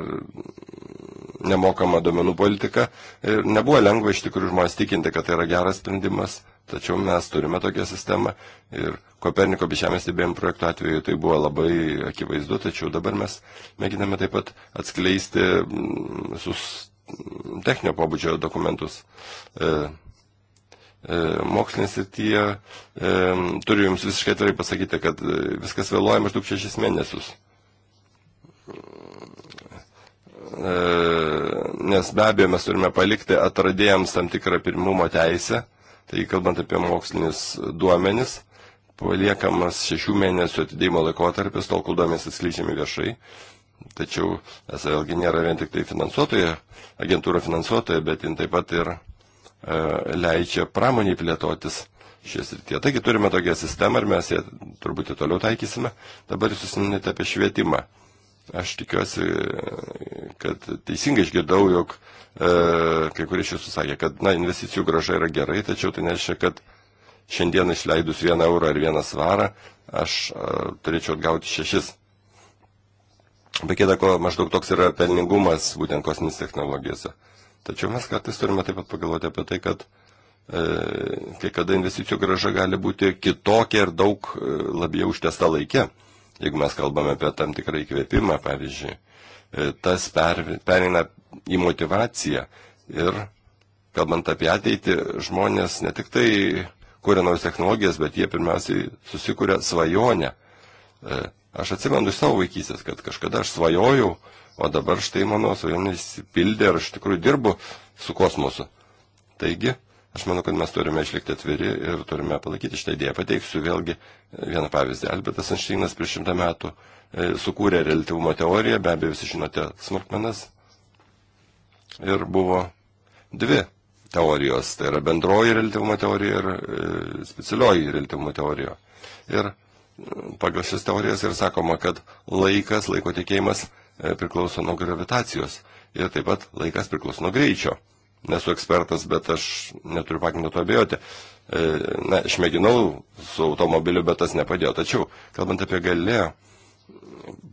nemokamą domenų politiką. Ir nebuvo lengva iš tikrųjų žmonės tikinti, kad tai yra geras sprendimas, Tačiau mes turime tokią sistemą ir Koperniko bišiamė stebėjim projektų atveju tai buvo labai akivaizdu, tačiau dabar mes mėginame taip pat atskleisti visus mm, techninio pobūdžio dokumentus. E, e, Mokslinės srityje e, turiu Jums visiškai atvirai pasakyti, kad viskas vėluoja maždaug šešis mėnesius e, nes be abejo mes turime palikti atradėjams tam tikrą pirmumo teisę Tai kalbant apie mokslinis duomenis, paliekamas šešių mėnesių atidėjimo laikotarpis, tol kol duomenys atskleidžiami viešai. Tačiau esą vėlgi nėra vien tik tai finansuotoja, agentūra finansuotoja, bet jin taip pat ir e, leidžia pramoniai plėtotis šies rytyje. Taigi turime tokią sistemą ir mes ją turbūt ir toliau taikysime. Dabar jūs susiminėte apie švietimą. Aš tikiuosi, kad teisingai išgirdau, jog E, kai kurie iš jūsų sakė, kad na, investicijų graža yra gerai, tačiau tai nereiškia, kad šiandien išleidus vieną eurą ar vieną svarą aš a, e, turėčiau atgauti šešis. Be kita ko, maždaug toks yra pelningumas būtent kosminės technologijose. Tačiau mes kartais turime taip pat pagalvoti apie tai, kad e, kai kada investicijų graža gali būti kitokia ir daug e, labiau užtesta laikė. Jeigu mes kalbame apie tam tikrą įkvėpimą, pavyzdžiui, E, tas per, perina į motivaciją ir, kalbant apie ateitį, žmonės ne tik tai kuria naujas technologijas, bet jie pirmiausiai susikuria svajonę. E, aš atsimenu iš savo vaikystės, kad kažkada aš svajojau, o dabar štai mano svajonė įsipildė ir aš tikrai dirbu su kosmosu. Taigi, Aš manau, kad mes turime išlikti atviri ir turime palaikyti šitą idėją. Pateiksiu vėlgi vieną pavyzdį. Albertas Einšteinas prieš šimtą metų e, sukūrė relativumo teoriją, be abejo visi žinote smulkmenas. Ir buvo dvi teorijos, tai yra bendroji relativumo teorija ir e, specialioji relativumo teorija. Ir pagal šias teorijas ir sakoma, kad laikas, laiko tikėjimas e, priklauso nuo gravitacijos ir taip pat laikas priklauso nuo greičio nesu ekspertas, bet aš neturiu pagrindo to abejoti. E, na, išmėginau su automobiliu, bet tas nepadėjo. Tačiau, kalbant apie galę,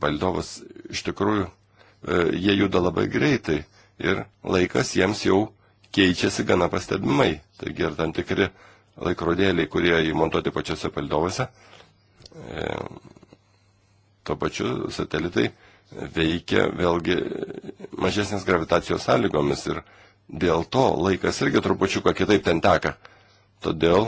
palidovas iš tikrųjų, e, jie juda labai greitai ir laikas jiems jau keičiasi gana pastebimai. Taigi ir tam tikri laikrodėliai, kurie įmontuoti pačiose palidovose, e, to pačiu satelitai veikia vėlgi mažesnės gravitacijos sąlygomis ir Dėl to laikas irgi trupučiuką kitaip ten teka. Todėl,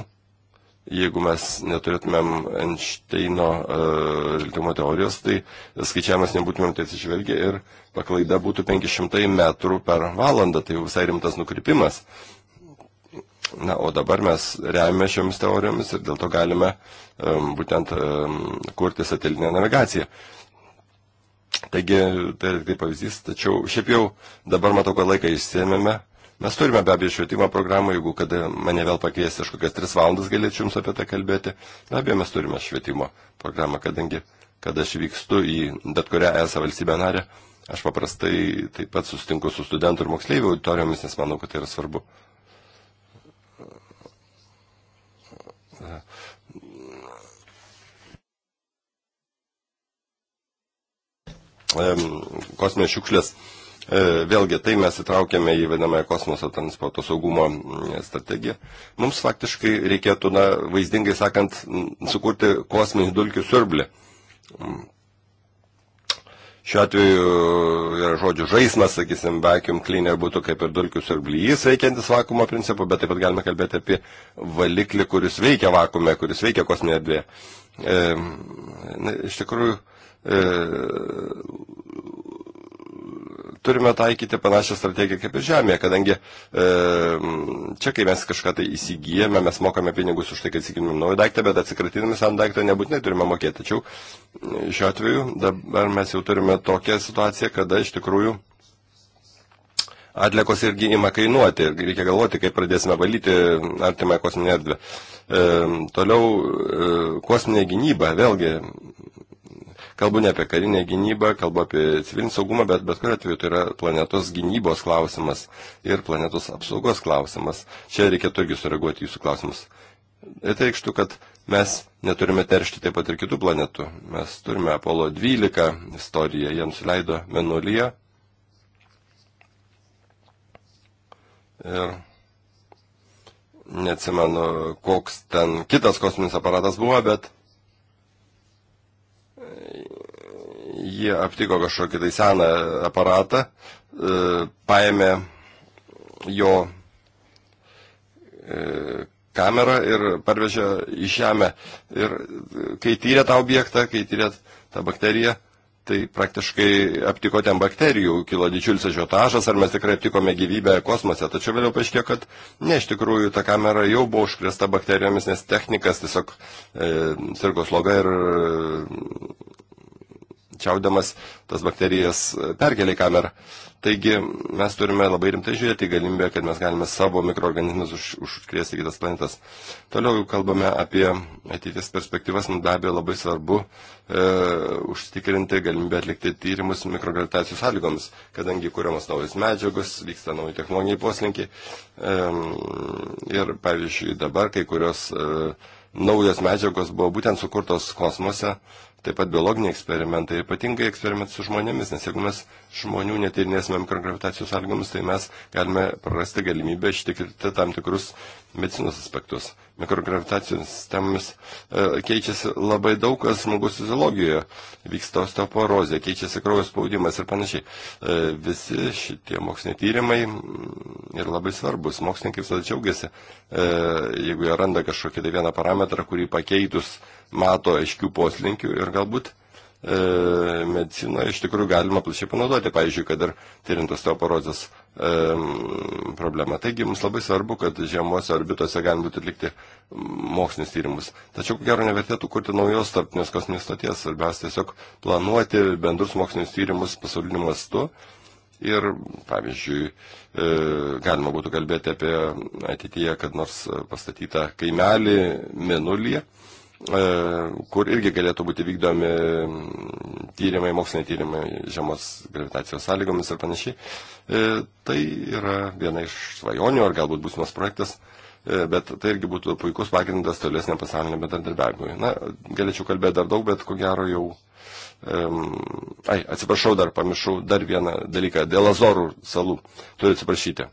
jeigu mes neturėtumėm Einšteino uh, e, riltumo teorijos, tai skaičiavimas nebūtumėm tai atsižvelgę ir paklaida būtų 500 metrų per valandą. Tai jau visai rimtas nukrypimas. Na, o dabar mes remiame šiomis teorijomis ir dėl to galime um, būtent um, kurti satelitinę navigaciją. Taigi, tai tik tai pavyzdys, tačiau šiaip jau dabar matau, kad laiką išsėmėme, Mes turime be abejo švietimo programą, jeigu kada mane vėl pakviesi, aš kokias tris valandas galėčiau jums apie tai kalbėti. Be abejo, mes turime švietimo programą, kadangi, kada aš vykstu į bet kurią esą valstybę narę, aš paprastai taip pat susitinku su studentų ir moksleivių auditorijomis, nes manau, kad tai yra svarbu. Kosminės šiukšlės E, vėlgi, tai mes įtraukėme į vadinamąją kosmoso transporto saugumo mm, strategiją. Mums faktiškai reikėtų, na, vaizdingai sakant, sukurti kosminį dulkių siurblį. Mm. Šiuo atveju yra žodžių žaismas, sakysim, vacuum cleaner būtų kaip ir dulkių siurblys veikiantis vakumo principu, bet taip pat galime kalbėti apie valiklį, kuris veikia vakume, kuris veikia kosminėje erdvėje. E, na, iš tikrųjų, e, turime taikyti panašią strategiją kaip ir Žemėje, kadangi e, čia, kai mes kažką tai įsigijame, mes mokame pinigus už tai, kad įsigijame naują daiktą, bet atsikratydami sam daiktą nebūtinai turime mokėti. Tačiau e, šiuo atveju dabar mes jau turime tokią situaciją, kada iš tikrųjų atlikos irgi ima kainuoti ir reikia galvoti, kaip pradėsime valyti artimą kosminę erdvę. E, toliau e, kosminė gynyba, vėlgi Kalbu ne apie karinę gynybą, kalbu apie civilinį saugumą, bet bet kuriuo atveju tai yra planetos gynybos klausimas ir planetos apsaugos klausimas. Čia reikėtų irgi sureaguoti jūsų klausimus. Ir tai reikštų, kad mes neturime teršti taip pat ir kitų planetų. Mes turime Apollo 12 istoriją, jie nusileido menulyje. Ir neatsimenu, koks ten kitas kosminis aparatas buvo, bet jie aptiko kažkokį tai seną aparatą, e, paėmė jo e, kamerą ir parvežė į žemę. Ir e, kai tyrė tą objektą, kai tyrė tą bakteriją, tai praktiškai aptiko ten bakterijų, kilo didžiulis ažiotažas, ar mes tikrai aptikome gyvybę kosmose. Tačiau vėliau paaiškėjo, kad ne, iš tikrųjų ta kamera jau buvo užkrėsta bakterijomis, nes technikas tiesiog e, sirgo sloga ir e, čiaudamas tas bakterijas e, perkelia į kamerą. Taigi mes turime labai rimtai žiūrėti galimybę, kad mes galime savo mikroorganizmus už, užkrėsti kitas planetas. Toliau jau kalbame apie ateities perspektyvas, mums nu, be abejo labai svarbu e, užtikrinti galimybę atlikti tyrimus mikrogravitacijos sąlygomis, kadangi kūriamas naujas medžiagos, vyksta nauji technologiniai poslinkiai. E, ir pavyzdžiui, dabar kai kurios e, naujos medžiagos buvo būtent sukurtos kosmose taip pat biologiniai eksperimentai, ypatingai eksperimentai su žmonėmis, nes jeigu mes žmonių netyrinėsime mikrogravitacijos sąlygomis, tai mes galime prarasti galimybę ištikrinti tam tikrus medicinos aspektus. Mikrogravitacijos sistemomis e, keičiasi labai daug kas žmogus fiziologijoje. Vyksta osteoporozė, keičiasi kraujo spaudimas ir panašiai. E, visi šitie moksliniai tyrimai mm, yra labai svarbus. Mokslininkai visada džiaugiasi, e, jeigu jie randa kažkokį tai vieną parametrą, kurį pakeitus mato aiškių poslinkių ir galbūt E, medicinoje iš tikrųjų galima plačiai panaudoti, pavyzdžiui, kad ir tyrint osteoporozės e, problemą. Taigi mums labai svarbu, kad žemose orbitose galima būtų atlikti mokslinis tyrimus. Tačiau, ko gero, nevertėtų kurti naujos tarptinės kosminės stoties, svarbiausia tiesiog planuoti bendrus mokslinius tyrimus pasauliniu mastu. Ir, pavyzdžiui, e, galima būtų kalbėti apie ateityje, kad nors pastatytą kaimelį Menulyje, E, kur irgi galėtų būti vykdomi tyrimai, moksliniai tyrimai žemos gravitacijos sąlygomis ir panašiai. E, tai yra viena iš svajonių ar galbūt būsimas projektas, e, bet tai irgi būtų puikus pagrindas tolesniam pasauliniam bendradarbiavimui. Na, galėčiau kalbėti dar daug, bet ko gero jau. Um, ai, atsiprašau, dar pamiršau dar vieną dalyką. Dėl Azorų salų turiu atsiprašyti.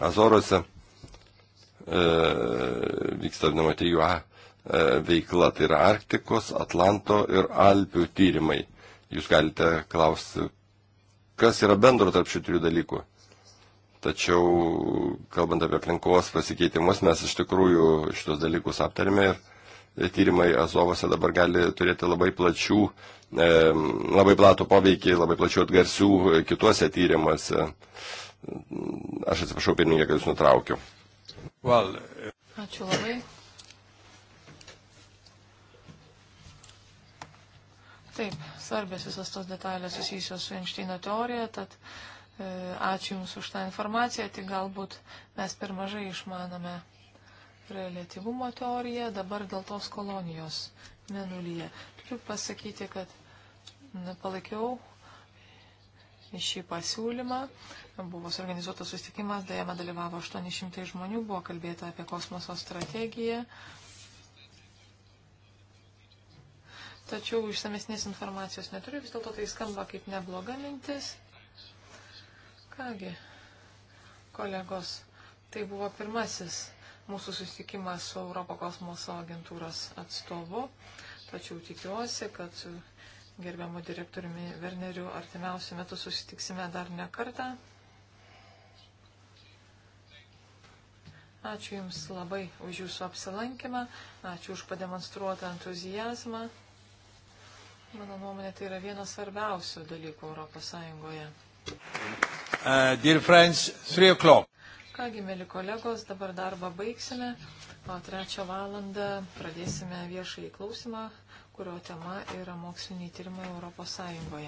Azorose e, vyksta vadinama 3A E, veikla, tai yra Arktikos, Atlanto ir Alpių tyrimai. Jūs galite klausti, kas yra bendro tarp šių trijų dalykų. Tačiau, kalbant apie aplinkos pasikeitimus, mes iš tikrųjų šitos dalykus aptarėme ir e, tyrimai Azovose dabar gali turėti labai plačių, e, labai platų poveikį, labai plačių atgarsių kituose tyrimuose. Aš atsiprašau, pirmininkė, kad jūs nutraukiu. Well, Ačiū labai. Taip, svarbės visas tos detalės susijusios su Einšteino teorija, tad e, ačiū Jums už tą informaciją, tik galbūt mes per mažai išmanome relativumo teoriją dabar dėl tos kolonijos mėnulyje. Turiu pasakyti, kad na, palaikiau šį pasiūlymą. Buvo suorganizuotas susitikimas, dėja dalyvavo 800 žmonių, buvo kalbėta apie kosmoso strategiją. E, tačiau išsamesnės informacijos neturiu, vis dėlto tai skamba kaip nebloga mintis. Kągi, kolegos, tai buvo pirmasis mūsų susitikimas su Europo kosmoso agentūros atstovu, tačiau tikiuosi, kad su gerbiamu direktoriumi Werneriu artimiausiu metu susitiksime dar ne kartą. Ačiū Jums labai už Jūsų apsilankymą, ačiū už pademonstruotą entuzijazmą. Mano nuomonė, tai yra vienas svarbiausių dalykų Europos Sąjungoje. Uh, dear friends, 3 o'clock. Kągi, mėly kolegos, dabar darbą baigsime, o trečią valandą pradėsime viešąjį klausimą, kurio tema yra moksliniai tyrimai Europos Sąjungoje.